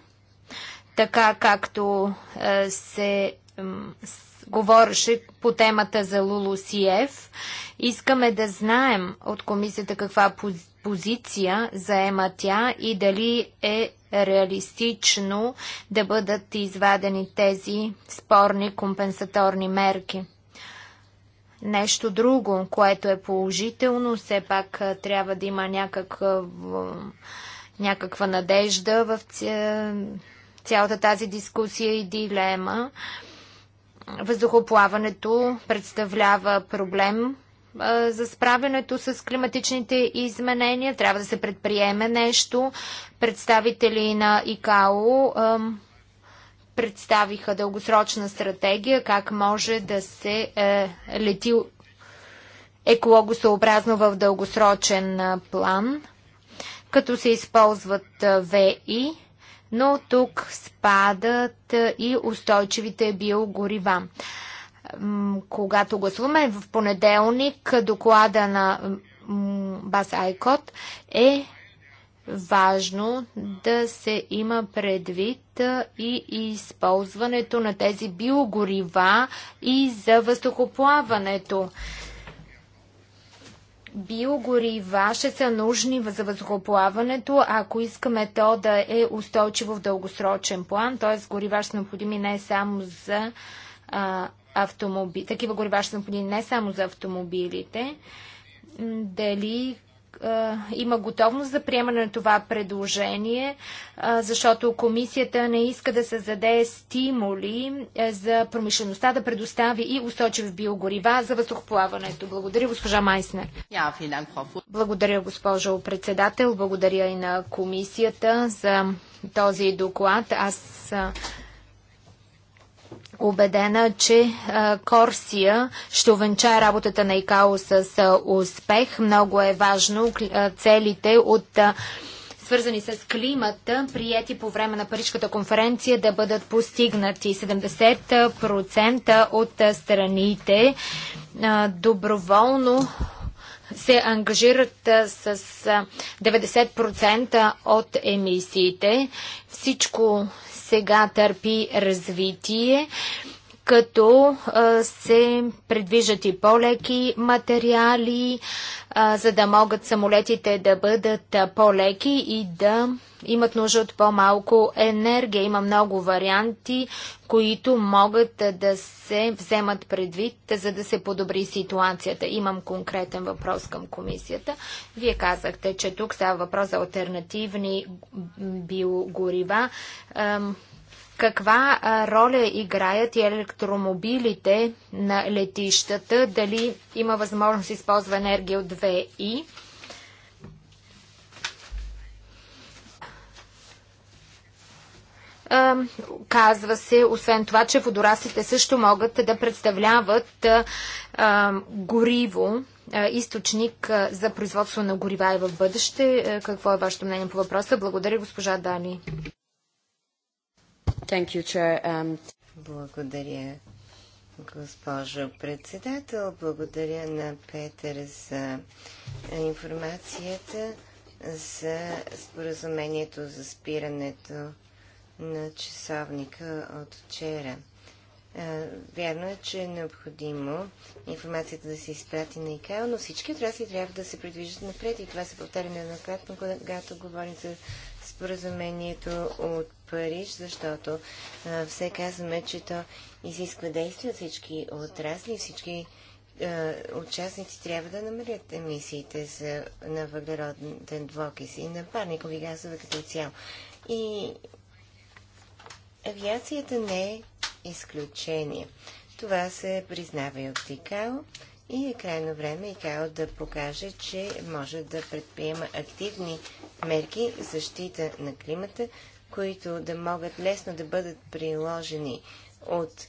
така както се говореше по темата за Сиев. Искаме да знаем от комисията каква позиция заема тя и дали е реалистично да бъдат извадени тези спорни компенсаторни мерки. Нещо друго, което е положително, все пак трябва да има някакъв, някаква надежда в цялата тази дискусия и дилема. Въздухоплаването представлява проблем за справянето с климатичните изменения. Трябва да се предприеме нещо. Представители на ИКАО представиха дългосрочна стратегия как може да се е, лети екологосъобразно в дългосрочен план, като се използват ВИ но тук спадат и устойчивите биогорива. Когато гласуваме в понеделник, доклада на Бас Айкот е важно да се има предвид и използването на тези биогорива и за въздухоплаването. Биогорива ще са нужни за въздухоплаването, ако искаме то да е устойчиво в дългосрочен план, т.е. горива ще са необходими не само за а, автомобили. Такива горива ще са необходими не само за автомобилите. Дали има готовност за приемане на това предложение, защото комисията не иска да създаде стимули за промишлеността да предостави и устойчив биогорива за въздухоплаването. Благодаря, госпожа Майснер. Благодаря, госпожо председател. Благодаря и на комисията за този доклад. Аз Обедена, че Корсия ще увенчае работата на ИКАО с успех. Много е важно целите от свързани с климата, прияти по време на Парижката конференция да бъдат постигнати. 70% от страните доброволно се ангажират с 90% от емисиите. Всичко сега търпи развитие като се предвижат и по-леки материали, за да могат самолетите да бъдат по-леки и да имат нужда от по-малко енергия. Има много варианти, които могат да се вземат предвид, за да се подобри ситуацията. Имам конкретен въпрос към комисията. Вие казахте, че тук става въпрос за альтернативни биогорива каква роля играят и електромобилите на летищата, дали има възможност да използва енергия от 2И. Казва се, освен това, че водораслите също могат да представляват гориво, източник за производство на горива и в бъдеще. Какво е вашето мнение по въпроса? Благодаря, госпожа Дани. Thank you, Chair. Um... Благодаря, госпожо председател. Благодаря на Петър за информацията за споразумението за спирането на часовника от вчера. Вярно е, че е необходимо информацията да се изпрати на ИКАО, но всички отрасли трябва да се предвиждат напред и това се повтаря неоднократно, когато говорим за споразумението от Париж, защото а, все казваме, че то изисква действия от всички отрасли, всички а, участници трябва да намерят емисиите за, на въглероден двокис и на парникови газове като цяло. И авиацията не е изключение. Това се признава и от ИКАО и е крайно време ИКАО да покаже, че може да предприема активни мерки защита на климата които да могат лесно да бъдат приложени от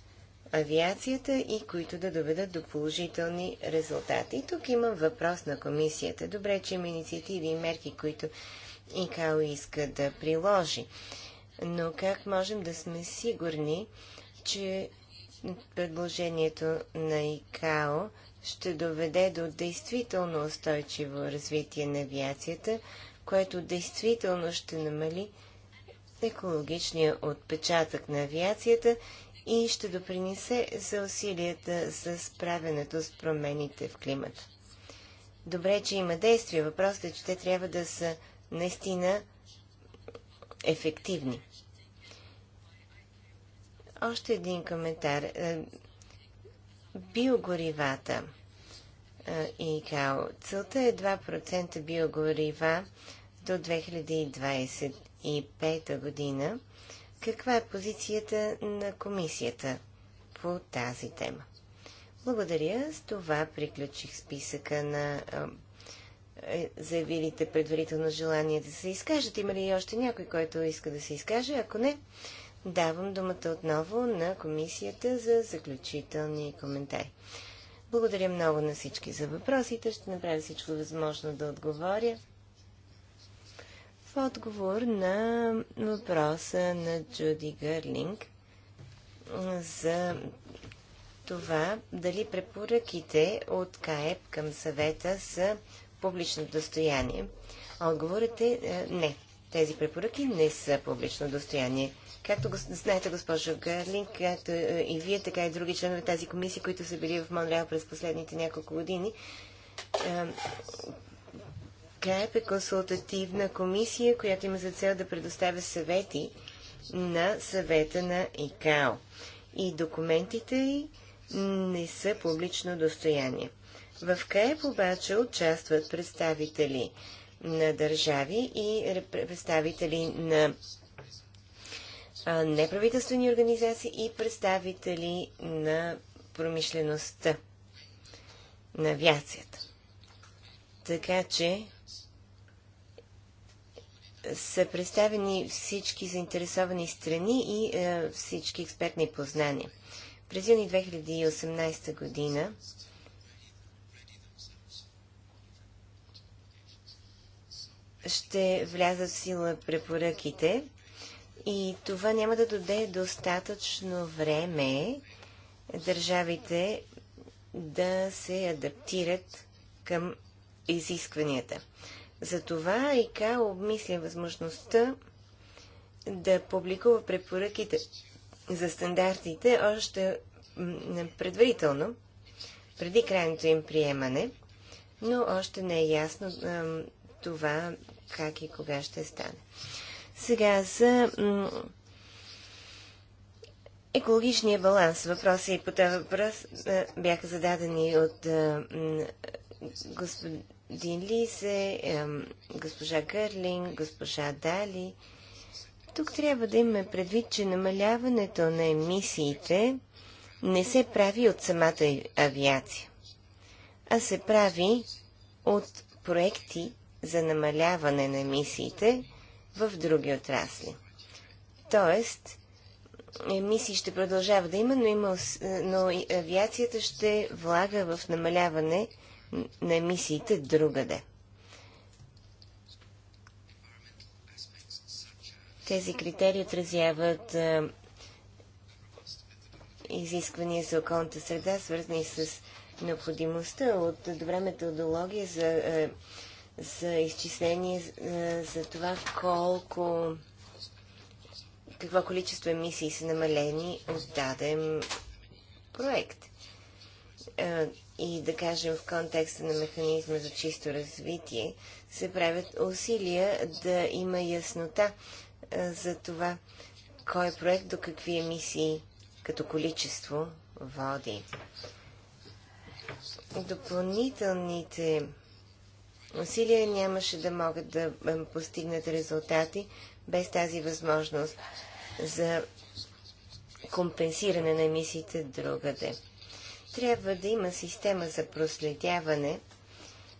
авиацията и които да доведат до положителни резултати. И тук има въпрос на комисията. Добре, че има инициативи и мерки, които ИКАО иска да приложи. Но как можем да сме сигурни, че предложението на ИКАО ще доведе до действително устойчиво развитие на авиацията, което действително ще намали екологичния отпечатък на авиацията и ще допринесе за усилията за справянето с промените в климата. Добре, че има действия. Въпросът е, че те трябва да са наистина ефективни. Още един коментар. Е, биогоривата и е, ИКАО. Целта е 2% биогорива до 2020. 2005 година. Каква е позицията на комисията по тази тема? Благодаря. С това приключих списъка на е, заявилите предварително желание да се изкажат. Има ли още някой, който иска да се изкаже? Ако не, давам думата отново на комисията за заключителни коментари. Благодаря много на всички за въпросите. Ще направя всичко възможно да отговоря отговор на въпроса на Джуди Гърлинг за това дали препоръките от КАЕП към съвета са публично достояние. Отговорът е, е не. Тези препоръки не са публично достояние. Както знаете, госпожо Гърлинг, както е, и вие, така и други членове тази комисия, които са били в Монреал през последните няколко години, е, ИКАЕП е консултативна комисия, която има за цел да предоставя съвети на съвета на ИКАО. И документите й не са публично достояние. В КЕП обаче участват представители на държави и представители на неправителствени организации и представители на промишлеността, на авиацията. Така че са представени всички заинтересовани страни и е, всички експертни познания. През юни 2018 година ще влязат в сила препоръките и това няма да даде достатъчно време държавите да се адаптират към изискванията. Затова ИКА обмисля възможността да публикува препоръките за стандартите още предварително, преди крайното им приемане, но още не е ясно а, това как и кога ще стане. Сега за екологичния баланс. Въпроси по този въпрос а, бяха зададени от а, господин господин Лисе, госпожа Гърлин, госпожа Дали. Тук трябва да имаме предвид, че намаляването на емисиите не се прави от самата авиация, а се прави от проекти за намаляване на емисиите в други отрасли. Тоест, емисии ще продължава да има, но, има, но авиацията ще влага в намаляване на емисиите другаде. Тези критерии отразяват изисквания за околната среда, свързани с необходимостта от добра методология за, за изчисление за това колко какво количество емисии са намалени от даден проект и да кажем в контекста на механизма за чисто развитие, се правят усилия да има яснота за това кой проект до какви емисии като количество води. Допълнителните усилия нямаше да могат да постигнат резултати без тази възможност за компенсиране на емисиите другаде трябва да има система за проследяване,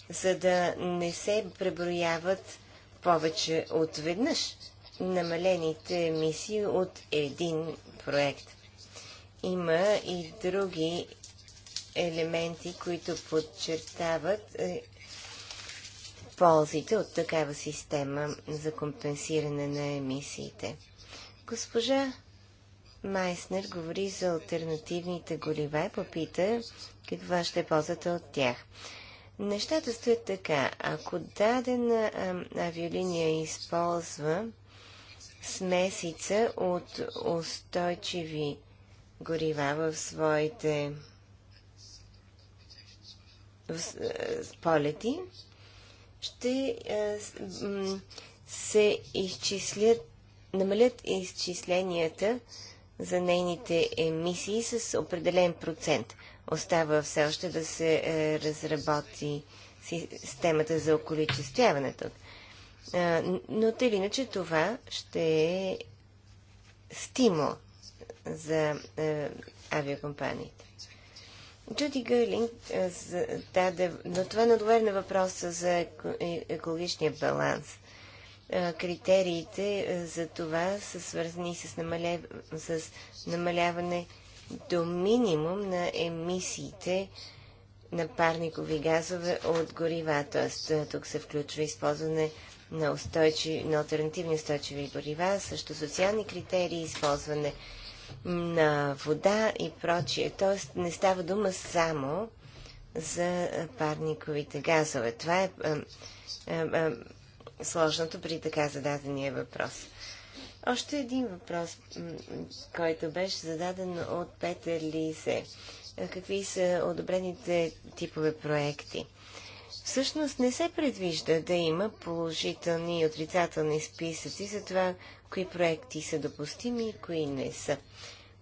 за да не се преброяват повече от веднъж намалените емисии от един проект. Има и други елементи, които подчертават е, ползите от такава система за компенсиране на емисиите. Госпожа Майснер говори за альтернативните горива и попита каква ще е ползата от тях. Нещата стоят така. Ако дадена авиолиния използва смесица от устойчиви горива в своите полети, ще се изчислят, намалят изчисленията за нейните емисии с определен процент. Остава все още да се е, разработи системата за околичествяването. Е, но тъй иначе това ще е стимул за е, авиакомпаниите. Джуди Гърлинг зададе, но това е на въпроса за екологичния баланс – критериите за това са свързани с, намаля... с намаляване до минимум на емисиите на парникови газове от горива. Т.е. тук се включва използване на, устойчив... на альтернативни устойчиви горива, също социални критерии, използване на вода и прочие. Тоест, не става дума само за парниковите газове. Това е сложното при така зададения въпрос. Още един въпрос, който беше зададен от Петър Лисе. Какви са одобрените типове проекти? Всъщност не се предвижда да има положителни и отрицателни списъци за това, кои проекти са допустими и кои не са.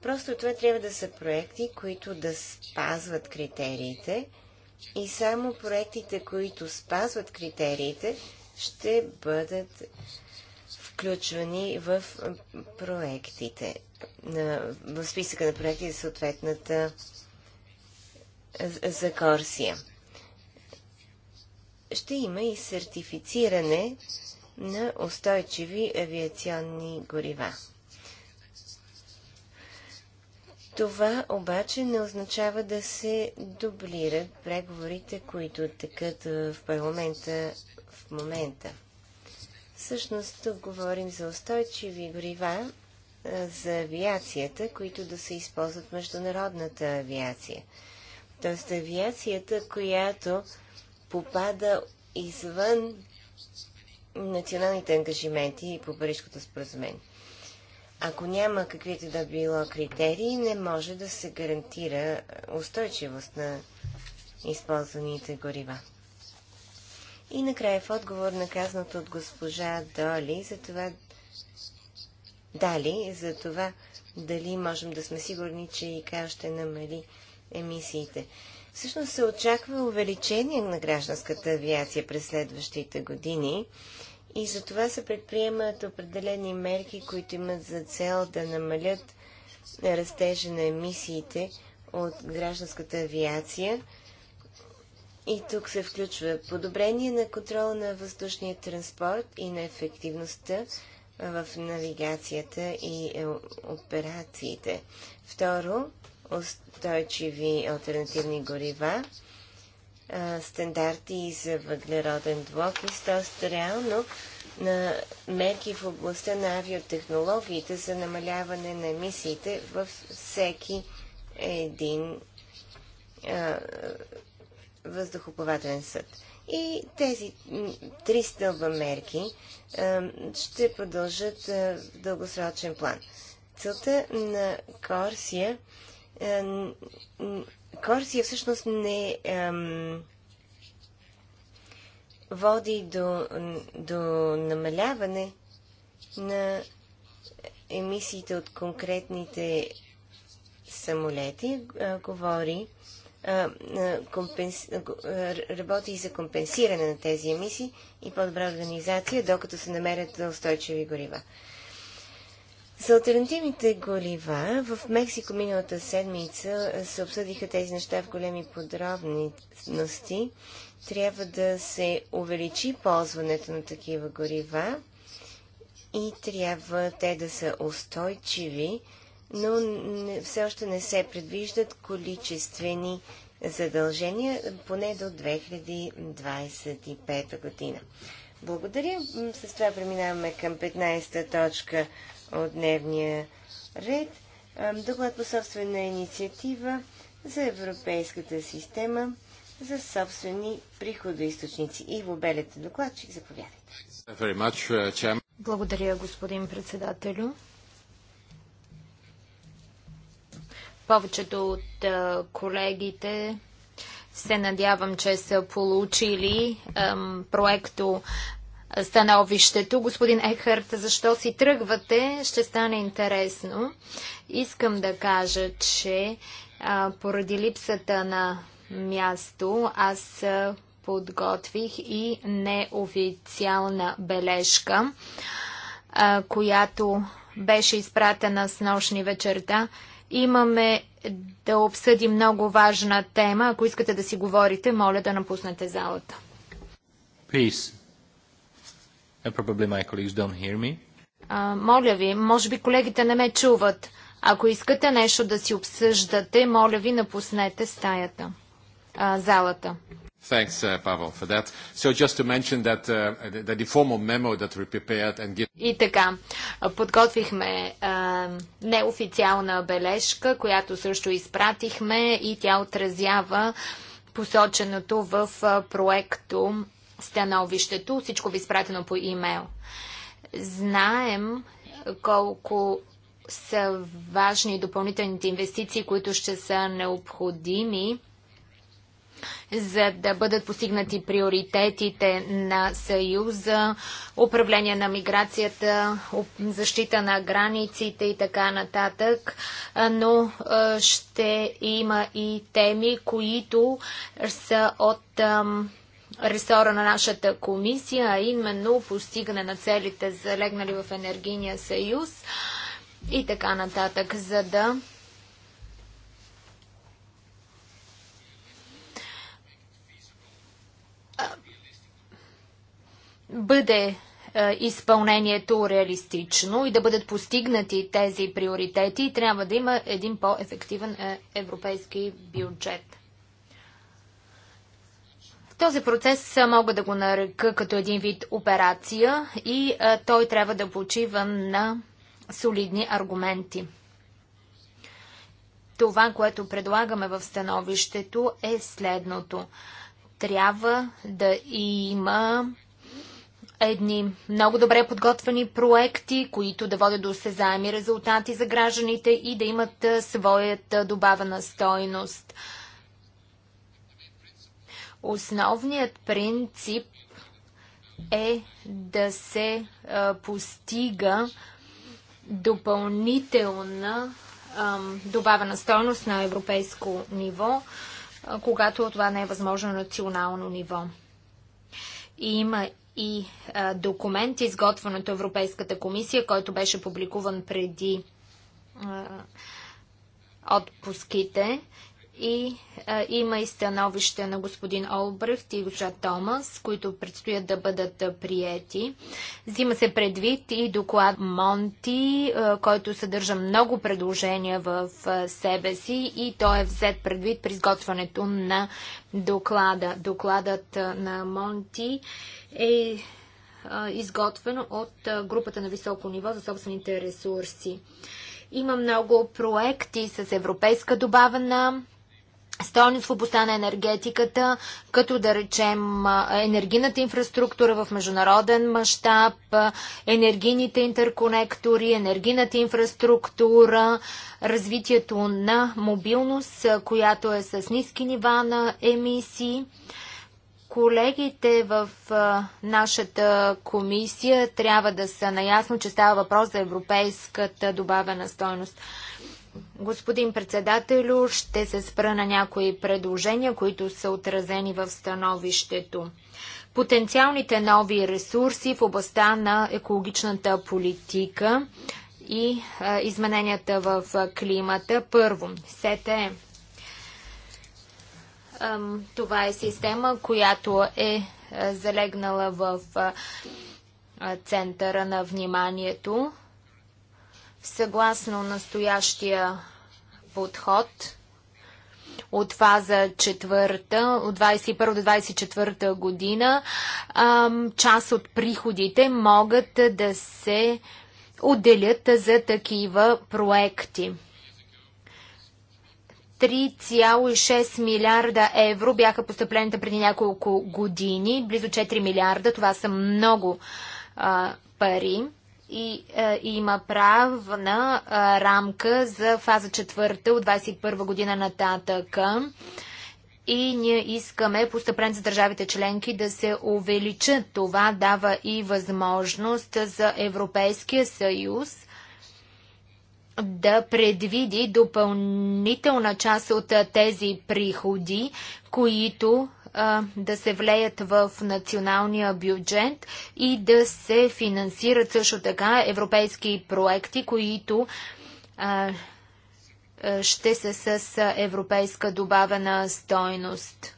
Просто това трябва да са проекти, които да спазват критериите и само проектите, които спазват критериите, ще бъдат включвани в проектите, в списъка на проекти за съответната за Корсия. Ще има и сертифициране на устойчиви авиационни горива. Това обаче не означава да се дублират преговорите, които текат в парламента в момента. Всъщност тук говорим за устойчиви горива за авиацията, които да се използват в международната авиация. Тоест авиацията, която попада извън националните ангажименти по Парижското споразумение. Ако няма каквито да било критерии, не може да се гарантира устойчивост на използваните горива. И накрая в отговор на казаното от госпожа Доли за това, Дали, за това дали можем да сме сигурни, че и ИКАО ще намали емисиите. Всъщност се очаква увеличение на гражданската авиация през следващите години и за това се предприемат определени мерки, които имат за цел да намалят растежа на емисиите от гражданската авиация и тук се включва подобрение на контрола на въздушния транспорт и на ефективността в навигацията и е, операциите. Второ, устойчиви альтернативни горива, стандарти за въглероден и т.е. реално на мерки в областта на авиотехнологиите за намаляване на емисиите във всеки един а, въздухоплавателен съд. И тези три стълба мерки ще продължат в дългосрочен план. Целта на Корсия Корсия всъщност не води до, до намаляване на емисиите от конкретните самолети, а, говори компенс... работи и за компенсиране на тези емисии и по-добра организация, докато се намерят устойчиви горива. За альтернативните горива в Мексико миналата седмица се обсъдиха тези неща в големи подробности. Трябва да се увеличи ползването на такива горива и трябва те да са устойчиви но не, все още не се предвиждат количествени задължения, поне до 2025 година. Благодаря. С това преминаваме към 15-та точка от дневния ред. Доклад по собствена инициатива за Европейската система за собствени приходоисточници. Иво Белет е докладчик, заповядайте. Uh, Благодаря, господин председателю. Повечето от колегите се надявам, че са получили ем, проекто становището. Господин Ехарт, защо си тръгвате? Ще стане интересно. Искам да кажа, че а, поради липсата на място аз подготвих и неофициална бележка, а, която беше изпратена с нощни вечерта. Имаме да обсъдим много важна тема. Ако искате да си говорите, моля да напуснете залата. probably my colleagues don't hear me. А, моля ви, може би колегите не ме чуват. Ако искате нещо да си обсъждате, моля ви, напуснете стаята, а, залата. Thanks, Павел, uh, for that. So just to mention that, uh, that the formal memo that we prepared and give... И така, подготвихме а, неофициална бележка, която също изпратихме и тя отразява посоченото в проекто становището. Всичко ви е изпратено по имейл. Знаем колко са важни допълнителните инвестиции, които ще са необходими за да бъдат постигнати приоритетите на Съюза, управление на миграцията, защита на границите и така нататък, но ще има и теми, които са от ресора на нашата комисия, а именно постигане на целите залегнали в Енергийния съюз и така нататък, за да бъде е, изпълнението реалистично и да бъдат постигнати тези приоритети, трябва да има един по-ефективен е, европейски бюджет. Този процес мога да го нарека като един вид операция и е, той трябва да почива на солидни аргументи. Това, което предлагаме в становището е следното. Трябва да има едни много добре подготвени проекти, които да водят до осезаеми резултати за гражданите и да имат своята добавена стойност. Основният принцип е да се постига допълнителна добавена стойност на европейско ниво, когато това не е възможно на национално ниво. И има и а, документ, изготвен от Европейската комисия, който беше публикуван преди а, отпуските. И а, има и становище на господин Олбрехт и госпожа Томас, които предстоят да бъдат приети. Взима се предвид и доклад Монти, а, който съдържа много предложения в а, себе си и той е взет предвид при изготвянето на доклада. Докладът а, на Монти е а, изготвен от а, групата на високо ниво за собствените ресурси. Има много проекти с европейска добавена стойност в областта на енергетиката, като да речем енергийната инфраструктура в международен мащаб, енергийните интерконектори, енергийната инфраструктура, развитието на мобилност, която е с ниски нива на емисии. Колегите в нашата комисия трябва да са наясно, че става въпрос за европейската добавена стойност. Господин председателю, ще се спра на някои предложения, които са отразени в становището. Потенциалните нови ресурси в областта на екологичната политика и измененията в климата. Първо, СЕТЕ. Това е система, която е залегнала в центъра на вниманието Съгласно настоящия подход от фаза 4, от 21 до 24 година, част от приходите могат да се отделят за такива проекти. 3,6 милиарда евро бяха постъпленията преди няколко години, близо 4 милиарда. Това са много а, пари и, и е, има правна е, рамка за фаза четвърта от 21 година нататък. И ние искаме постъпрен за държавите членки да се увеличат. Това дава и възможност за Европейския съюз да предвиди допълнителна част от тези приходи, които да се влеят в националния бюджет и да се финансират също така европейски проекти, които ще са с европейска добавена стойност.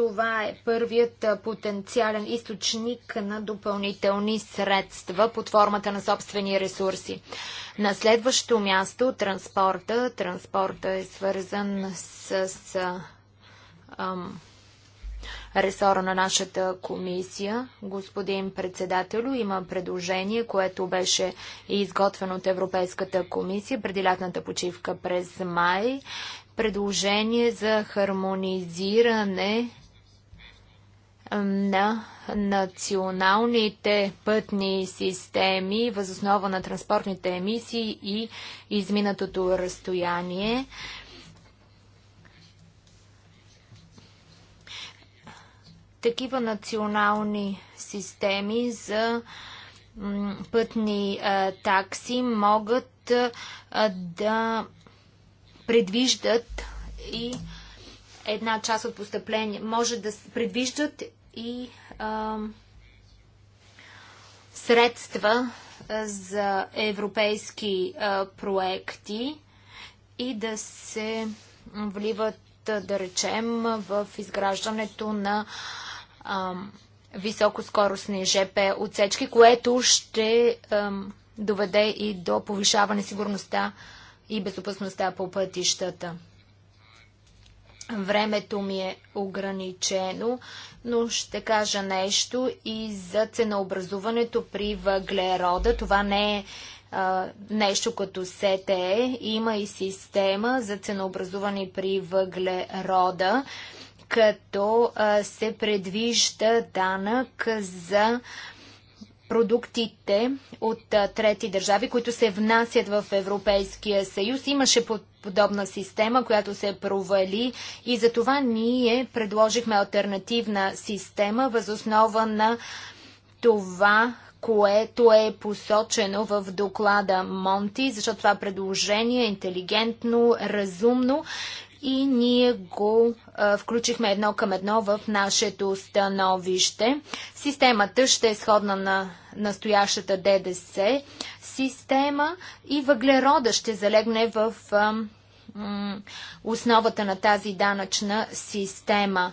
Това е първият потенциален източник на допълнителни средства под формата на собствени ресурси. На следващо място транспорта. Транспорта е свързан с, с ам, ресора на нашата комисия. Господин председател, има предложение, което беше изготвено от Европейската комисия преди лятната почивка през май. Предложение за хармонизиране на националните пътни системи възоснова на транспортните емисии и изминатото разстояние. Такива национални системи за пътни такси могат да предвиждат и една част от постъпления, може да предвиждат и а, средства за европейски а, проекти и да се вливат, да речем, в изграждането на а, високоскоростни ЖП отсечки, което ще а, доведе и до повишаване сигурността и безопасността по пътищата. Времето ми е ограничено, но ще кажа нещо и за ценообразуването при въглерода. Това не е а, нещо като СТЕ. Има и система за ценообразуване при въглерода, като а, се предвижда данък за продуктите от а, трети държави, които се внасят в Европейския съюз. Имаше под подобна система, която се провали и за това ние предложихме альтернативна система възоснова на това, което е посочено в доклада Монти, защото това предложение е интелигентно, разумно и ние го включихме едно към едно в нашето становище. Системата ще е сходна на настоящата ДДС система и въглерода ще залегне в основата на тази данъчна система.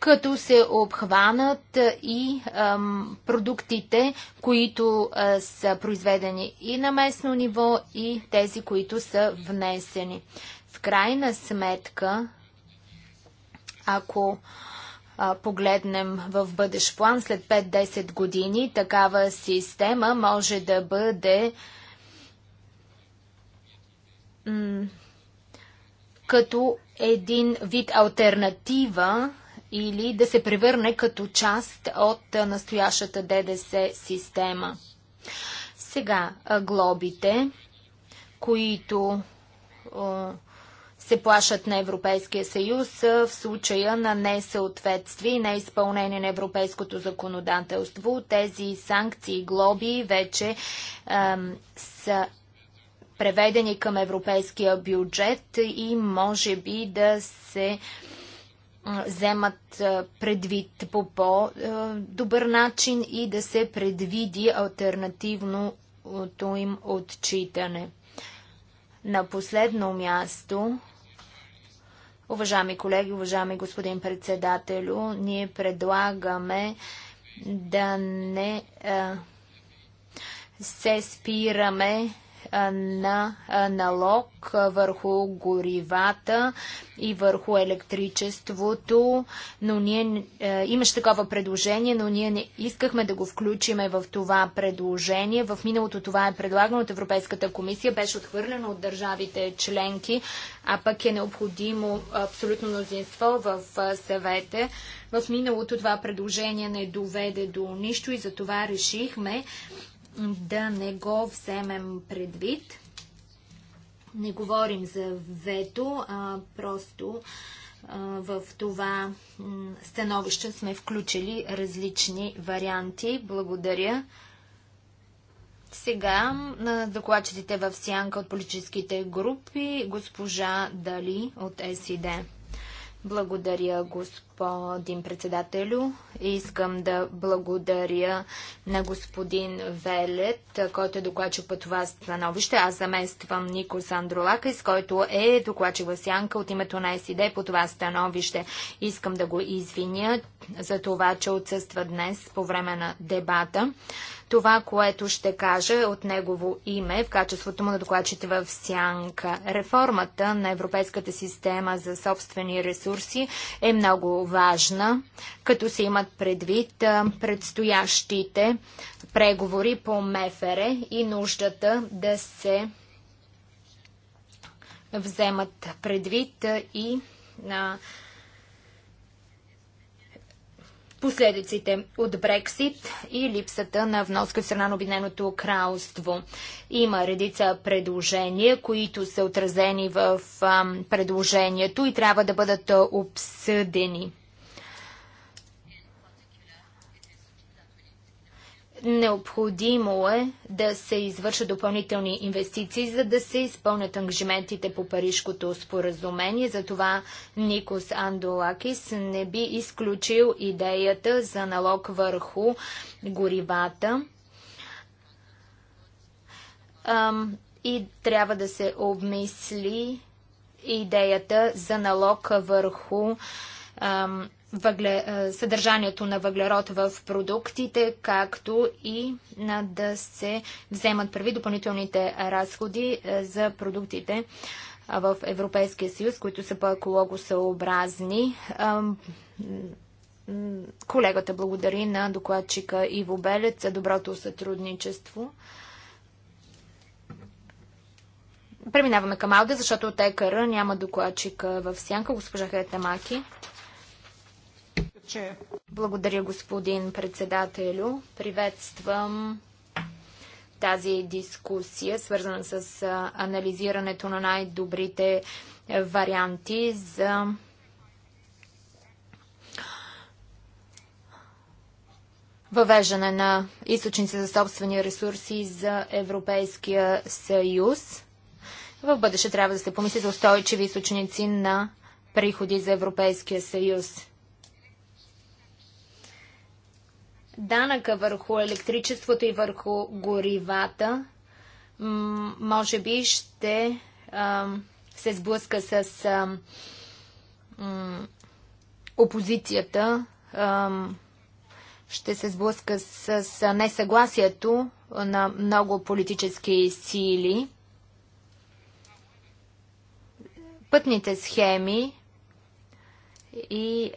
като се обхванат и ам, продуктите, които а, са произведени и на местно ниво, и тези, които са внесени. В крайна сметка, ако а, погледнем в бъдещ план след 5-10 години, такава система може да бъде като един вид альтернатива или да се превърне като част от настоящата ДДС система. Сега глобите, които се плашат на Европейския съюз в случая на несъответствие и неизпълнение на европейското законодателство. Тези санкции и глоби вече ем, са преведени към европейския бюджет и може би да се ем, вземат предвид по по-добър начин и да се предвиди альтернативното им отчитане. На последно място, уважаеми колеги, уважаеми господин председателю, ние предлагаме да не се спираме на налог върху горивата и върху електричеството, но ние имаше такова предложение, но ние не искахме да го включиме в това предложение. В миналото това е предлагано от Европейската комисия, беше отхвърлено от държавите членки, а пък е необходимо абсолютно мнозинство в съвете. В миналото това предложение не доведе до нищо и затова решихме да не го вземем предвид. Не говорим за вето, а просто в това становище сме включили различни варианти. Благодаря. Сега на докладчиците в сянка от политическите групи госпожа Дали от СИД. Благодаря, господин господин председателю. Искам да благодаря на господин Велет, който е докладчик по това становище. Аз замествам Нико Сандролакис, който е докладчик в Сянка от името на СИД по това становище. Искам да го извиня за това, че отсъства днес по време на дебата. Това, което ще кажа е от негово име в качеството му на докладчите в Сянка. Реформата на Европейската система за собствени ресурси е много важна, като се имат предвид предстоящите преговори по МФР и нуждата да се вземат предвид и на последиците от Брексит и липсата на вноска в страна на Обединеното кралство. Има редица предложения, които са отразени в предложението и трябва да бъдат обсъдени. Необходимо е да се извършат допълнителни инвестиции, за да се изпълнят ангажиментите по Парижкото споразумение. Затова Никос Андолакис не би изключил идеята за налог върху горивата. и трябва да се обмисли идеята за налог върху въгле, съдържанието на въглерод в продуктите, както и на да се вземат прави допълнителните разходи за продуктите в Европейския съюз, които са по-екологосъобразни. Колегата благодари на докладчика Иво Белец за доброто сътрудничество. Преминаваме към Алде, защото от ЕКР няма докладчика в сянка. Госпожа Хетамаки. Маки. Благодаря, господин председателю. Приветствам тази дискусия, свързана с анализирането на най-добрите варианти за въвеждане на източници за собствени ресурси за Европейския съюз. В бъдеще трябва да се помисли за устойчиви източници на приходи за Европейския съюз. Данъка върху електричеството и върху горивата може би ще се сблъска с опозицията, ще се сблъска с, несъгласието на много политически сили. Пътните схеми и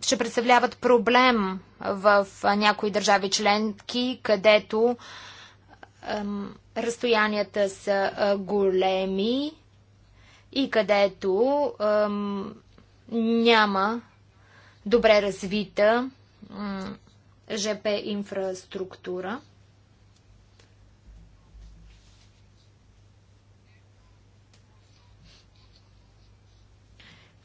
ще представляват проблем в някои държави членки, където ем, разстоянията са големи и където ем, няма добре развита ем, ЖП инфраструктура.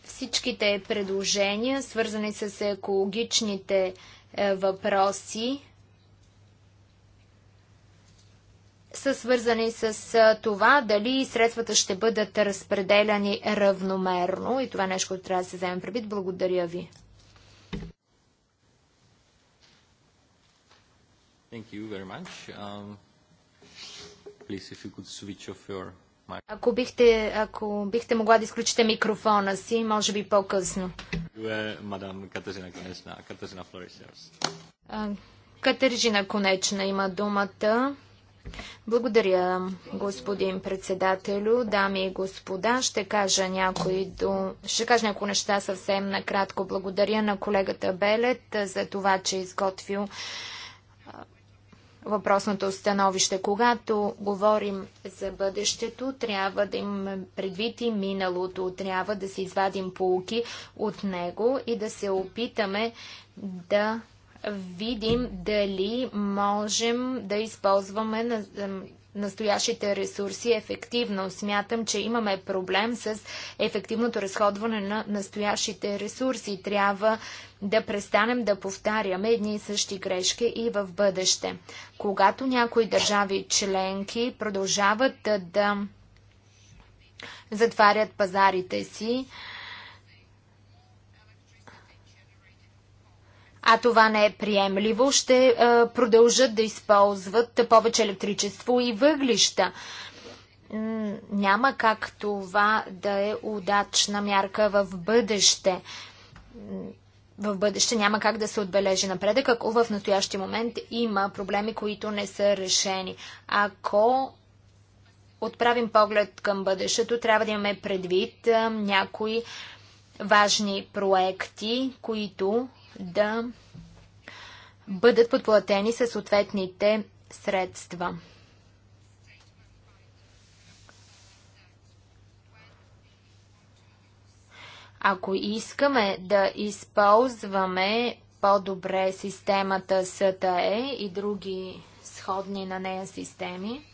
Всичките предложения, свързани с екологичните е, въпроси са свързани с е, това дали средствата ще бъдат разпределяни равномерно и това нещо трябва да се вземе предвид. Благодаря ви. Thank you very much. Um, please, if you could switch off your mic. Ако бихте, ако бихте могла да изключите микрофона си, може би по-късно. Děkuje е, Конечна има думата. Благодаря, господин председателю. Дами и господа, ще кажа някои, до... ще кажа някои неща съвсем накратко. Благодаря на колегата Белет за това, че е изготвил въпросното становище. Когато говорим за бъдещето, трябва да имаме предвид и миналото. Трябва да се извадим полуки от него и да се опитаме да видим дали можем да използваме настоящите ресурси ефективно. Смятам, че имаме проблем с ефективното разходване на настоящите ресурси. Трябва да престанем да повтаряме едни и същи грешки и в бъдеще. Когато някои държави членки продължават да затварят пазарите си, а това не е приемливо, ще е, продължат да използват повече електричество и въглища. Няма как това да е удачна мярка в бъдеще. В бъдеще няма как да се отбележи напредък, ако в настоящия момент има проблеми, които не са решени. Ако отправим поглед към бъдещето, трябва да имаме предвид някои важни проекти, които да бъдат подплатени със съответните средства. Ако искаме да използваме по-добре системата СТЕ и други сходни на нея системи,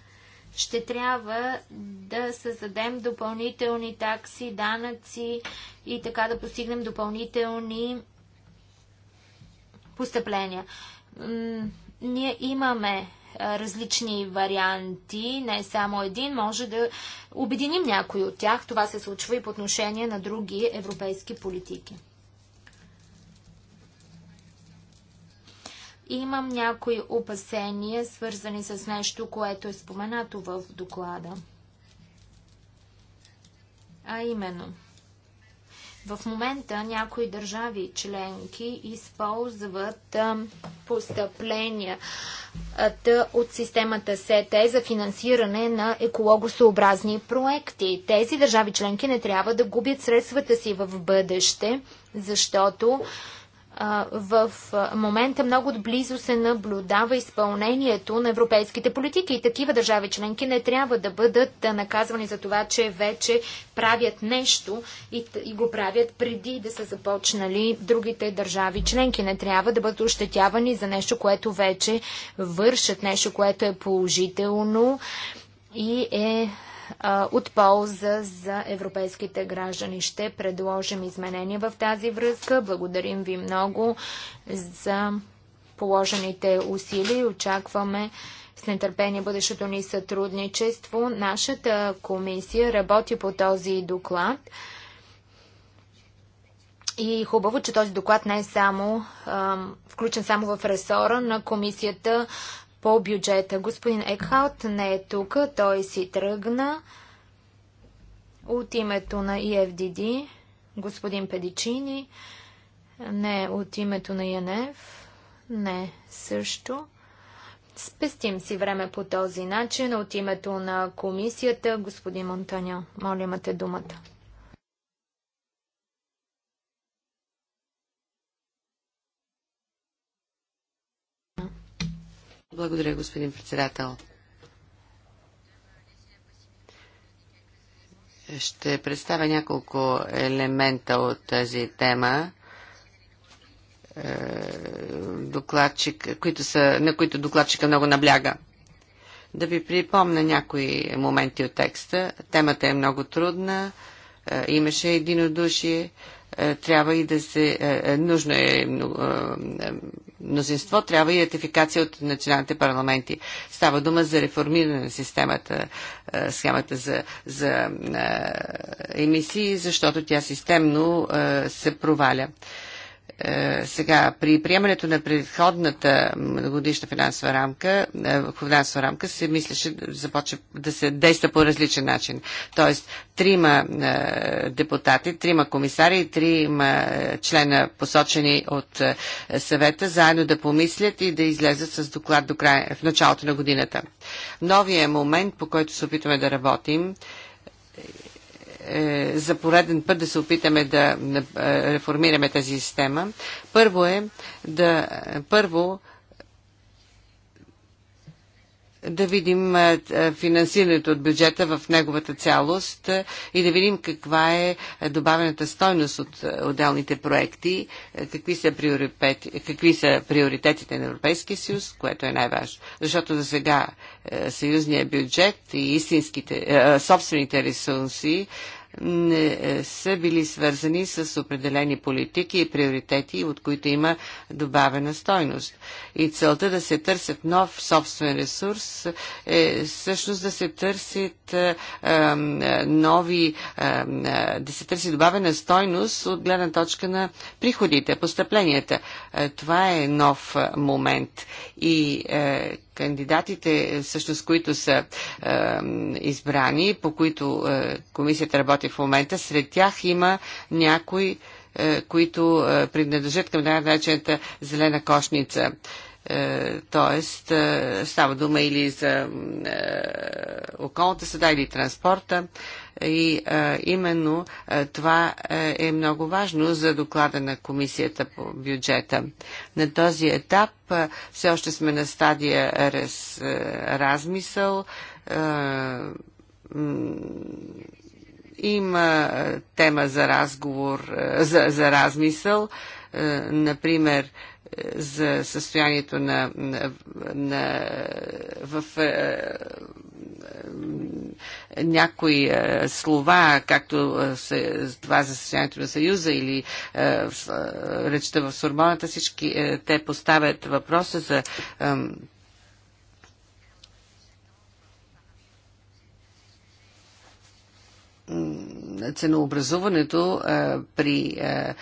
ще трябва да създадем допълнителни такси, данъци и така да постигнем допълнителни постъпления. Ние имаме различни варианти, не само един, може да обединим някой от тях. Това се случва и по отношение на други европейски политики. Имам някои опасения, свързани с нещо, което е споменато в доклада. А именно – в момента някои държави членки използват постъпленията от системата СЕТЕ за финансиране на екологосообразни проекти. Тези държави членки не трябва да губят средствата си в бъдеще, защото в момента много близо се наблюдава изпълнението на европейските политики и такива държави членки не трябва да бъдат наказвани за това, че вече правят нещо и, и го правят преди да са започнали другите държави членки. Не трябва да бъдат ощетявани за нещо, което вече вършат, нещо, което е положително и е а, от полза за европейските граждани. Ще предложим изменения в тази връзка. Благодарим ви много за положените усилия и очакваме с нетърпение бъдещето ни сътрудничество. Нашата комисия работи по този доклад. И хубаво, че този доклад не е само а, включен само в ресора на комисията по бюджета. Господин Екхалт не е тук, той си тръгна от името на EFDD. Господин Педичини не от името на ЯНЕВ. Не, също. Спестим си време по този начин от името на комисията. Господин Монтаня, моля имате думата. Благодаря, господин председател. Ще представя няколко елемента от тази тема, е, докладчик, които са, на които докладчика много набляга. Да ви припомня някои моменти от текста. Темата е много трудна. Е, имаше единодушие. Е, трябва и да се... Нужно е мнозинство, трябва и ратификация от националните парламенти. Става дума за реформиране на системата, е, схемата за, за е, емисии, защото тя системно е, се проваля. Е, сега, при приемането на предходната годишна финансова рамка, е, финансова рамка се мислеше да започне да се действа по различен начин. Тоест, трима е, депутати, трима комисари и трима члена посочени от съвета заедно да помислят и да излезат с доклад до края, в началото на годината. Новия момент, по който се опитваме да работим, е, за пореден път да се опитаме да, да е, реформираме тази система. Първо е да е, първо да видим финансирането от бюджета в неговата цялост и да видим каква е добавената стойност от отделните проекти, какви са, какви са приоритетите на Европейския съюз, което е най-важно. Защото за сега съюзният бюджет и истинските, собствените ресурси не е, са били свързани с определени политики и приоритети, от които има добавена стойност. И целта да се търсят нов собствен ресурс е всъщност да се търсят е, е нови, е, е, да се търси добавена стойност от гледна точка на приходите, постъпленията. Е, това е нов момент. И е, кандидатите, е, всъщност, които са е, избрани, по които е, комисията работи в момента, сред тях има някои, е, които е, принадлежат към най вечената зелена кошница. Е, тоест, е, става дума или за е, околната среда, или транспорта. Е, и а, именно а, това е много важно за доклада на комисията по бюджета. На този етап а, все още сме на стадия раз, а, размисъл. А, има тема за разговор, за, за размисъл, например, за състоянието на, на, на в е, някои е, слова, както е, се, това за състоянието на Съюза или е, в, е, речта в Сурбоната, всички е, те поставят въпроса за ценообразуването а, при а,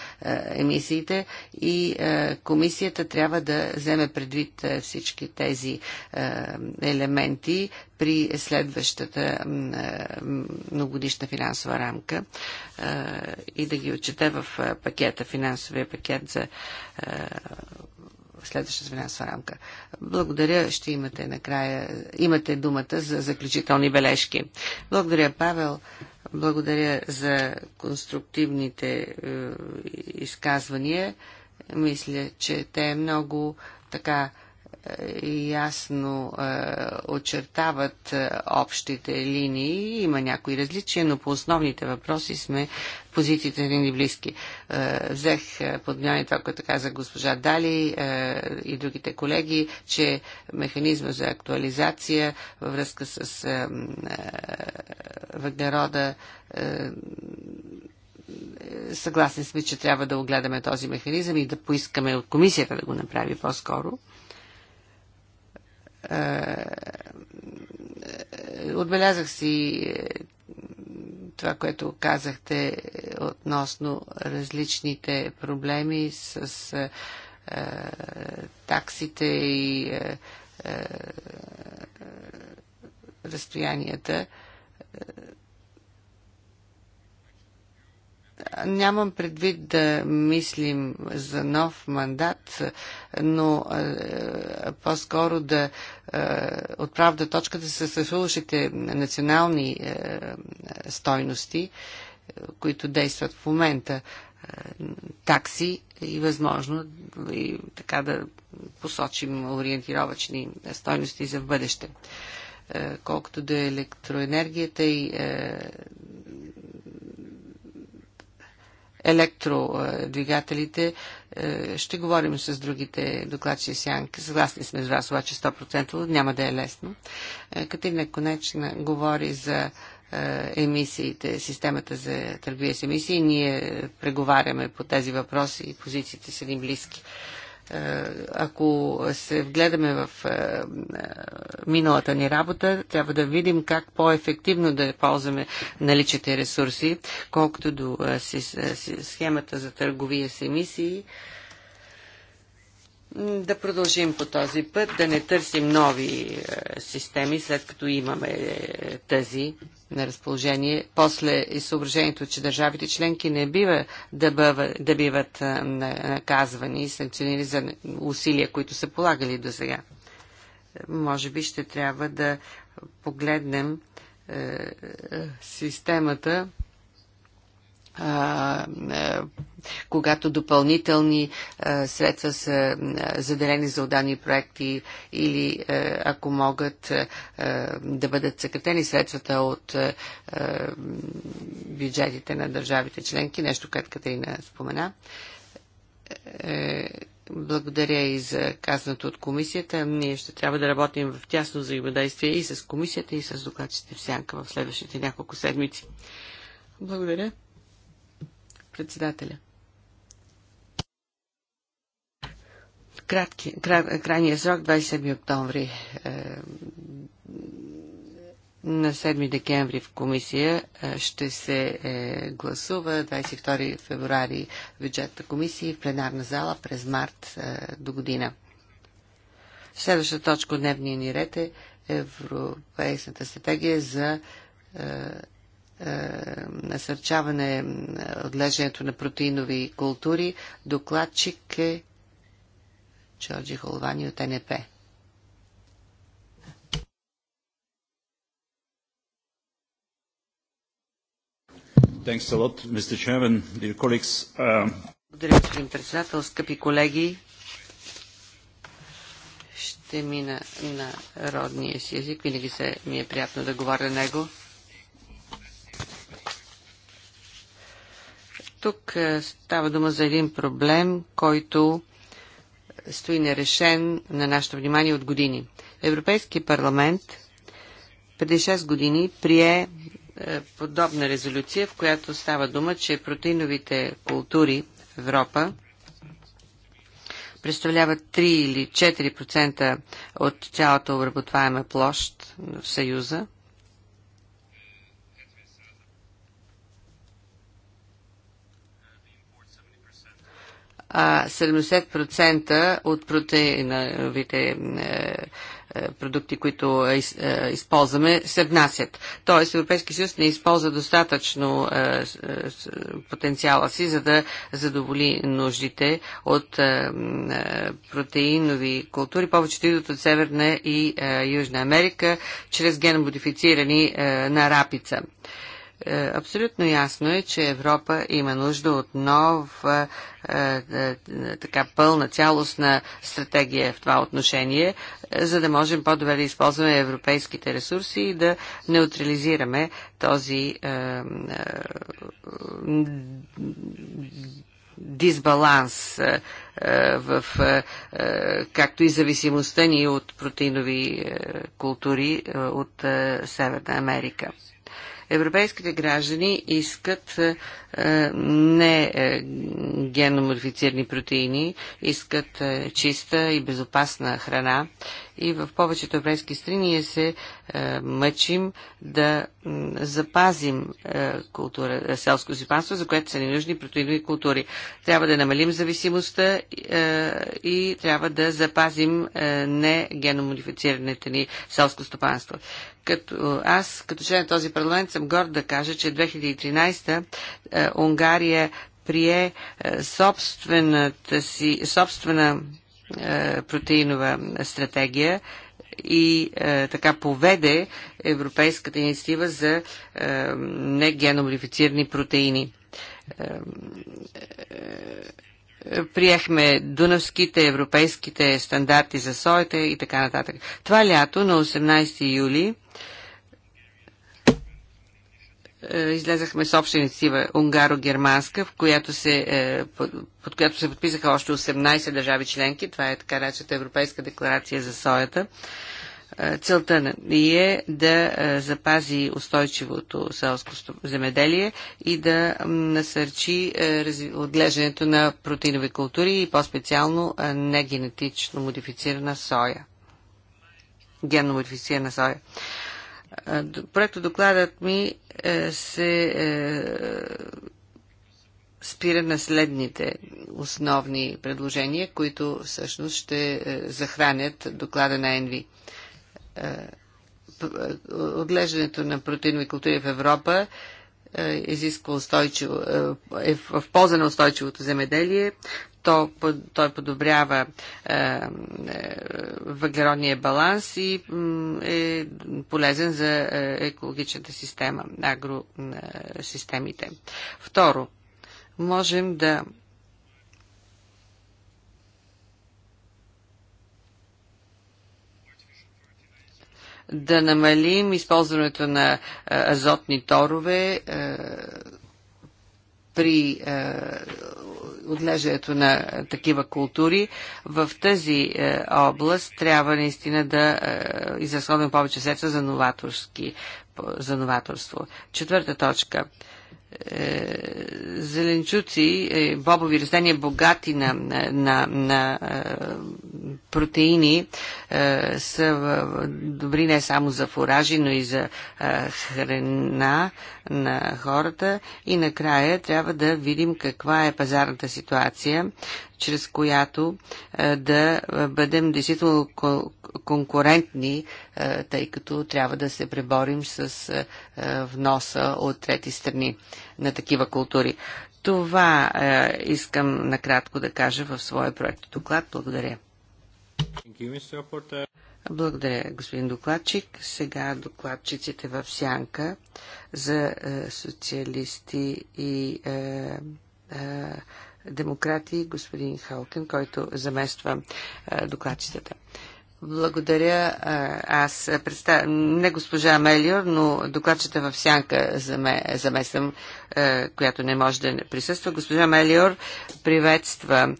емисиите и а, комисията трябва да вземе предвид всички тези елементи при следващата многогодишна финансова рамка и да ги отчете в пакета, финансовия пакет за следващата финансова рамка. Благодаря, ще имате накрая, имате думата за заключителни бележки. Благодаря, Павел. Благодаря за конструктивните е, изказвания. Мисля, че те е много така ясно е, очертават е, общите линии. Има някои различия, но по основните въпроси сме позициите ни близки. Е, взех под внимание това, което каза госпожа Дали и другите колеги, че механизма за актуализация във връзка с въглерода съгласен сме, че трябва да огледаме този механизъм и да поискаме от комисията да го направи по-скоро. Е, отбелязах си е, това, което казахте относно различните проблеми с а, е, таксите и а, а, разстоянията. Нямам предвид да мислим за нов мандат, но е, по-скоро да е, отправда точката с съществуващите национални е, стойности, които действат в момента такси и възможно и така да посочим ориентировачни стойности за в бъдеще. Колкото до да електроенергията и електродвигателите. Е, ще говорим с другите докладчи сянки. Съгласни сме с вас, обаче 100% няма да е лесно. Е, Катерина Конечна говори за е, емисиите, системата за търговия с емисии. Ние преговаряме по тези въпроси и позициите са ни близки. Е, ако се вгледаме в е, е, миналата ни работа, трябва да видим как по-ефективно да ползваме наличните ресурси, колкото до схемата за търговия с емисии да продължим по този път, да не търсим нови е, системи, след като имаме е, тези тази на разположение. После и е съображението, че държавите членки не бива да, бъва, да биват наказвани и санкционирани за усилия, които са полагали до сега. Може би ще трябва да погледнем системата е, когато допълнителни е, средства са е, заделени за отдани проекти или ако могат да бъдат съкратени средствата от бюджетите на държавите членки, нещо, което Катерина спомена. Благодаря и за казаното от комисията. Ние ще трябва да работим в тясно взаимодействие и с комисията, и с докладчите в сянка в следващите няколко седмици. Благодаря. Председателя. Кратки, край, крайния срок 27 октомври е, на 7 декември в комисия е, ще се е, гласува 22 февруари бюджетна комисия и в пленарна зала през март е, до година. Следваща точка от дневния ни ред е Европейската стратегия за е, е, насърчаване е, отглеждането на протеинови култури. Докладчик е Джорджи Холвани от НП. Lot, Chairman, um, Благодаря, господин председател. Скъпи колеги, ще мина на родния си език. Винаги се ми е приятно да говоря на него. Тук е, става дума за един проблем, който стои нерешен на нашето внимание от години. Европейски парламент преди 6 години прие е, подобна резолюция, в която става дума, че протеиновите култури в Европа представляват 3 или 4% от цялата обработваема площ в Съюза. а 70% от протеиновите е, е, продукти, които е, използваме, се внасят. Тоест Европейски съюз не използва достатъчно потенциала си, за да задоволи нуждите от протеинови култури. Повечето идват от Северна и Южна Америка чрез геномодифицирани на рапица. Е, абсолютно ясно е, че Европа има нужда от нова е, е, така пълна цялостна стратегия в това отношение, за да можем по-добре да използваме европейските ресурси и да неутрализираме този дисбаланс в както и зависимостта ни от протеинови култури от Северна Америка. Европейските граждани искат е, е, не е, геномодифицирани протеини, искат е, чиста и безопасна храна. И в повечето европейски страни ние се мъчим да запазим култура, селско зипанство, за което са ни нужни протеинови култури. Трябва да намалим зависимостта и трябва да запазим не геномодифицираните ни селско стопанство. Като аз, като член на този парламент, съм горд да кажа, че 2013 Унгария прие е, собствената си, собствена е, протеинова стратегия и е, така поведе Европейската инициатива за е, негеномодифицирани протеини. Е, е, е приехме дунавските, европейските стандарти за соята и така нататък. Това лято на 18 юли е, е, излезахме с обща инициатива унгаро-германска, в която се, е, под която се подписаха още 18 държави членки. Това е така речета Европейска декларация за соята. Е, целта ни е да запази устойчивото селско земеделие и да насърчи отглеждането на протеинови култури и по-специално негенетично модифицирана соя. Генно модифицирана соя. Проекто докладът ми е, се е, спира на следните основни предложения, които всъщност ще е, захранят доклада на ЕНВИ. Отглеждането на протеинови култури в Европа изисква устойчиво, е в полза на устойчивото земеделие, то, той подобрява е, е, въглеродния баланс и е полезен за е, екологичната система, агросистемите. Е, Второ, можем да да намалим използването на е, азотни торове, при е, отглеждането на такива култури. В тази е, област трябва наистина да е, изразходим повече средства за новаторски за новаторство. Четвърта точка. Е, е, зеленчуци, е, бобови растения, богати на, на, на е, протеини, са добри не само за фуражи, но и за храна на хората. И накрая трябва да видим каква е пазарната ситуация, чрез която е, да е, бъдем действително конкурентни, е, тъй като трябва да се преборим с вноса от трети страни на такива култури. Това искам накратко да кажа в своя проект доклад. Благодаря. Благодаря, господин докладчик. Сега докладчиците в сянка за е, социалисти и е, е, демократи, господин Халкен, който замества докладчетата. Благодаря. Аз представя не госпожа Мелиор, но докладчета в сянка замествам, която не може да не присъства. Госпожа Мелиор приветства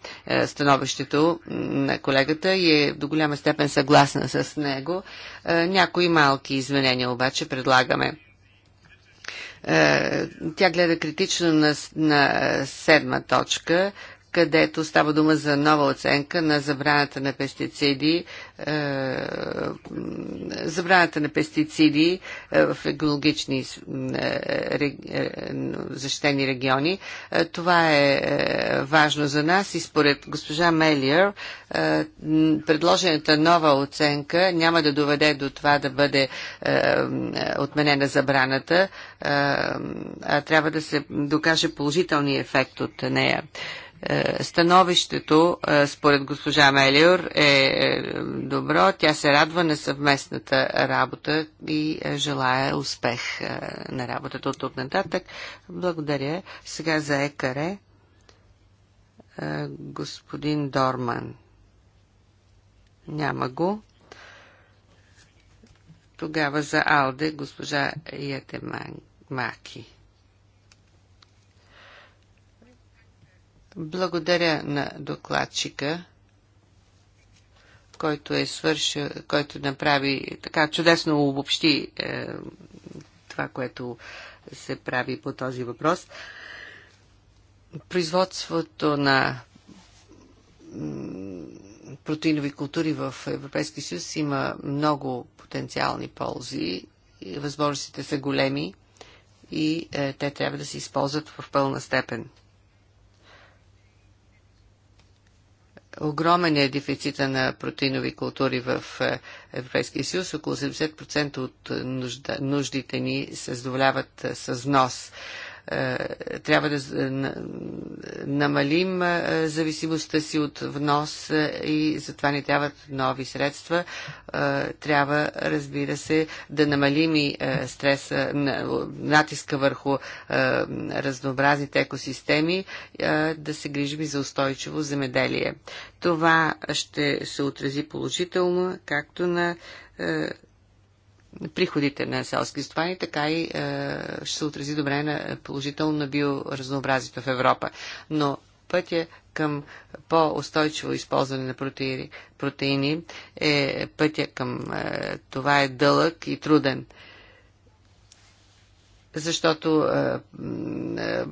становището на колегата и е до голяма степен съгласна с него. Някои малки изменения обаче предлагаме. Е, тя гледа критично на, на седма точка където става дума за нова оценка на забраната на пестициди, е, забраната на пестициди е, в екологични е, защитени региони. Това е важно за нас и според госпожа Мелиер предложената нова оценка няма да доведе до това да бъде отменена забраната, а трябва да се докаже положителния ефект от нея. Е, становището, е, според госпожа Мелиор, е, е добро. Тя се радва на съвместната работа и желая успех на работата от тук нататък. Благодаря. Сега за ЕКАРЕ господин Дорман. Няма го. Тогава за Алде госпожа Ятемаки. Благодаря на докладчика, който е свършил, който направи така чудесно обобщи е, това, което се прави по този въпрос. Производството на протеинови култури в Европейския съюз има много потенциални ползи. Възможностите са големи и е, те трябва да се използват в пълна степен. Огромен е дефицита на протеинови култури в е, Европейския съюз. Около 70% от е, нуждите ни се задоволяват е, с нос. Е, трябва да намалим е, зависимостта си от внос е, и затова ни трябват нови средства. Трябва, разбира се, да намалим и стреса, натиска върху разнообразните екосистеми, да се грижим и за устойчиво земеделие. Това ще се отрази положително както на приходите на селски стопани, така и е, ще се отрази добре на, положително на биоразнообразието в Европа. Но пътя към по-устойчиво използване на протеини, протеини е пътя към е, това е дълъг и труден защото е, е,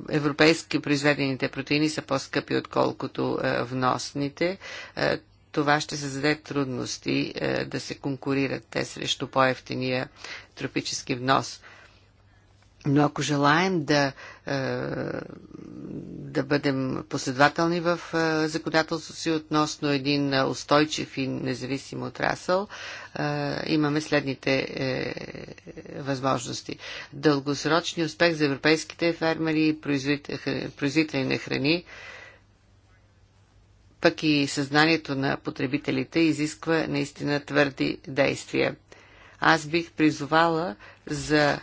европейски произведените протеини са по-скъпи, отколкото е, вносните. Е, това ще създаде трудности е, да се конкурират те срещу по-ефтиния тропически внос. Но ако желаем да, е, да бъдем последователни в е, законодателството си относно един е, устойчив и независим отрасъл, имаме следните възможности. Дългосрочни успех за европейските фермери и производители на храни, пък и съзнанието на потребителите изисква наистина твърди действия. Аз бих призовала за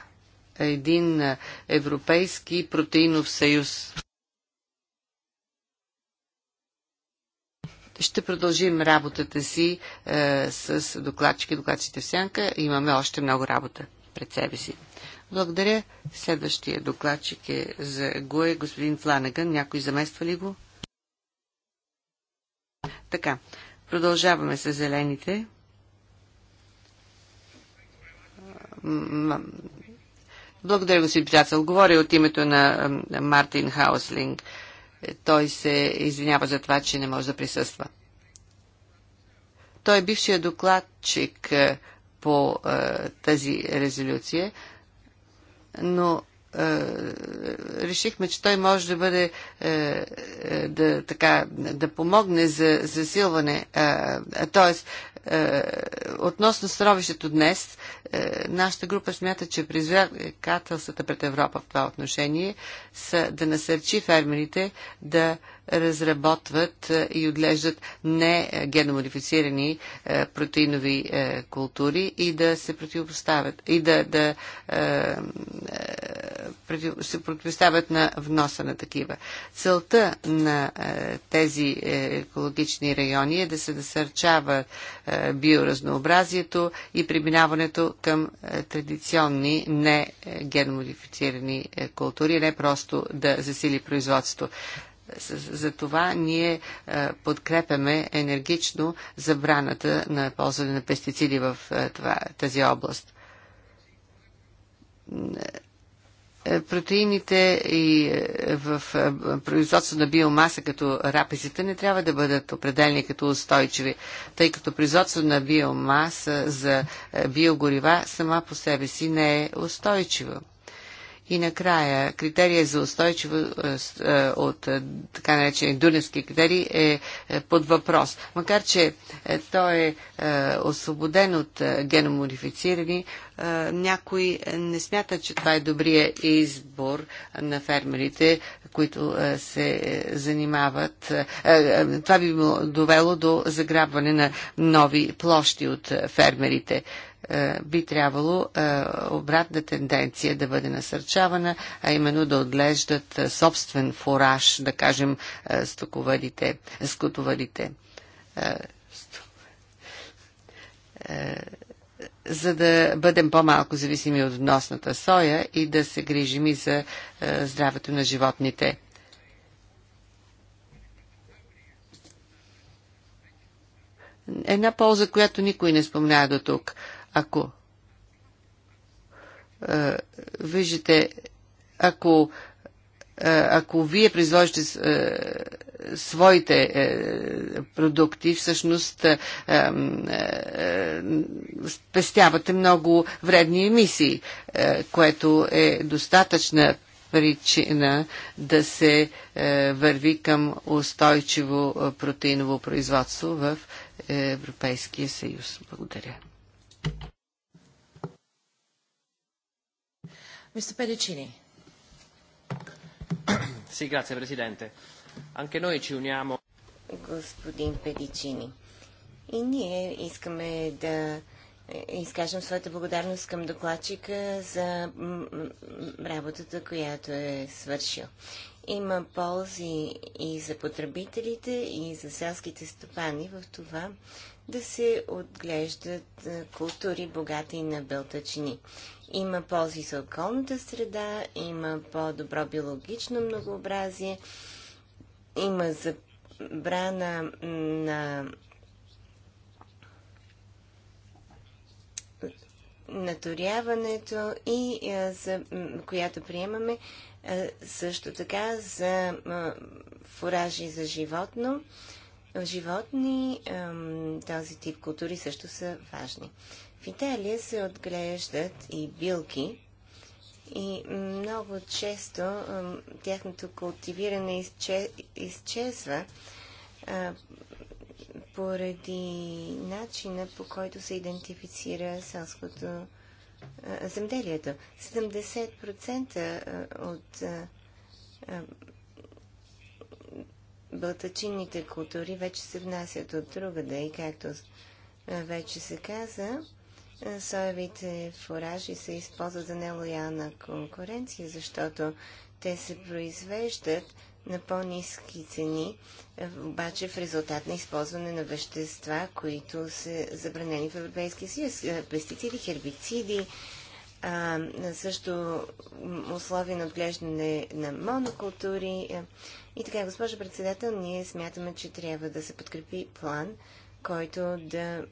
един европейски протеинов съюз. Ще продължим работата си е, с докладчики, докладчите в сянка. Имаме още много работа пред себе си. Благодаря. Следващия докладчик е за ГУЕ, господин Фланаган. Някой замества ли го? Така, продължаваме с зелените. Благодаря, господин председател. Говоря от името на Мартин Хауслинг. Е, той се извинява за това, че не може да присъства. Той е бившия докладчик е, по е, тази резолюция, но е, решихме, че той може да бъде е, е, да, така, да помогне за засилване. Тоест, относно становището днес, нашата група смята, че призвикателствата пред Европа в това отношение са да насърчи фермерите да разработват е, и отглеждат не е, геномодифицирани е, протеинови култури и да се противопоставят и да, да се противопоставят на вноса на такива. Целта на тези екологични райони е да се насърчава биоразнообразието и преминаването към традиционни не геномодифицирани култури, не просто да засили производството. За това ние е, подкрепяме енергично забраната на ползване на пестициди в е, това, тази област е, протеините и в производство на биомаса, като рапезите, не трябва да бъдат определени като устойчиви, тъй като производство на биомаса за биогорива сама по себе си не е устойчива. И накрая, критерия за устойчиво е, е, от е, така наречени дуневски критерии е под въпрос. Макар, че той е освободен от геномодифицирани, някой не смята, че това е добрия избор на фермерите, които се занимават. Това би довело до заграбване на нови площи от фермерите. Е, би трябвало е, обратна тенденция да бъде насърчавана, а именно да отглеждат е, собствен фораж, да кажем, стоковалите, скотовалите. за да бъдем по-малко зависими от вносната соя и да се грижим и за здравето на животните. Една полза, която никой не спомня до тук – ако е, виждате, ако, е, ако вие произвеждате е, своите е, продукти, всъщност е, е, е, спестявате много вредни емисии, е, което е достатъчна причина да се е, върви към устойчиво е, протеиново производство в е, Европейския съюз. Благодаря. Mr. Pedicini. Sì, grazie Presidente. Anche noi ci uniamo. Господин Педичини, и ние искаме да е, изкажем своята благодарност към докладчика за работата, която е свършил. Има ползи и за потребителите, и за селските стопани в това да се отглеждат култури богати на белтъчини. Има ползи за околната среда, има по-добро биологично многообразие, има забрана на наторяването и за, която приемаме също така за фуражи за животно животни, този тип култури също са важни. В Италия се отглеждат и билки и много често тяхното култивиране изчезва поради начина по който се идентифицира селското земделието. 70% от бълтачинните култури вече се внасят от другаде и както вече се каза, соевите фуражи се използват за нелоялна конкуренция, защото те се произвеждат на по-низки цени, обаче в резултат на използване на вещества, които са забранени в Европейския съюз. Пестициди, хербициди, а, също условия на отглеждане на монокултури, и така, госпожа председател, ние смятаме, че трябва да се подкрепи план, който да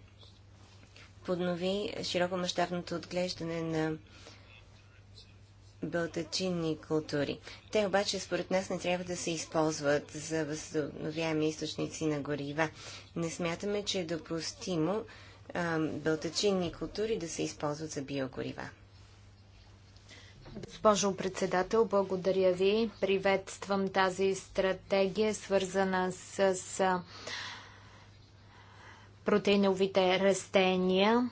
поднови широкомащабното отглеждане на бълтачинни култури. Те обаче според нас не трябва да се използват за възстановяеми източници на горива. Не смятаме, че е допустимо бълтачинни култури да се използват за биогорива. Госпожо председател, благодаря ви. Приветствам тази стратегия, свързана с, протеиновите растения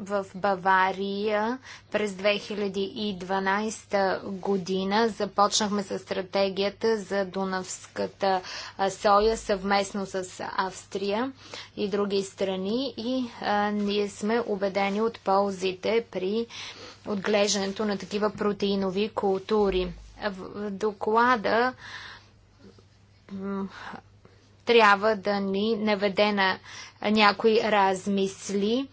в Бавария през 2012 година. Започнахме с стратегията за Дунавската соя съвместно с Австрия и други страни и а, ние сме убедени от ползите при отглеждането на такива протеинови култури. В доклада трябва да ни наведе на някои размисли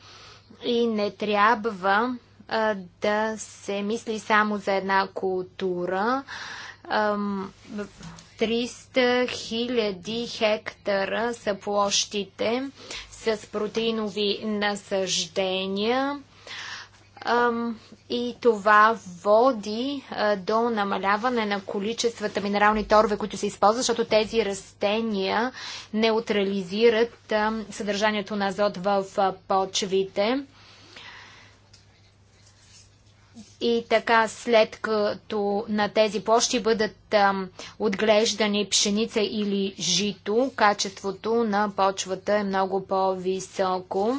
и не трябва а, да се мисли само за една култура. А, 300 хиляди хектара са площите с протеинови насъждения и това води а, до намаляване на количествата минерални торове, които се използват, защото тези растения неутрализират а, съдържанието на азот в а, почвите. И така, след като на тези площи бъдат отглеждани пшеница или жито, качеството на почвата е много по-високо.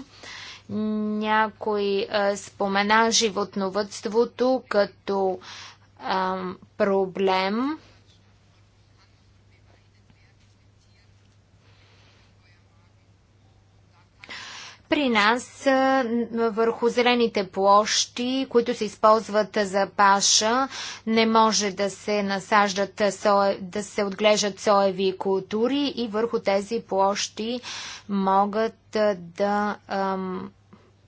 Някой а, спомена животновътството като а, проблем. При нас върху зелените площи, които се използват за паша, не може да се насаждат, да се отглеждат соеви култури и върху тези площи могат да ам,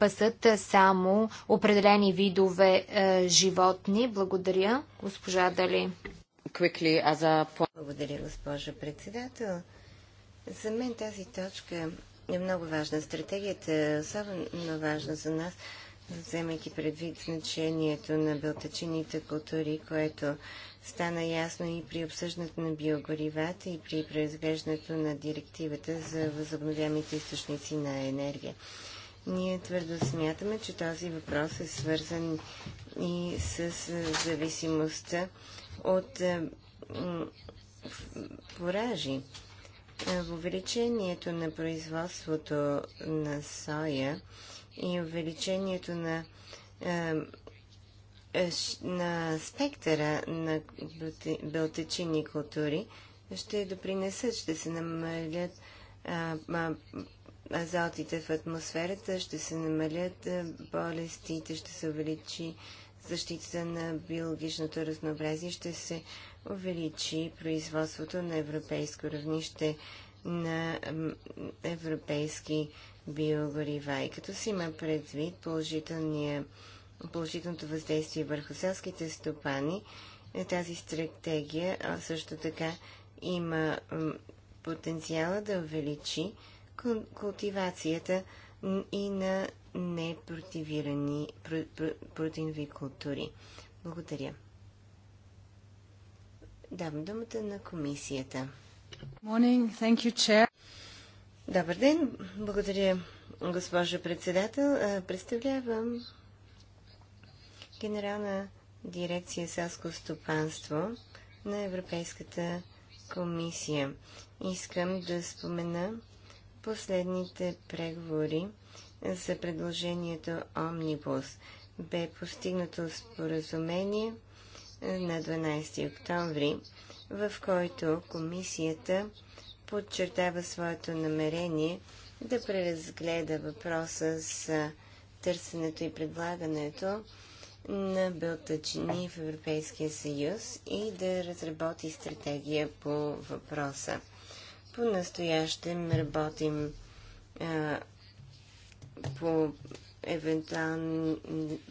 пасат само определени видове е, животни. Благодаря, госпожа Дали. Благодаря, госпожа председател. За мен тази точка е много важна. Стратегията е особено важна за нас, вземайки предвид значението на белтачините култури, което стана ясно и при обсъждането на биогоривата и при произвеждането на директивата за възобновяемите източници на енергия. Ние твърдо смятаме, че този въпрос е свързан и с е, зависимостта от поражи. Е, В е, увеличението на производството на соя и увеличението на, на спектъра на белтечини култури ще допринесат, ще се намалят азотите в атмосферата, ще се намалят болестите, ще се увеличи защитата на биологичното разнообразие, ще се увеличи производството на европейско равнище на европейски биогорива. И като си има предвид положителното въздействие върху селските стопани, е, тази стратегия също така има потенциала да увеличи култивацията и на непротивирани протеинови култури. Благодаря. Давам думата на комисията. Morning. Thank you, chair. Добър ден. Благодаря, госпожа председател. Представлявам Генерална дирекция селско стопанство на Европейската комисия. Искам да спомена, последните преговори за предложението Омнибус бе постигнато споразумение на 12 октомври, в който комисията подчертава своето намерение да преразгледа въпроса с търсенето и предлагането на белтъчини в Европейския съюз и да разработи стратегия по въпроса. По-настоящем работим а, по евентуално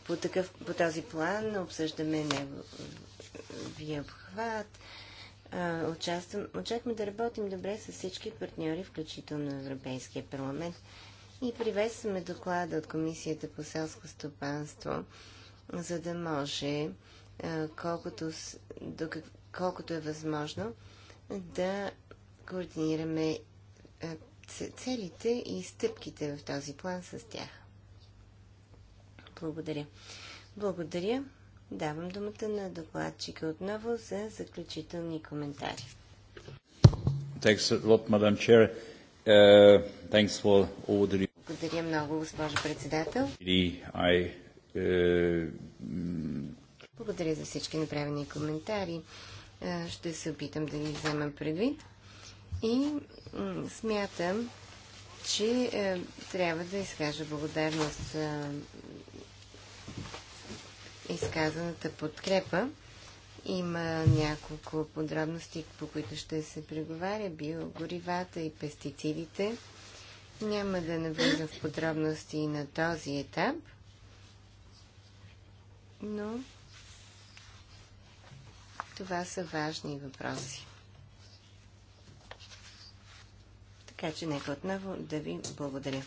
по, такъв, по този план, обсъждаме неговия обхват. очакваме да работим добре с всички партньори, включително Европейския парламент. И приветстваме доклада от Комисията по селско стопанство, за да може а, колкото, до, колкото е възможно да координираме целите и стъпките в този план с тях. Благодаря. Благодаря. Давам думата на докладчика отново за заключителни коментари. Uh, Благодаря много, госпожо председател. Uh, Благодаря за всички направени коментари. Uh, ще се опитам да ги вземам предвид. И смятам, че е, трябва да изкажа благодарност за е, изказаната подкрепа. Има няколко подробности, по които ще се преговаря. Биогоривата и пестицидите. Няма да навлизам в подробности на този етап, но това са важни въпроси. Така че нека отново да ви благодаря.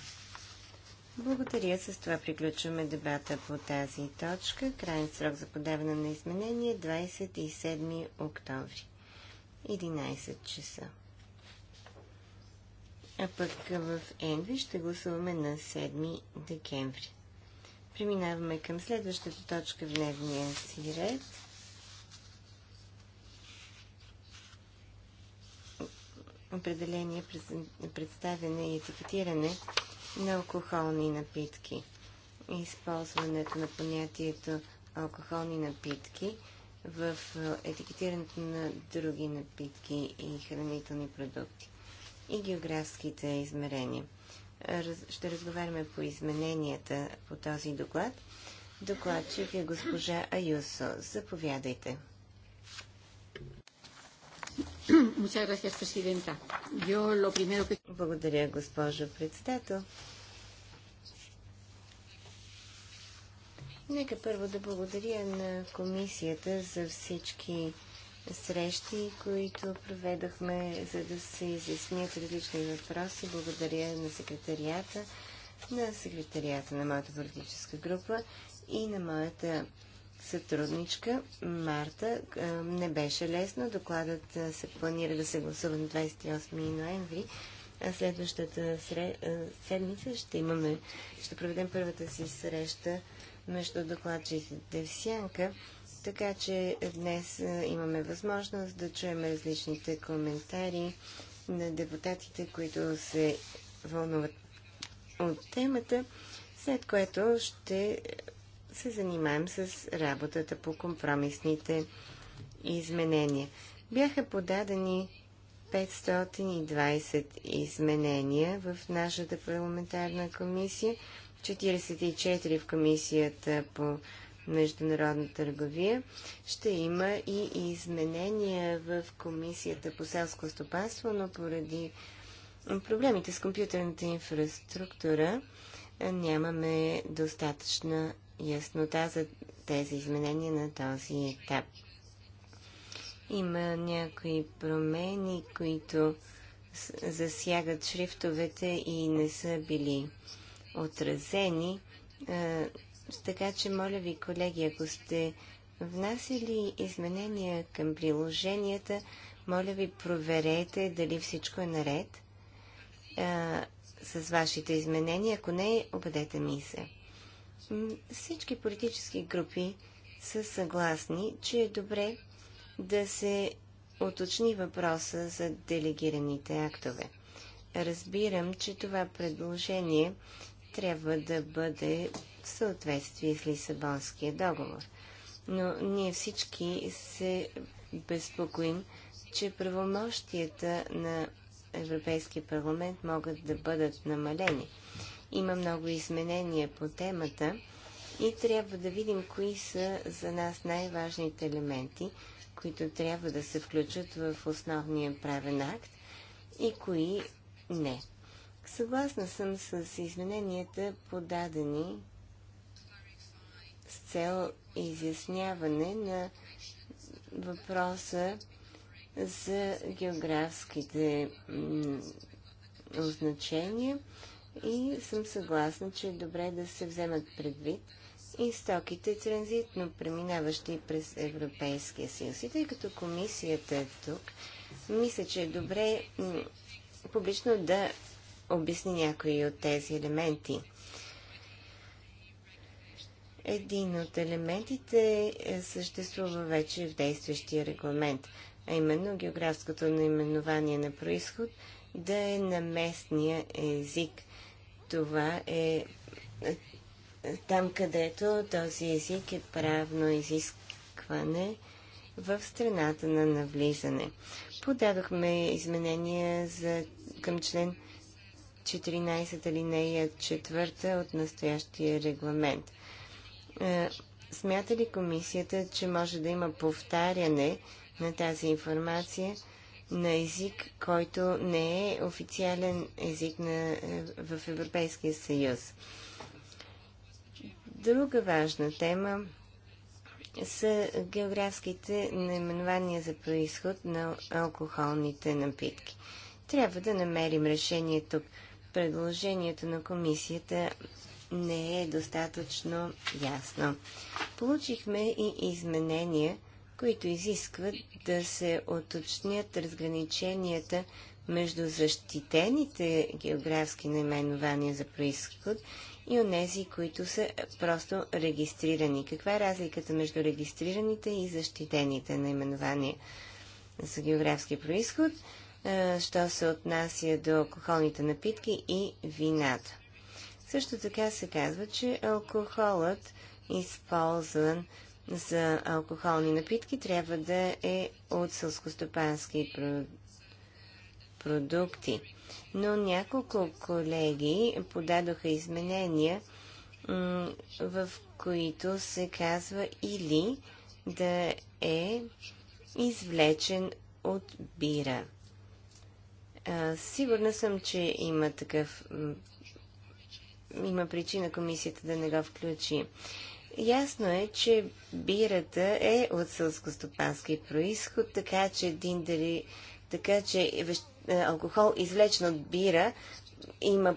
Благодаря. С това приключваме дебата по тази точка. Крайен срок за подаване на изменение 27 е октомври. 11 часа. А пък в Енви ще гласуваме на 7 декември. Преминаваме към следващата точка в дневния си ред – определение, представяне и етикетиране на алкохолни напитки. Използването на понятието алкохолни напитки в е, етикетирането на други напитки и хранителни продукти и географските измерения. ще разговаряме по измененията по този доклад. Докладчик е госпожа Аюсо. Заповядайте. Благодаря, госпожо председател. Нека първо да благодаря на комисията за всички срещи, които проведохме, за да се изяснят различни въпроси. Благодаря на секретарията, на секретарията на моята политическа група и на моята сътрудничка Марта. Не беше лесно. Докладът се планира да се гласува на 28 ноември. А следващата седмица ще имаме, ще проведем първата си среща между докладчиците в Сянка. Така че днес имаме възможност да чуем различните коментари на депутатите, които се вълнуват от темата, след което ще се занимаем с работата по компромисните изменения. Бяха подадени 520 изменения в нашата парламентарна комисия, 44 в комисията по международна търговия. Ще има и изменения в комисията по селско стопанство, но поради проблемите с компютърната инфраструктура нямаме достатъчна яснота за тези изменения на този етап. Има някои промени, които засягат шрифтовете и не са били отразени. така че, моля ви, колеги, ако сте внасили изменения към приложенията, моля ви, проверете дали всичко е наред а, с вашите изменения. Ако не, обадете ми се. Всички политически групи са съгласни, че е добре да се уточни въпроса за делегираните актове. Разбирам, че това предложение трябва да бъде в съответствие с Лисабонския договор. Но ние всички се безпокоим, че правомощията на Европейския парламент могат да бъдат намалени – има много изменения по темата и трябва да видим кои са за нас най-важните елементи, които трябва да се включат в основния правен акт и кои не. Съгласна съм с измененията подадени с цел изясняване на въпроса за географските означения и съм съгласна, че е добре да се вземат предвид и стоките транзитно преминаващи през Европейския съюз. И тъй като комисията е тук, мисля, че е добре публично да обясни някои от тези елементи. Един от елементите е, съществува вече в действащия регламент, а именно географското наименование на происход да е на местния език – това е, е там, където този език е правно изискване в страната на навлизане. Подадохме изменения за, към член 14 алинея 4 от настоящия регламент. Е, смята ли комисията, че може да има повтаряне на тази информация на език, който не е официален език на, е, в Европейския съюз. Друга важна тема са географските наименования за происход на алкохолните напитки. Трябва да намерим решение тук. Предложението на комисията не е достатъчно ясно. Получихме и изменения, които изискват да се оточнят разграниченията между защитените географски наименования за происход и онези, които са просто регистрирани. Каква е разликата между регистрираните и защитените наименования за географски происход, що се отнася до алкохолните напитки и вината? Също така се казва, че алкохолът, използван за алкохолни напитки трябва да е от сълскостопански продукти. Но няколко колеги подадоха изменения, в които се казва или да е извлечен от бира. сигурна съм, че има такъв. Има причина комисията да не го включи. Ясно е, че бирата е от сълскостопански происход, така че дали, така че е, алкохол извлечен от бира има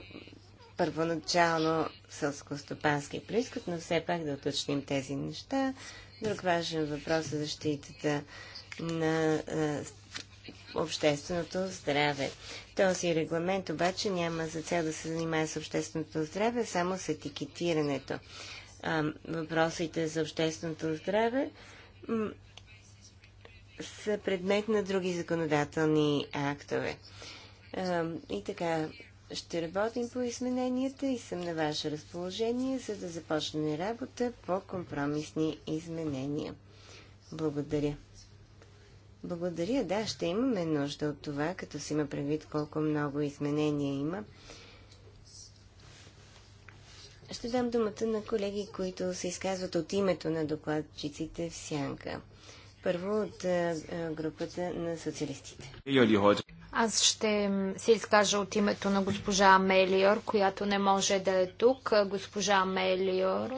първоначално сълскостопански происход, но все пак да уточним тези неща. Друг важен въпрос е защитата на е, общественото здраве. Този регламент обаче няма за цел да се занимава с общественото здраве, само с етикетирането а, въпросите за общественото здраве са предмет на други законодателни актове. А, и така, ще работим по измененията и съм на ваше разположение, за да започне работа по компромисни изменения. Благодаря. Благодаря, да, ще имаме нужда от това, като си има предвид колко много изменения има ще дам думата на колеги, които се изказват от името на докладчиците в Сянка. Първо от групата на социалистите. Аз ще се изкажа от името на госпожа Мелиор, която не може да е тук. Госпожа Мелиор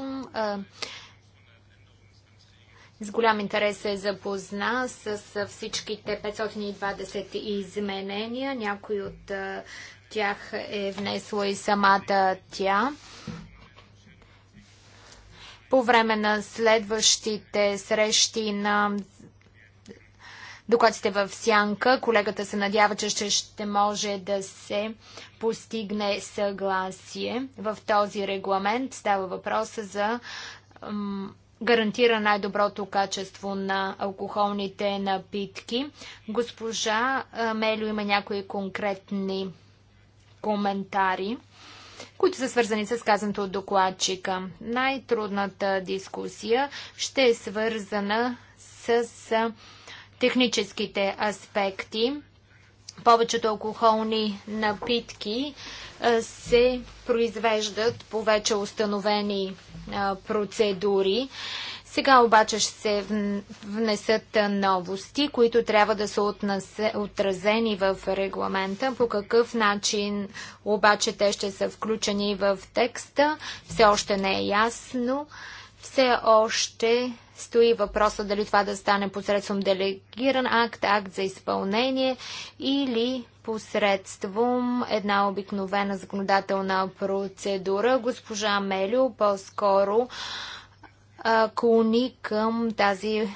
с голям интерес се запозна с всичките 520 изменения. някой от тях е внесла и самата тя по време на следващите срещи на докато в сянка, колегата се надява, че ще, ще може да се постигне съгласие в този регламент. Става въпроса за гарантира най-доброто качество на алкохолните напитки. Госпожа Мелю има някои конкретни коментари които са свързани с казаното от докладчика. Най-трудната дискусия ще е свързана с техническите аспекти. Повечето алкохолни напитки се произвеждат по вече установени процедури сега обаче ще се внесат новости, които трябва да са отразени в регламента. По какъв начин обаче те ще са включени в текста, все още не е ясно. Все още стои въпроса дали това да стане посредством делегиран акт, акт за изпълнение или посредством една обикновена законодателна процедура. Госпожа Мелио по-скоро клони към тази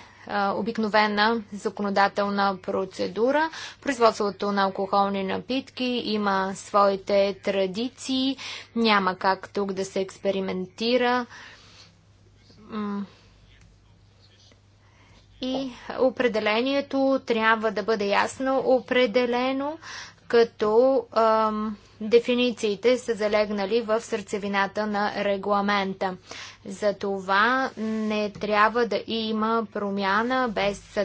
обикновена законодателна процедура. Производството на алкохолни напитки има своите традиции, няма как тук да се експериментира. И определението трябва да бъде ясно определено, като ам, дефинициите са залегнали в сърцевината на регламента. Затова не трябва да има промяна без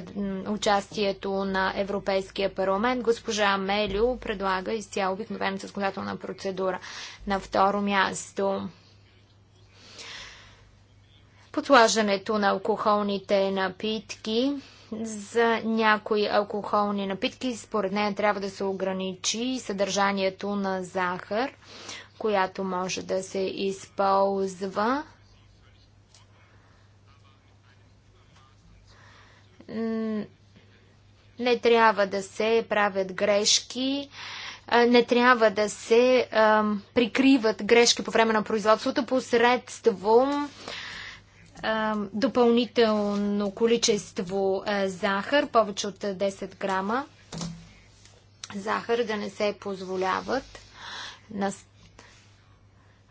участието на Европейския парламент. Госпожа Мелю предлага изцяло обикновената законодателна процедура. На второ място подслаждането на алкохолните напитки – за някои алкохолни напитки, според нея, трябва да се ограничи съдържанието на захар, която може да се използва. Не трябва да се правят грешки не трябва да се прикриват грешки по време на производството посредством допълнително количество захар, повече от 10 грама захар да не се позволяват.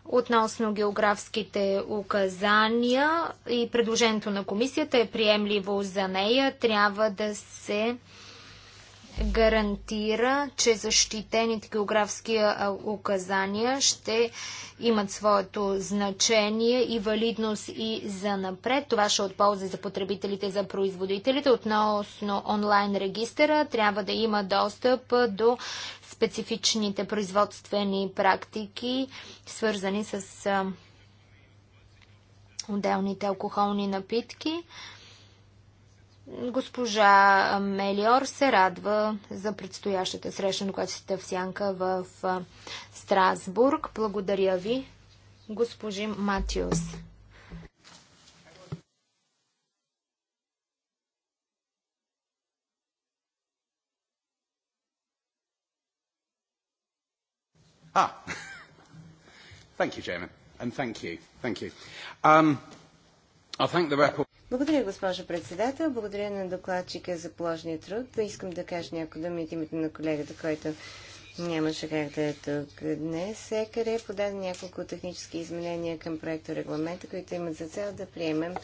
Относно географските указания и предложението на комисията е приемливо за нея. Трябва да се гарантира, че защитените географски указания ще имат своето значение и валидност и за напред. Това ще от полза за потребителите и за производителите. Относно онлайн регистъра трябва да има достъп до специфичните производствени практики, свързани с отделните алкохолни напитки. Госпожа Мелиор се радва за предстоящата среща на която сте в Сянка в Страсбург. Благодаря ви, госпожи Матиус. Ah. thank you, Jamie. and thank you. Thank you. Um, I thank the report. Благодаря, госпожо председател. Благодаря на докладчика за положния труд. Искам да кажа някои думи от името на колегата, който нямаше как да е тук днес. е подаден няколко технически изменения към проекта регламента, които имат за цел да приемем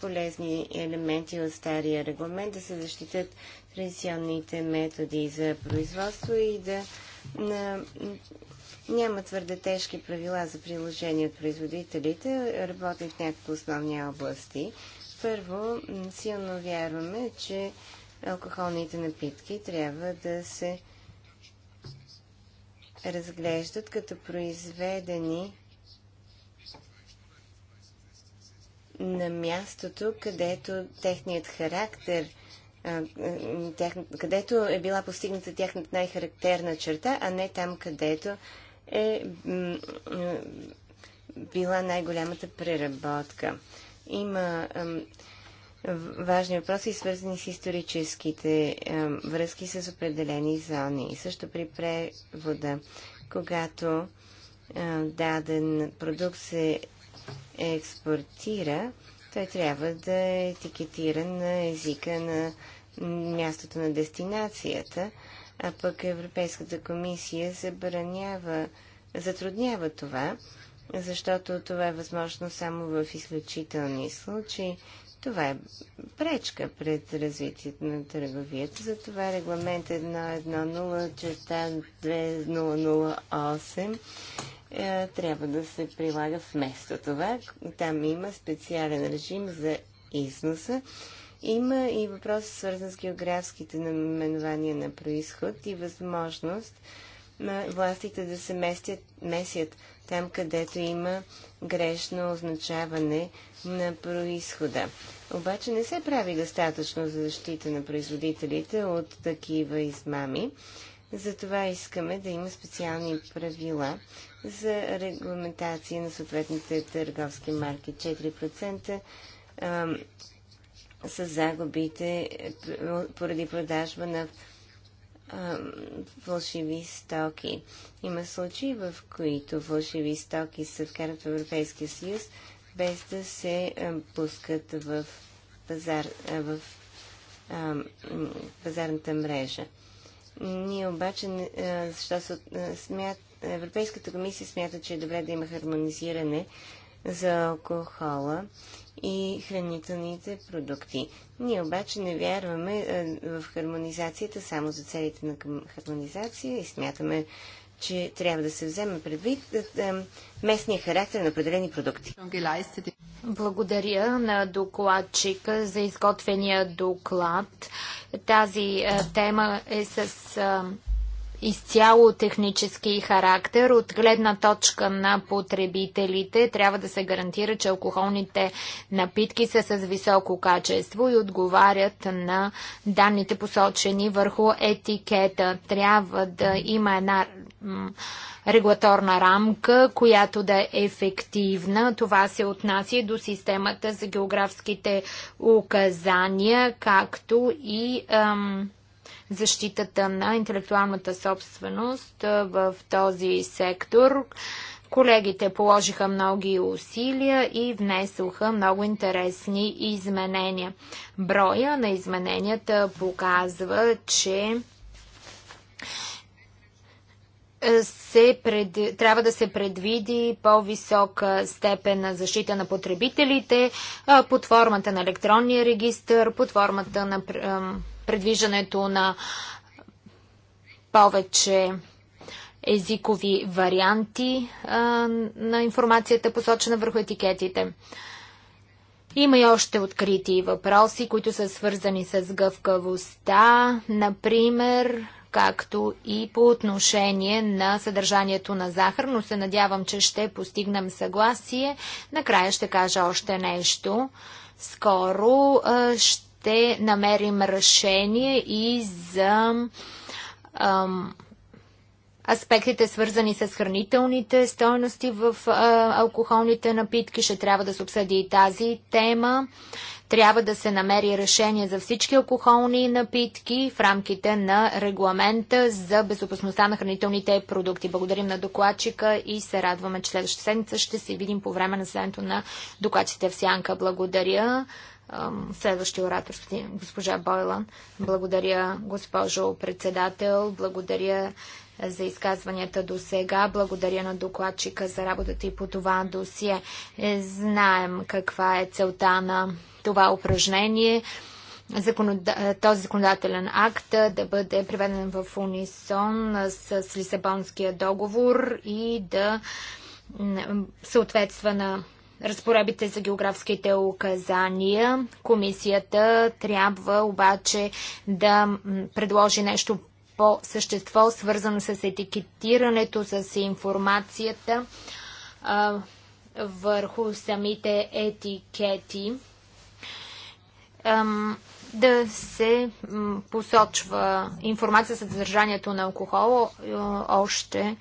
полезни елементи от стария регламент, да се защитят традиционните методи за производство и да на, няма твърде тежки правила за приложение от производителите. Работим в някакви основни области. Първо, силно вярваме, че алкохолните напитки трябва да се разглеждат като произведени на мястото, където техният характер, където е била постигната тяхната най-характерна черта, а не там, където е била най-голямата преработка. Има ам, важни въпроси, свързани с историческите ам, връзки с определени зони. И също при превода, когато ам, даден продукт се експортира, той трябва да е етикетиран на езика на мястото на дестинацията, а пък Европейската комисия забранява, затруднява това защото това е възможно само в изключителни случаи. Това е пречка пред развитието на търговията. Затова регламент 1.1.0 черта 2008 е, трябва да се прилага вместо това. Там има специален режим за износа. Има и въпрос свързан с географските наименования на происход и възможност на властите да се местят, месят там, където има грешно означаване на происхода. Обаче не се прави достатъчно за защита на производителите от такива измами. Затова искаме да има специални правила за регламентация на съответните търговски марки. 4% са загубите поради продажба на Вълшиви фалшиви стоки. Има случаи, в които фалшиви стоки се вкарат в Европейския съюз, без да се а, пускат в, пазар, а, в а, пазарната мрежа. Ние обаче, а, защото смят, Европейската комисия смята, че е добре да има хармонизиране за алкохола и хранителните продукти. Ние обаче не вярваме е, в хармонизацията само за целите на хармонизация и смятаме, че трябва да се вземе предвид е, е, местния характер на определени продукти. Благодаря на докладчика за изготвения доклад. Тази тема е с изцяло технически характер. От гледна точка на потребителите трябва да се гарантира, че алкохолните напитки са с високо качество и отговарят на данните посочени върху етикета. Трябва да има една регулаторна рамка, която да е ефективна. Това се отнася до системата за географските указания, както и ам, защитата на интелектуалната собственост в този сектор. Колегите положиха много усилия и внесоха много интересни изменения. Броя на измененията показва, че се пред... трябва да се предвиди по-висока степен на защита на потребителите под формата на електронния регистр, под формата на предвиждането на повече езикови варианти а, на информацията, посочена върху етикетите. Има и още открити въпроси, които са свързани с гъвкавостта, например, както и по отношение на съдържанието на захар, но се надявам, че ще постигнем съгласие. Накрая ще кажа още нещо. Скоро а, ще ще намерим решение и за ам, аспектите, свързани с хранителните стойности в а, алкохолните напитки. Ще трябва да се обсъди и тази тема. Трябва да се намери решение за всички алкохолни напитки в рамките на регламента за безопасността на хранителните продукти. Благодарим на докладчика и се радваме, че следващата седмица ще се видим по време на заседанието на докладчите в Сянка. Благодаря. Следващия оратор, госпожа Бойлан. Благодаря, госпожо председател. Благодаря за изказванията до сега. Благодаря на докладчика за работата и по това досие. Е, знаем каква е целта на това упражнение. Този законодателен акт да бъде приведен в унисон с Лисабонския договор и да съответства на разпоребите за географските указания. Комисията трябва обаче да предложи нещо по същество, свързано с етикетирането, с информацията а, върху самите етикети. Ам, да се посочва информация за съдържанието на алкохол още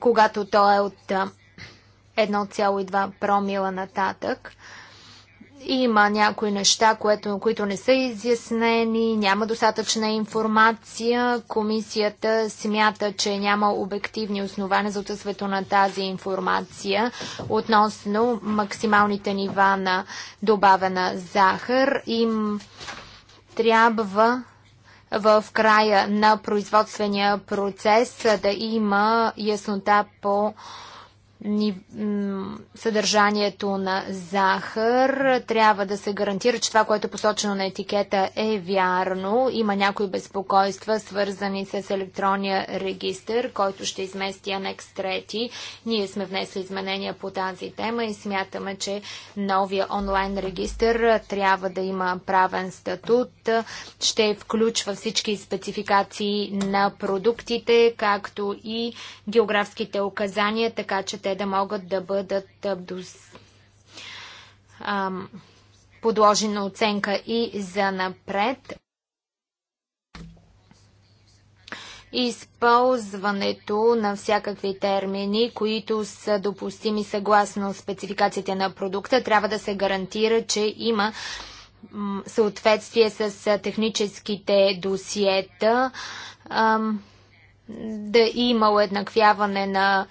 когато то е от 1,2 промила нататък. Има някои неща, което, които не са изяснени, няма достатъчна информация. Комисията смята, че няма обективни основания за отсъствието на тази информация относно максималните нива на добавена захар. Им трябва в края на производствения процес да има яснота по съдържанието на захар. Трябва да се гарантира, че това, което е посочено на етикета е вярно. Има някои безпокойства, свързани с електронния регистр, който ще измести анекс 3. Ние сме внесли изменения по тази тема и смятаме, че новия онлайн регистр трябва да има правен статут. Ще включва всички спецификации на продуктите, както и географските указания, така че те те да могат да бъдат дос... подложени на оценка и за напред. Използването на всякакви термини, които са допустими съгласно спецификациите на продукта, трябва да се гарантира, че има съответствие с техническите досиета, да има уеднаквяване на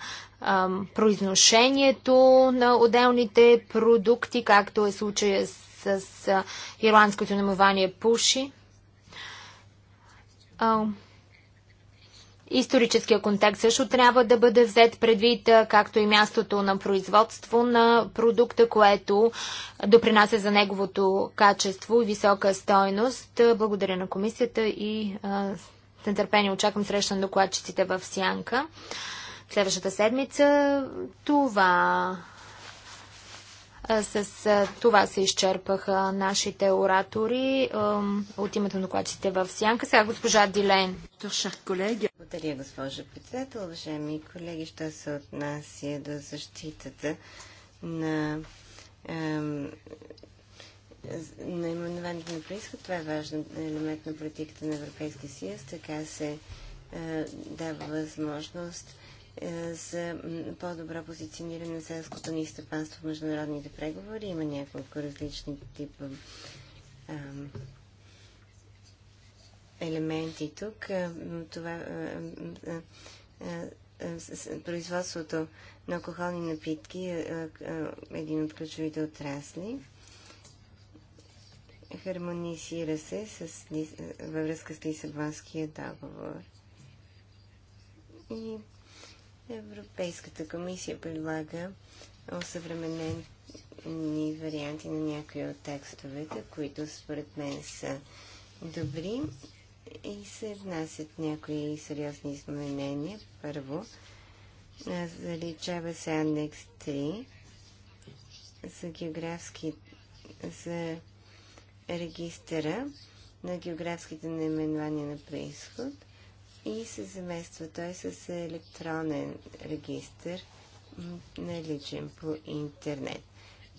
произношението на отделните продукти, както е случая с, с ирландското наименование Пуши. Историческия контекст също трябва да бъде взет предвид, както и мястото на производство на продукта, което допринася за неговото качество и висока стойност. Благодаря на комисията и с нетърпение очаквам среща на докладчиците в Сянка следващата седмица. Това с това се изчерпаха нашите оратори от името на докладчите в Сянка. Сега госпожа Дилен. Благодаря, госпожа председател. Уважаеми колеги, що се отнася до защитата на ем, наименованието на происход. Това е важен елемент на политиката на Европейския съюз. Така се дава възможност е, за по-добро позициониране на селското ни стъпанство в международните преговори. Има няколко различни типа елементи тук. Е, това, е, производството на алкохолни напитки е един от ключовите отрасли. Хармонизира се с, във връзка с Лисабонския договор. И Европейската комисия предлага осъвременени варианти на някои от текстовете, които според мен са добри и се внасят някои сериозни изменения. Първо, заличава се анекс 3 за географски за регистъра на географските наименования на происход – и се замества той е с електронен регистр, наличен по интернет.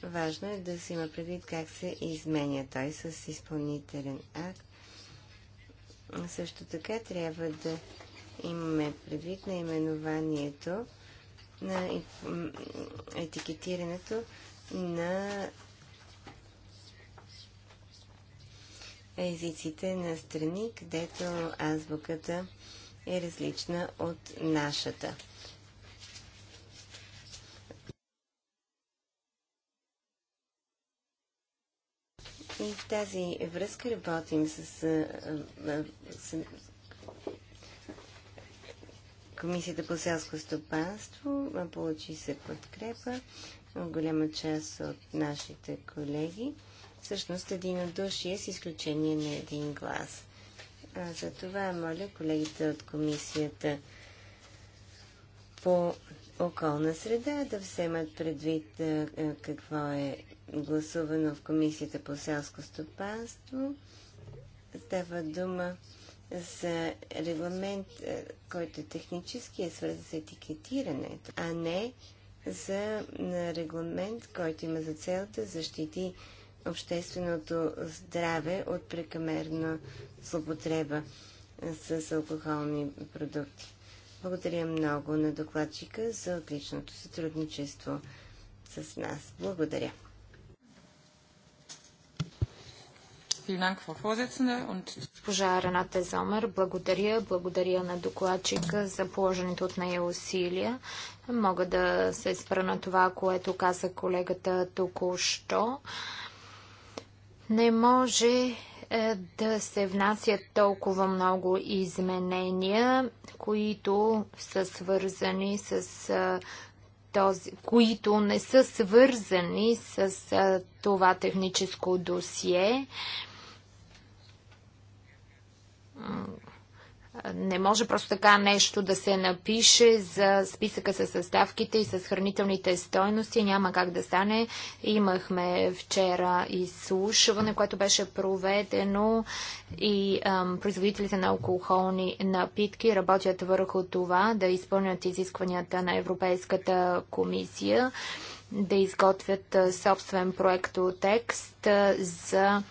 Важно е да се има предвид как се изменя той с изпълнителен акт. Също така трябва да имаме предвид наименованието на етикетирането на езиците на страни, където азбуката е различна от нашата. И в тази връзка работим с, а, а, с Комисията по селско стопанство. Получи се подкрепа от голяма част от нашите колеги. Всъщност единодушие с изключение на един глас. За това моля колегите от комисията по околна среда да вземат предвид какво е гласувано в комисията по селско стопанство. Става дума за регламент, който е технически е свързан с етикетирането, а не за регламент, който има за цел да защити общественото здраве от прекамерна злопотреба с алкохолни продукти. Благодаря много на докладчика за отличното сътрудничество с нас. Благодаря. Госпожа Рената Зомер, благодаря. Благодаря на докладчика за положените от нея усилия. Мога да се спра на това, което каза колегата току-що. Не може е, да се внасят толкова много изменения, които са свързани с е, този, които не са свързани с е, това техническо досие не може просто така нещо да се напише за списъка с съставките и с хранителните стойности. Няма как да стане. Имахме вчера изслушване, което беше проведено и ам, производителите на алкохолни напитки работят върху това да изпълнят изискванията на Европейската комисия, да изготвят собствен проект текст за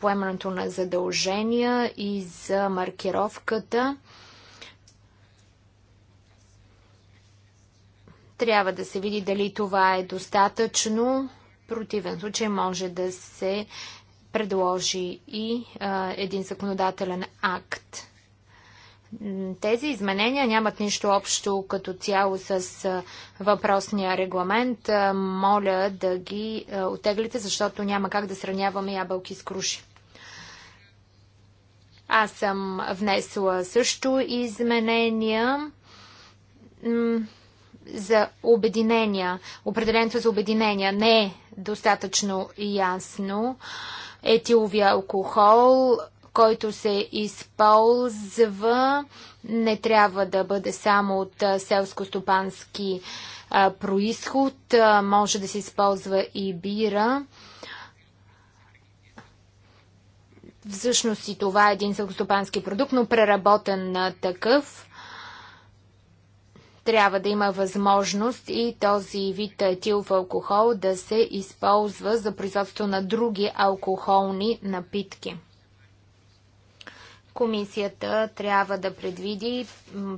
поемането на задължения и за маркировката. Трябва да се види дали това е достатъчно. противен случай може да се предложи и един законодателен акт. Тези изменения нямат нищо общо като цяло с въпросния регламент. Моля да ги отеглите, защото няма как да сравняваме ябълки с круши. Аз съм внесла също изменения за обединения. Определението за обединения не е достатъчно ясно. Етиловия алкохол, който се използва, не трябва да бъде само от селско-стопански происход. Може да се използва и бира. Всъщност и това е един селско-стопански продукт, но преработен такъв трябва да има възможност и този вид етилов алкохол да се използва за производство на други алкохолни напитки. Комисията трябва да предвиди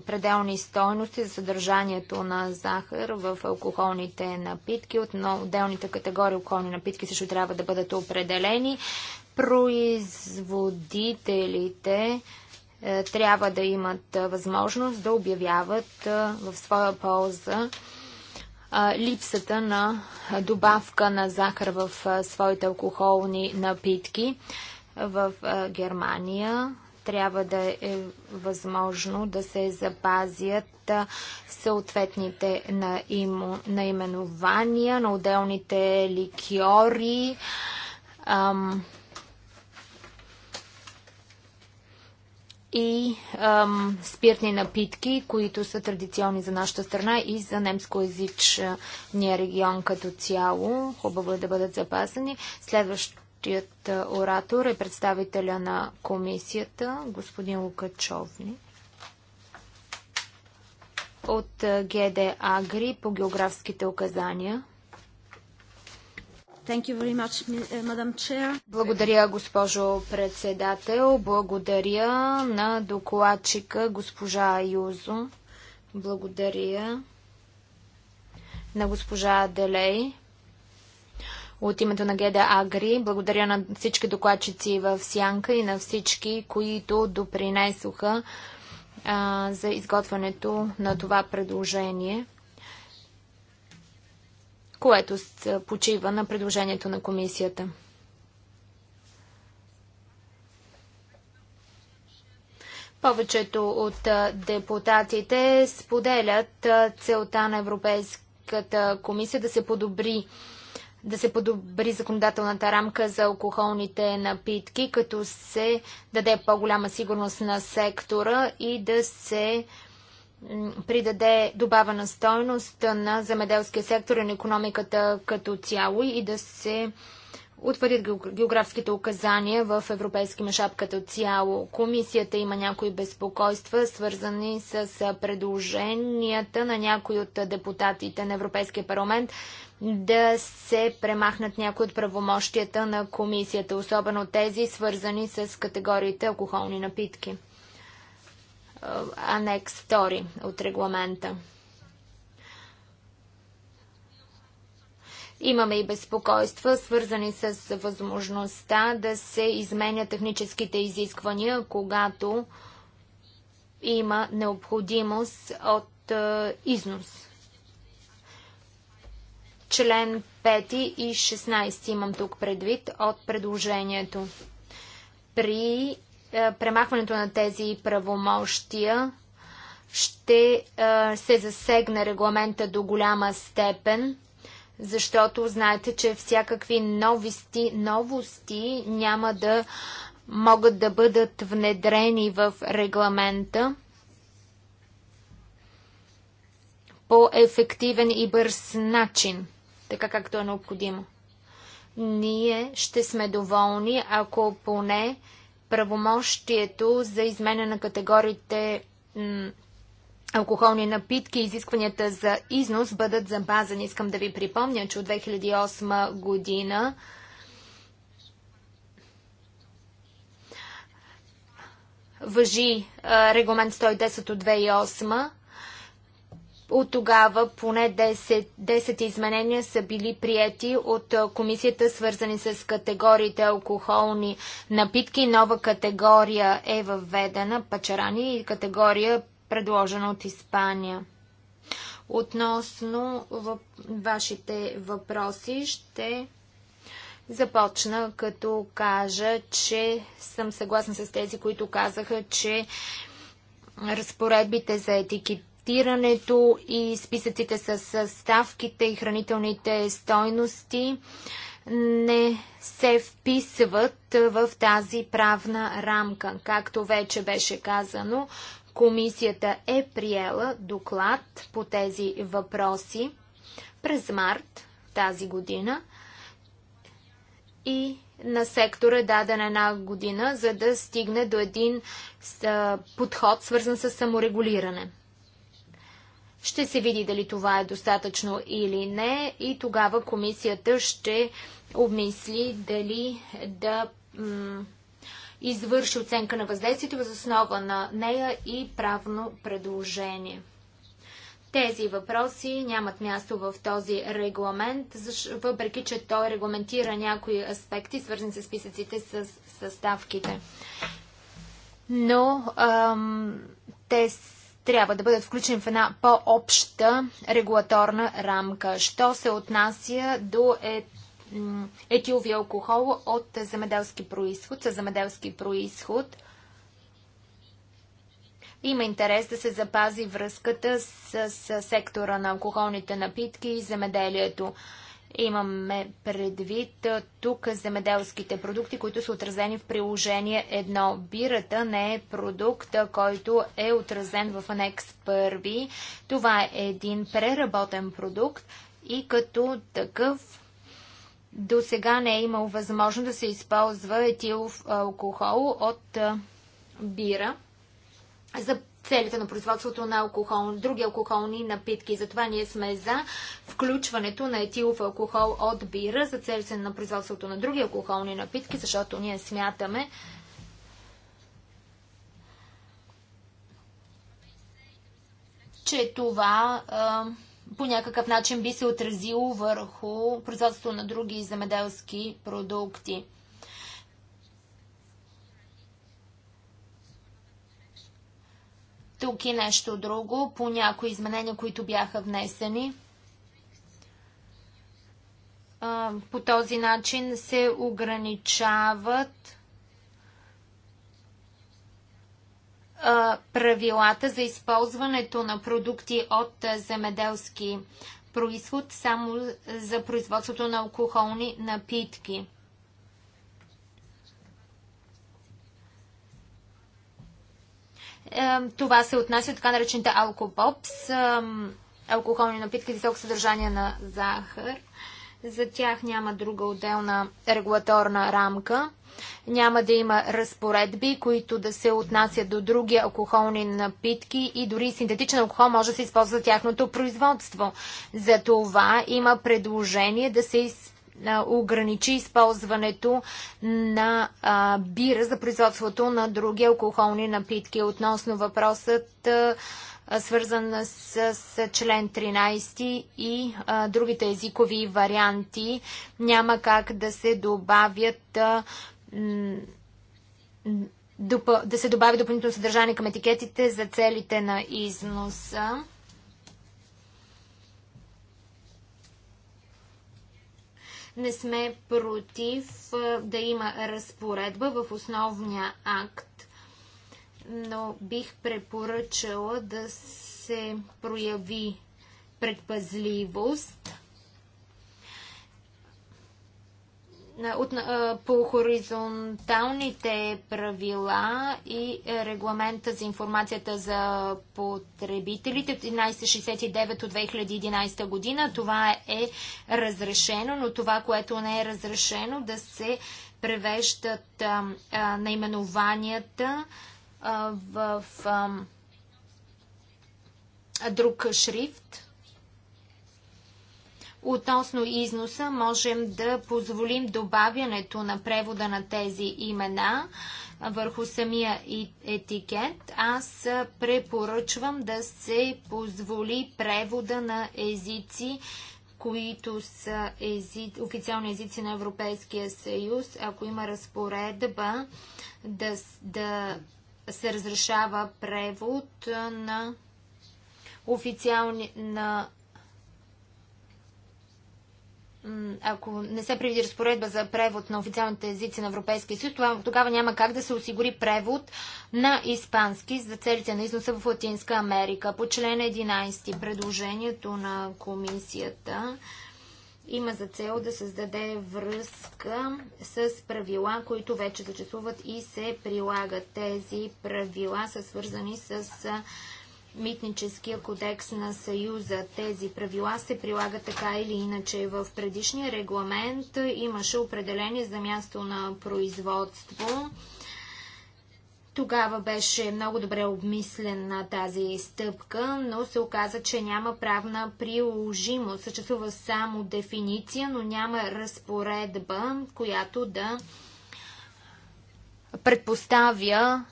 пределни стойности за съдържанието на захар в алкохолните напитки. Отново отделните категории алкохолни напитки също трябва да бъдат определени. Производителите е, трябва да имат е, възможност да обявяват е, в своя полза липсата на добавка на захар в своите алкохолни напитки в Германия трябва да е възможно да се запазят съответните наименования на отделните ликьори. Ам... и ам, спиртни напитки, които са традиционни за нашата страна и за немскоязичния регион като цяло. Хубаво е да бъдат запазени. Следващото Следващият оратор е представителя на комисията, господин Лукачовни. От ГД Агри по географските указания. Much, е, Благодаря, госпожо председател. Благодаря на докладчика госпожа Юзо. Благодаря на госпожа Делей. От името на Геда Агри благодаря на всички докладчици в Сянка и на всички, които допринесоха а, за изготвянето на това предложение, което почива на предложението на комисията. Повечето от депутатите споделят целта на Европейската комисия да се подобри да се подобри законодателната рамка за алкохолните напитки, като се даде по-голяма сигурност на сектора и да се придаде добавена стойност на земеделския сектор и на економиката като цяло и да се утвърдят географските указания в европейски мешап като цяло. Комисията има някои безпокойства, свързани с предложенията на някои от депутатите на Европейския парламент да се премахнат някои от правомощията на комисията, особено тези свързани с категориите алкохолни напитки. Анекс 2 от регламента. Имаме и безпокойства, свързани с възможността да се изменят техническите изисквания, когато има необходимост от е, износ член 5 и 16 имам тук предвид от предложението. При е, премахването на тези правомощия ще е, се засегне регламента до голяма степен, защото знаете, че всякакви новости, новости няма да могат да бъдат внедрени в регламента по ефективен и бърз начин така както е необходимо. Ние ще сме доволни, ако поне правомощието за измене на категориите алкохолни напитки и изискванията за износ бъдат запазени. Искам да ви припомня, че от 2008 година въжи регламент 110 от 2008 от тогава поне 10, 10 изменения са били прияти от комисията, свързани с категориите алкохолни напитки. Нова категория е въведена, пачарани и категория предложена от Испания. Относно вашите въпроси ще започна като кажа, че съм съгласна с тези, които казаха, че разпоредбите за етикет етикетирането и списъците с ставките и хранителните стойности не се вписват в тази правна рамка. Както вече беше казано, комисията е приела доклад по тези въпроси през март тази година и на сектора е дадена една година, за да стигне до един подход, свързан с саморегулиране. Ще се види дали това е достатъчно или не и тогава комисията ще обмисли дали да извърши оценка на въздействието въз основа на нея и правно предложение. Тези въпроси нямат място в този регламент, въпреки че той регламентира някои аспекти, свързани с списъците с съставките. Но ам, те трябва да бъдат включени в една по-обща регулаторна рамка. Що се отнася до е, етилови алкохол от земеделски происход, със земеделски происход, има интерес да се запази връзката с, с сектора на алкохолните напитки и земеделието. Имаме предвид тук земеделските продукти, които са отразени в приложение 1. Бирата не е продукт, който е отразен в анекс 1. Това е един преработен продукт и като такъв до сега не е имал възможно да се използва етилов алкохол от бира за целите на производството на алкохол, други алкохолни напитки. Затова ние сме за включването на етилов алкохол от бира за целите на производството на други алкохолни напитки, защото ние смятаме, че това а, по някакъв начин би се отразило върху производството на други земеделски продукти. Тук и нещо друго по някои изменения, които бяха внесени. По този начин се ограничават правилата за използването на продукти от земеделски происход само за производството на алкохолни напитки. Това се отнася от така наречените алкопопс, алкохолни напитки с високо съдържание на захар. За тях няма друга отделна регулаторна рамка. Няма да има разпоредби, които да се отнасят до други алкохолни напитки и дори синтетичен алкохол може да се използва за тяхното производство. За това има предложение да се използва ограничи използването на а, бира за производството на други алкохолни напитки. Относно въпросът а, свързан с, с член 13 и а, другите езикови варианти, няма как да се добавят да се добави допълнително съдържание към етикетите за целите на износа. Не сме против да има разпоредба в основния акт, но бих препоръчала да се прояви предпазливост от, по хоризонталните правила и регламента за информацията за потребителите 1169 от 2011 година. Това е разрешено, но това, което не е разрешено, да се превеждат а, а, наименованията а, в а, друг шрифт. Относно износа можем да позволим добавянето на превода на тези имена върху самия етикет. Аз препоръчвам да се позволи превода на езици, които са ези... официални езици на Европейския съюз, ако има разпоредба да, да се разрешава превод на официални на ако не се приведи разпоредба за превод на официалните езици на Европейския съюз, тогава няма как да се осигури превод на испански за целите на износа в Латинска Америка. По член 11 предложението на комисията има за цел да създаде връзка с правила, които вече съществуват и се прилагат. Тези правила са свързани с митническия кодекс на Съюза. Тези правила се прилагат така или иначе. В предишния регламент имаше определение за място на производство. Тогава беше много добре обмислен на тази стъпка, но се оказа, че няма правна приложимост. Съществува само дефиниция, но няма разпоредба, която да предпоставя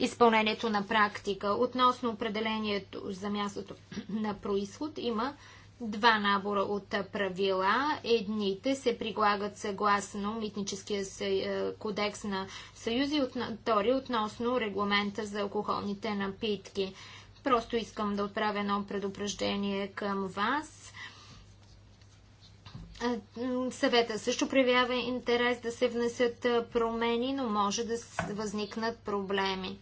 изпълнението на практика. Относно определението за мястото на происход има два набора от правила. Едните се прилагат съгласно Митническия е, кодекс на Съюзи, и втори относно регламента за алкохолните напитки. Просто искам да отправя едно предупреждение към вас Съвета също проявява интерес да се внесат промени, но може да възникнат проблеми.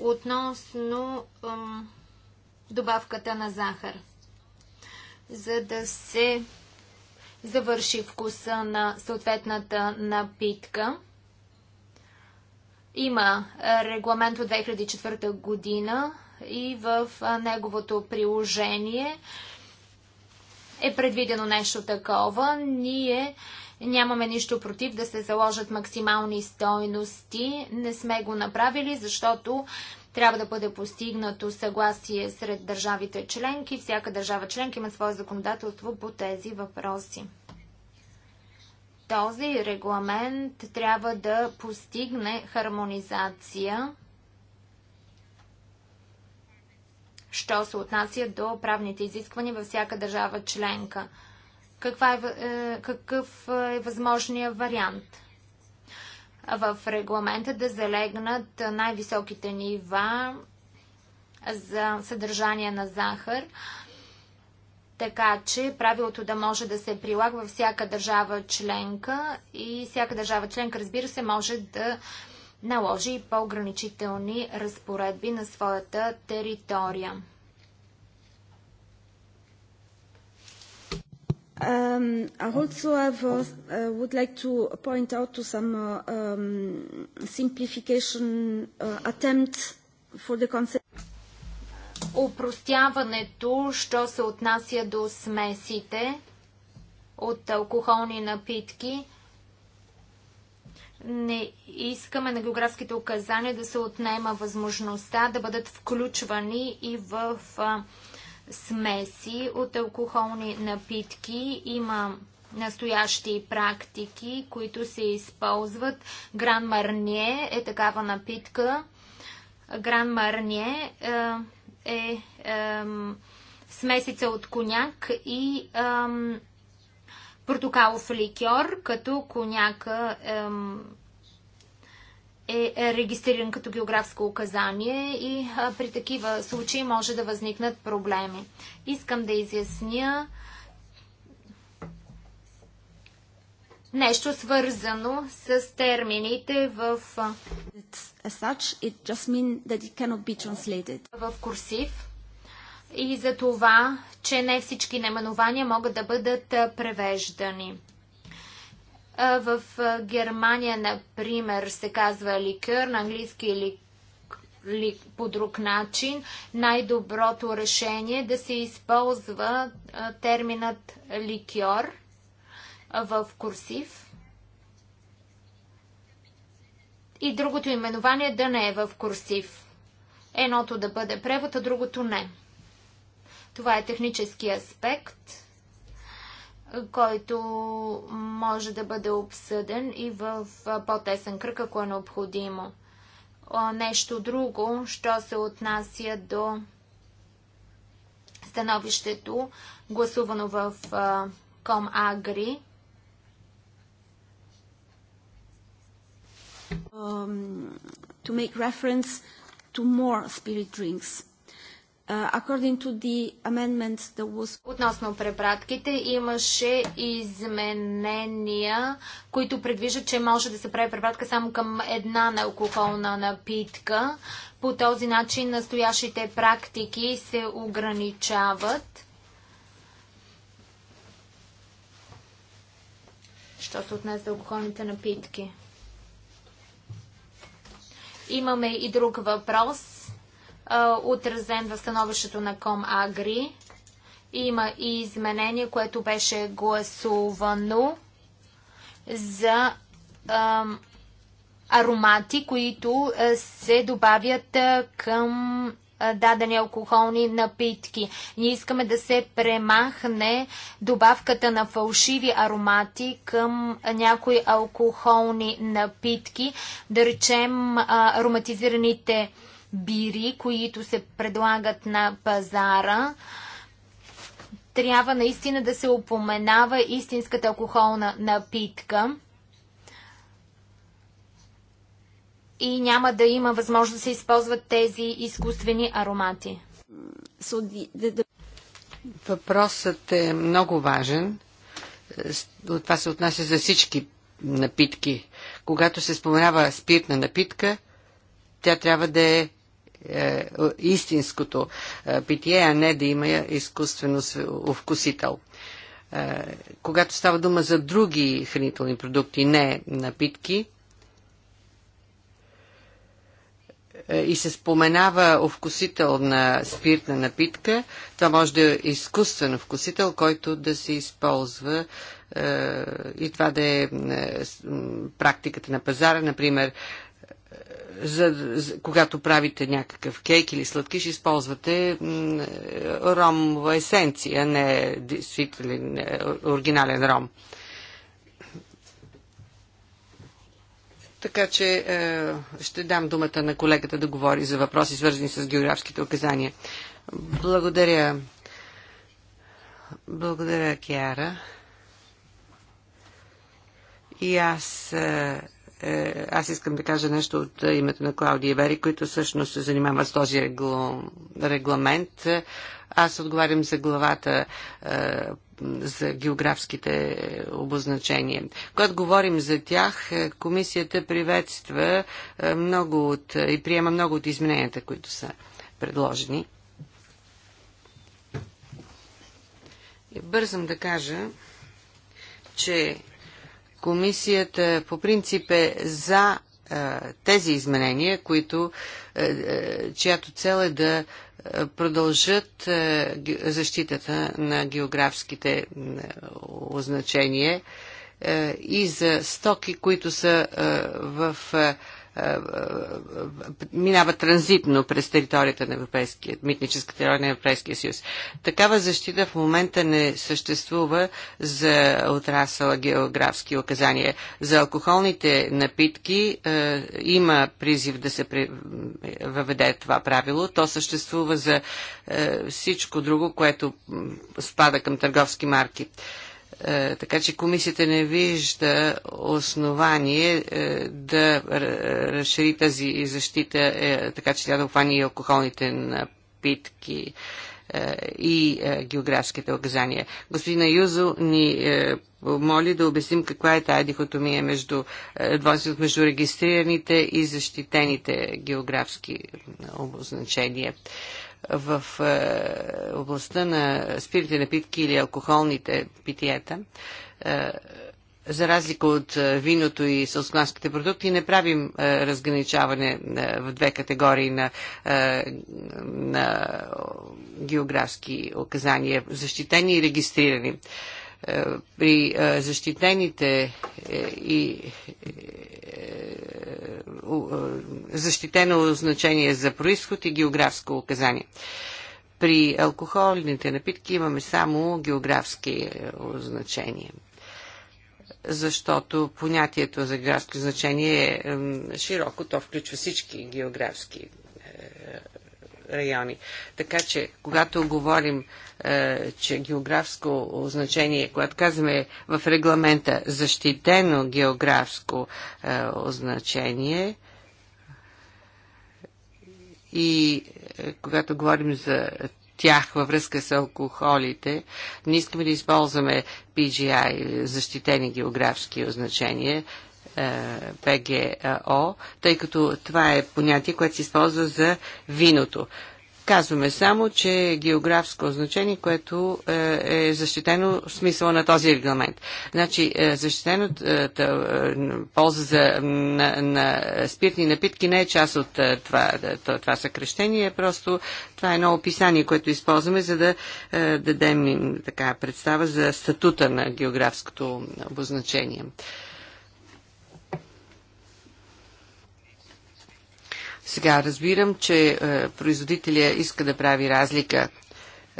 Относно ем, добавката на захар, за да се завърши вкуса на съответната напитка. Има регламент от 2004 година и в неговото приложение – е предвидено нещо такова. Ние нямаме нищо против да се заложат максимални стойности. Не сме го направили, защото трябва да бъде постигнато съгласие сред държавите членки. Всяка държава членка има свое законодателство по тези въпроси. Този регламент трябва да постигне хармонизация що се отнася до правните изисквания във всяка държава членка. Каква е, е, какъв е възможният вариант? В регламента да залегнат най-високите нива за съдържание на захар, така че правилото да може да се прилага във всяка държава членка и всяка държава членка, разбира се, може да наложи и по-ограничителни разпоредби на своята територия. Um, I also, have, uh, uh, would like to point out to some uh, um, simplification uh, attempt for the concept. Опростяването, що се отнася до смесите от алкохолни напитки, не искаме на географските указания да се отнема възможността да бъдат включвани и в а, смеси от алкохолни напитки. Има настоящи практики, които се използват. Гран Марние е такава напитка. Гран Марние е, е, е смесица от коняк и е, портокалов ликьор, като коняка е, е регистриран като географско указание и а, при такива случаи може да възникнат проблеми. Искам да изясня нещо свързано с термините в such, it just mean that it cannot be translated. в курсив и за това, че не всички наименования могат да бъдат превеждани. В Германия, например, се казва ликър, на английски ликър, ли, по друг начин, най-доброто решение е да се използва терминът ликьор в курсив. И другото именование да не е в курсив. Едното да бъде превод, а другото не. Това е технически аспект, който може да бъде обсъден и в по-тесен кръг, ако е необходимо. Нещо друго, що се отнася до становището, гласувано в Комагри. Um, to make reference to more spirit drinks. Uh, Относно препратките, имаше изменения, които предвиждат, че може да се прави препратка само към една на алкохолна напитка. По този начин настоящите практики се ограничават. Що се отнесе до алкохолните напитки? Имаме и друг въпрос отразен в становището на Агри Има и изменение, което беше гласувано за аромати, които се добавят към дадени алкохолни напитки. Ние искаме да се премахне добавката на фалшиви аромати към някои алкохолни напитки, да речем ароматизираните напитки бири, които се предлагат на пазара, трябва наистина да се упоменава истинската алкохолна напитка. И няма да има възможност да се използват тези изкуствени аромати. Въпросът е много важен. Е, това се отнася за всички напитки. Когато се споменава спиртна напитка, тя трябва да е е, истинското питие, е, а не да има изкуствено овкусител. Е, когато става дума за други хранителни продукти, не напитки, и се споменава овкусител на спиртна напитка, това може да е изкуствен овкусител, който да се използва и това да е практиката на пазара. Например, за, за, когато правите някакъв кейк или сладкиш, използвате ромова есенция, не действителен не, оригинален ром. Така че е, ще дам думата на колегата да говори за въпроси, свързани с географските указания. Благодаря. Благодаря, Киара. И аз е, е, аз искам да кажа нещо от името на Клаудия Вери, които всъщност се занимава с този регламент. Аз отговарям за главата е, за географските обозначения. Когато говорим за тях, е, комисията приветства много от и приема много от измененията, които са предложени. Бързам да кажа, че Комисията по принцип е за е, тези изменения, които, е, е, чиято цел е да продължат защитата на географските означения и за стоки, които са в минава транзитно през територията на Европейския, митническа територия на Европейския съюз. Такава защита в момента не съществува за отрасъла географски указания. За алкохолните напитки е, има призив да се при... въведе това правило. То съществува за е, всичко друго, което спада към търговски марки. Е, е, така че комисията не вижда основание е, да разшири тази защита, е, така че тя да обхване и алкохолните напитки и географските указания. Господина Юзо ни моли да обясним каква е тази дихотомия между двойството между регистрираните и защитените географски обозначения в е, областта на спирите напитки или алкохолните питиета, е, за разлика от е, виното и селскостопанските продукти, не правим е, разграничаване е, в две категории на, е, на географски указания защитени и регистрирани. При защитените и е, е, защитено значение за происход и географско указание. При алкохолните напитки имаме само географски е, значения защото понятието за географско значение е широко, то включва всички географски райони. Така че, когато говорим, е, че географско означение, когато казваме в регламента защитено географско значение, означение, и е, когато говорим за тях във връзка с алкохолите, не искаме да използваме PGI, защитени географски означения, ПГО, тъй като това е понятие, което се използва за виното. Казваме само, че е географско значение, което е, е защитено в смисъла на този регламент. Значи, е, защитената е, полза за, на, на спиртни напитки не е част от това, това съкрещение, просто това е едно описание, което използваме, за да дадем им така представа за статута на географското обозначение. Сега разбирам, че е, производителя иска да прави разлика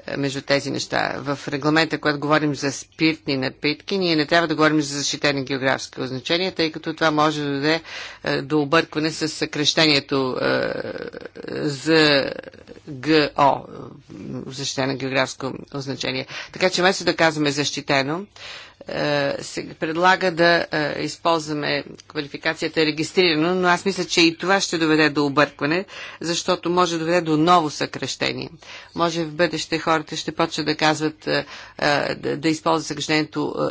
е, между тези неща. В регламента, когато говорим за спиртни напитки, ние не трябва да говорим за защитени географски означения, тъй като това може да даде е, до объркване с съкрещението е, за ГО, защитено географско означение. Така че вместо да казваме защитено, се предлага да използваме квалификацията регистрирано, но аз мисля, че и това ще доведе до объркване, защото може да доведе до ново съкрещение. Може в бъдеще хората ще почва да казват, е, е, да, използват съкрещението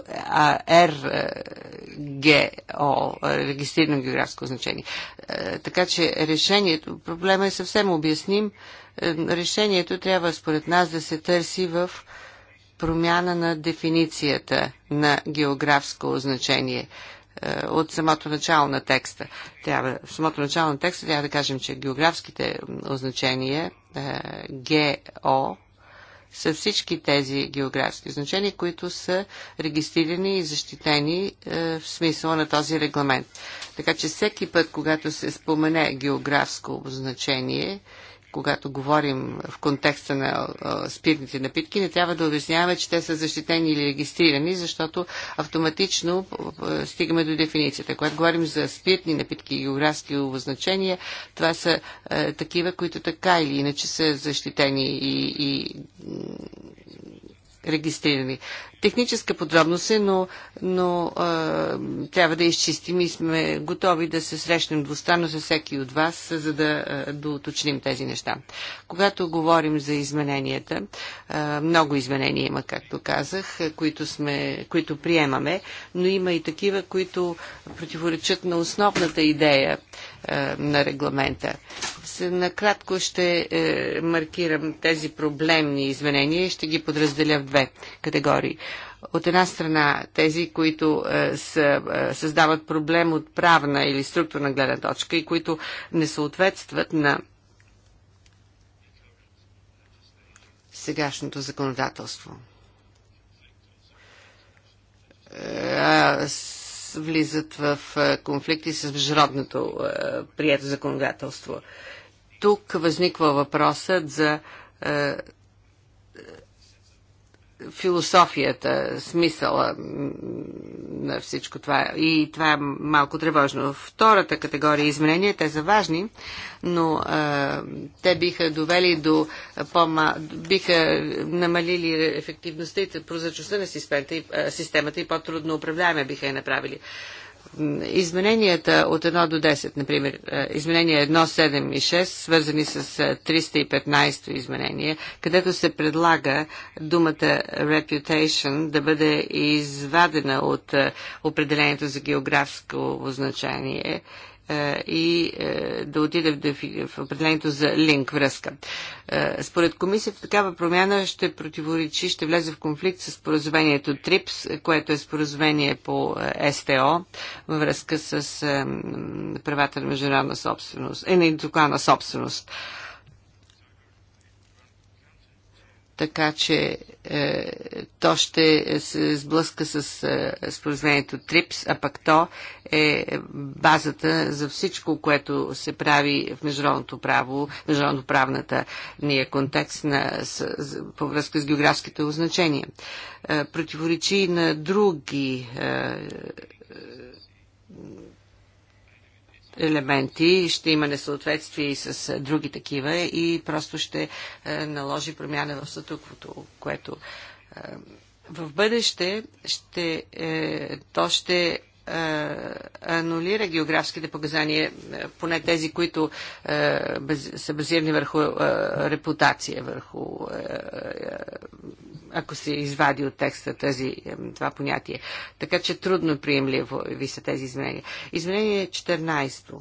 е, РГО, регистрирано географско значение. Така че решението, проблема е съвсем обясним. Решението трябва според нас да се търси в промяна на дефиницията на географско значение от самото начало на текста. Трябва, в самото начало на текста трябва да кажем, че географските означения ГО са всички тези географски значения, които са регистрирани и защитени е, в смисъла на този регламент. Така че всеки път, когато се спомене географско значение, когато говорим в контекста на спиртните напитки, не трябва да обясняваме, че те са защитени или регистрирани, защото автоматично стигаме до дефиницията. Когато говорим за спиртни напитки и географски обозначения, това са а, такива, които така или иначе са защитени и, и регистрирани техническа подробност е, но, но а, трябва да изчистим и сме готови да се срещнем двустранно с всеки от вас, за да а, доуточним тези неща. Когато говорим за измененията, а, много изменения има, както казах, които, сме, които приемаме, но има и такива, които противоречат на основната идея на регламента. Накратко ще е, маркирам тези проблемни изменения и ще ги подразделя в две категории. От една страна тези, които е, са, е, създават проблем от правна или структурна гледна точка и които не съответстват на сегашното законодателство. Е, влизат в е, конфликти с международното е, прието законодателство. Тук възниква въпросът за е, философията, смисъла на всичко това. И това е малко тревожно. Втората категория изменения, те са важни, но а, те биха довели до по биха намалили ефективността и прозрачността на системата и, системата и по-трудно управляеме биха я направили. А, измененията от 1 до 10, например, е, изменения 1, 7 и 6, свързани с 315 е, изменение, където се предлага думата reputation да бъде извадена от е, определението за географско значение. Е, и е, да отиде в определението за линк връзка. Е, според комисията такава промяна ще противоречи, ще влезе в конфликт с споразумението ТРИПС, което е споразумение по СТО във връзка с правата на международна собственост, е, на интелектуална собственост. собственост така че е, то ще се сблъска с е, споразумението ТРИПС, а пък то е базата за всичко, което се прави в международното право, международноправната ния е контекст на, с, с, по връзка с географските означения. Е, противоречи на други е, елементи, ще има несъответствие и с други такива и просто ще наложи промяна в сътуквото. което в бъдеще ще, е, то ще е, анулира географските показания, е, поне тези, които е, са базирани върху репутация, върху ако се извади от текста тази, това понятие. Така че трудно приемливо ви са тези изменения. Изменение 14.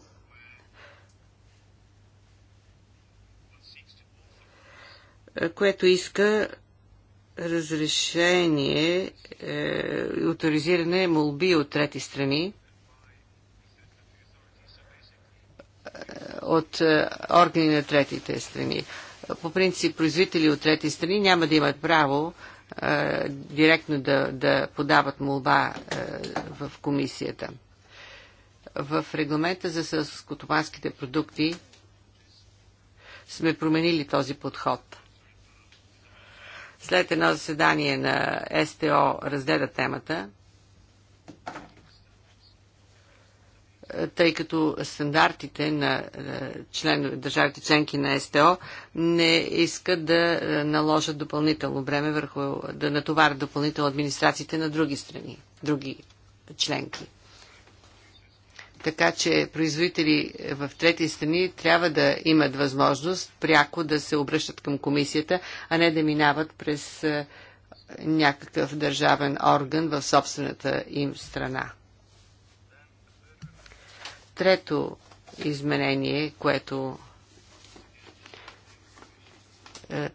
което иска разрешение е, и авторизиране е молби от трети страни е, от органи на третите страни. По принцип, производители от трети страни няма да имат право е, директно да, да подават молба е, в комисията. В регламента за селскотопанските продукти сме променили този подход – след едно заседание на СТО разгледа темата, тъй като стандартите на член, държавите членки на СТО не искат да е, наложат допълнително бреме върху, да натоварят допълнително администрациите на други страни, други членки така че производители е, в трети страни трябва да имат възможност пряко да се обръщат към комисията, а не да минават през е, някакъв държавен орган в собствената им страна. Трето изменение, което е,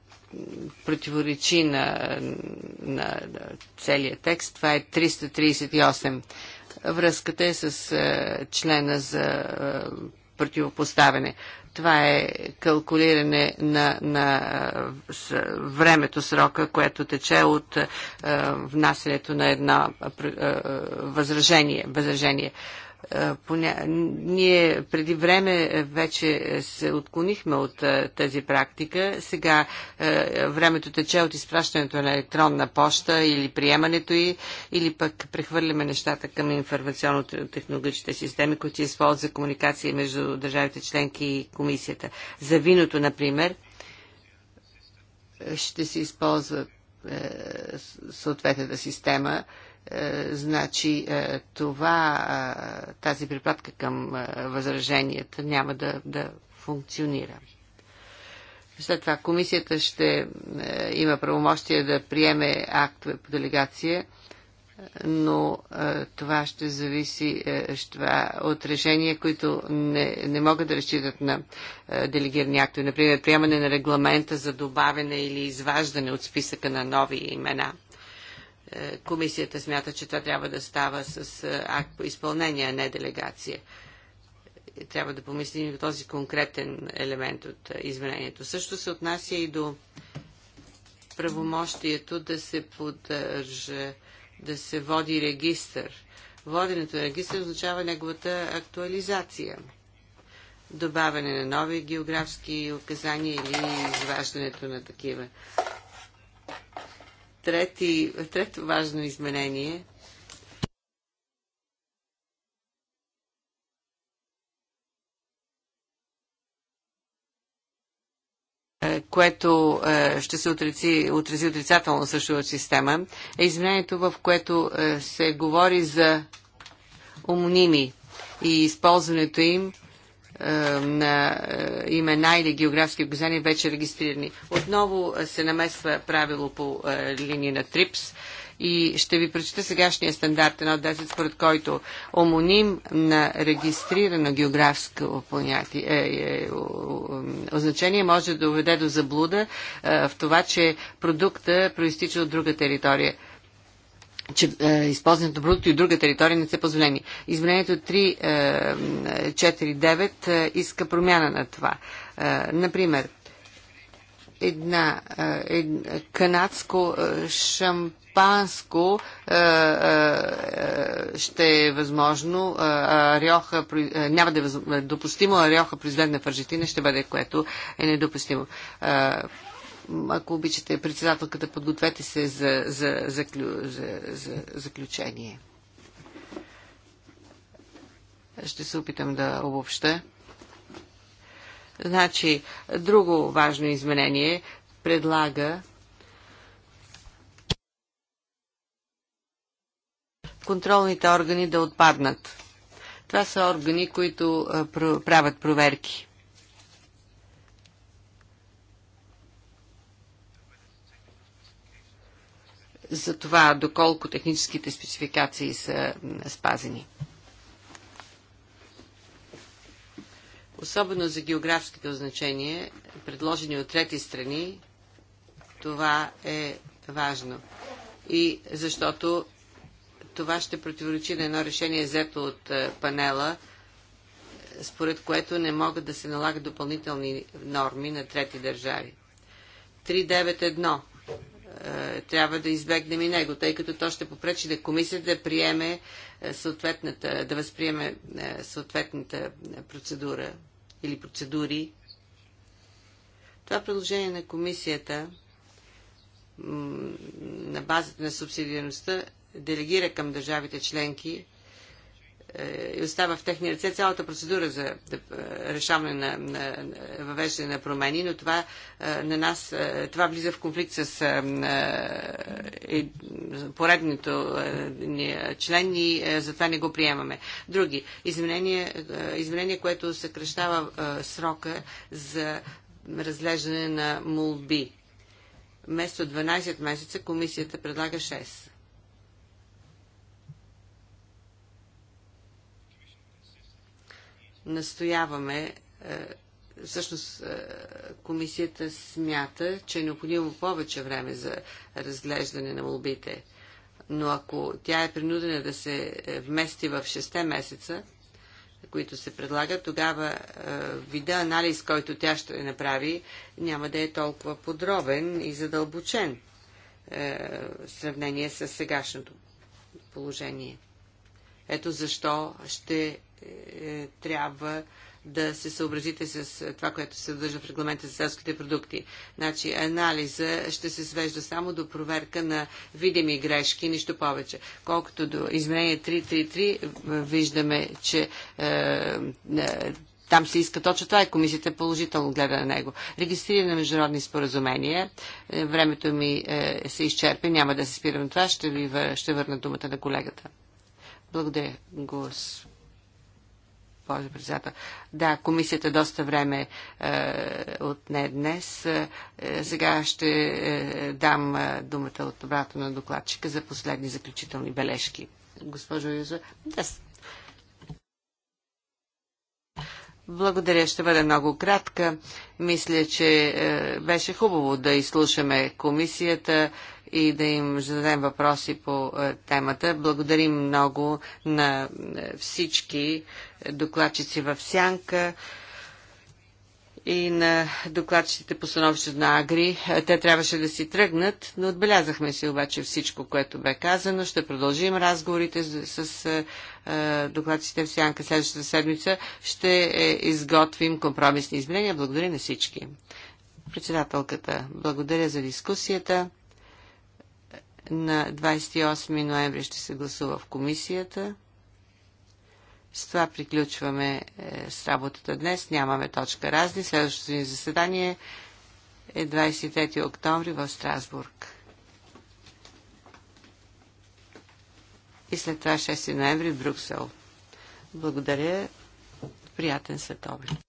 противоречи на, на, на целия текст, това е 338 връзката е с е, члена за е, противопоставяне. Това е калкулиране на, на е, времето, срока, което тече от е, внасянето на едно възражение. възражение. Е, поня... ние преди време вече се отклонихме от е, тази практика. Сега е, времето тече от изпращането на електронна поща или приемането й, или пък прехвърляме нещата към информационно-технологичните системи, които се използват за комуникация между държавите членки и комисията. За виното, например, ще се използва съответната система е, значи е, това, е, тази припадка към възраженията няма да, да функционира. След това комисията ще има правомощие да приеме актове по делегация, но това ще зависи това от решения, които не, не могат да разчитат на делегирани актове. Например, приемане на регламента за добавяне или изваждане от списъка на нови имена – е, комисията смята, че това трябва да става с е, акт по изпълнение, а не делегация. Трябва да помислим и този конкретен елемент от е, изменението. Също се отнася и до правомощието да се поддържа, да се води регистър. Воденето на регистър означава неговата актуализация. Добавяне на нови географски указания или изваждането на такива. Трети, трето важно изменение е, което е, ще се отрици, отрези отрицателно също от система, е изменението, в което е, се говори за умними и използването им е, на е, имена или географски указания вече регистрирани. Отново се намесва правило по е, линия на ТРИПС и ще ви прочета сегашния стандарт 1.10, според който омоним на регистрирано географско понятие, е, е, означение може да доведе до заблуда е, в това, че продукта проистича от друга територия че е, използването на продукти от друга територия не са позволени. Изменението 349 е, е, иска промяна на това. Е, например, една, е, канадско е, шампанско е, е, е, ще е възможно, ариоха, няма да е допустимо, ариоха произведена в Аржетина ще бъде, което е недопустимо ако обичате, председателката, подгответе се за, за, за, за, за заключение. Ще се опитам да обобща. Значи, друго важно изменение предлага контролните органи да отпаднат. Това са органи, които правят проверки. за това доколко техническите спецификации са спазени. Особено за географските означения, предложени от трети страни, това е важно. И защото това ще противоречи на едно решение взето от е, панела, според което не могат да се налагат допълнителни норми на трети държави. 391 е, трябва да избегнем и него, тъй като то ще попречи да комисията да приеме е, съответната, да възприеме е, съответната процедура или процедури. Това предложение на комисията на базата на субсидиарността делегира към държавите членки е, и остава в техни ръце цялата процедура за е, решаване на, на, въвеждане на промени, но това е, на нас, това влиза в конфликт с поредното член и затова не го приемаме. Други. Изменение, изменение което съкрещава срока за разглеждане на молби. Вместо 12 месеца комисията предлага 6. настояваме е, всъщност е, комисията смята, че е необходимо повече време за разглеждане на молбите. Но ако тя е принудена да се е, вмести в 6 месеца, които се предлагат, тогава е, вида анализ, който тя ще направи, няма да е толкова подробен и задълбочен е, в сравнение с сегашното положение. Ето защо ще е, трябва да се съобразите с е, това, което се съдържа в регламента за селските продукти. Значи анализа ще се свежда само до проверка на видими грешки, нищо повече. Колкото до изменение 333, виждаме, че е, е, там се иска точно това и комисията положително гледа на него. Регистриране на международни споразумения. Е, времето ми е, се изчерпи, няма да се спирам това. Ще, ви, ще върна думата на колегата. Благодаря, госпожа председател. Да, комисията доста време е, отне днес. Е, е, сега ще е, дам е, думата от обратно на докладчика за последни заключителни бележки. Госпожо Юзо, 10 Благодаря, ще бъде много кратка. Мисля, че е, беше хубаво да изслушаме комисията и да им зададем въпроси по е, темата. Благодарим много на е, всички докладчици в Сянка и на докладчите по становището на Агри. Те трябваше да си тръгнат, но отбелязахме си обаче всичко, което бе казано. Ще продължим разговорите с, с е, докладчите в Сянка следващата седмица. Ще е, изготвим компромисни изменения. Благодаря на всички. Председателката, благодаря за дискусията. На 28 ноември ще се гласува в комисията. С това приключваме е, с работата днес. Нямаме точка разни. Следващото ни заседание е 23 октомври в Страсбург. И след това 6 ноември в Брюксел. Благодаря. Приятен следобед.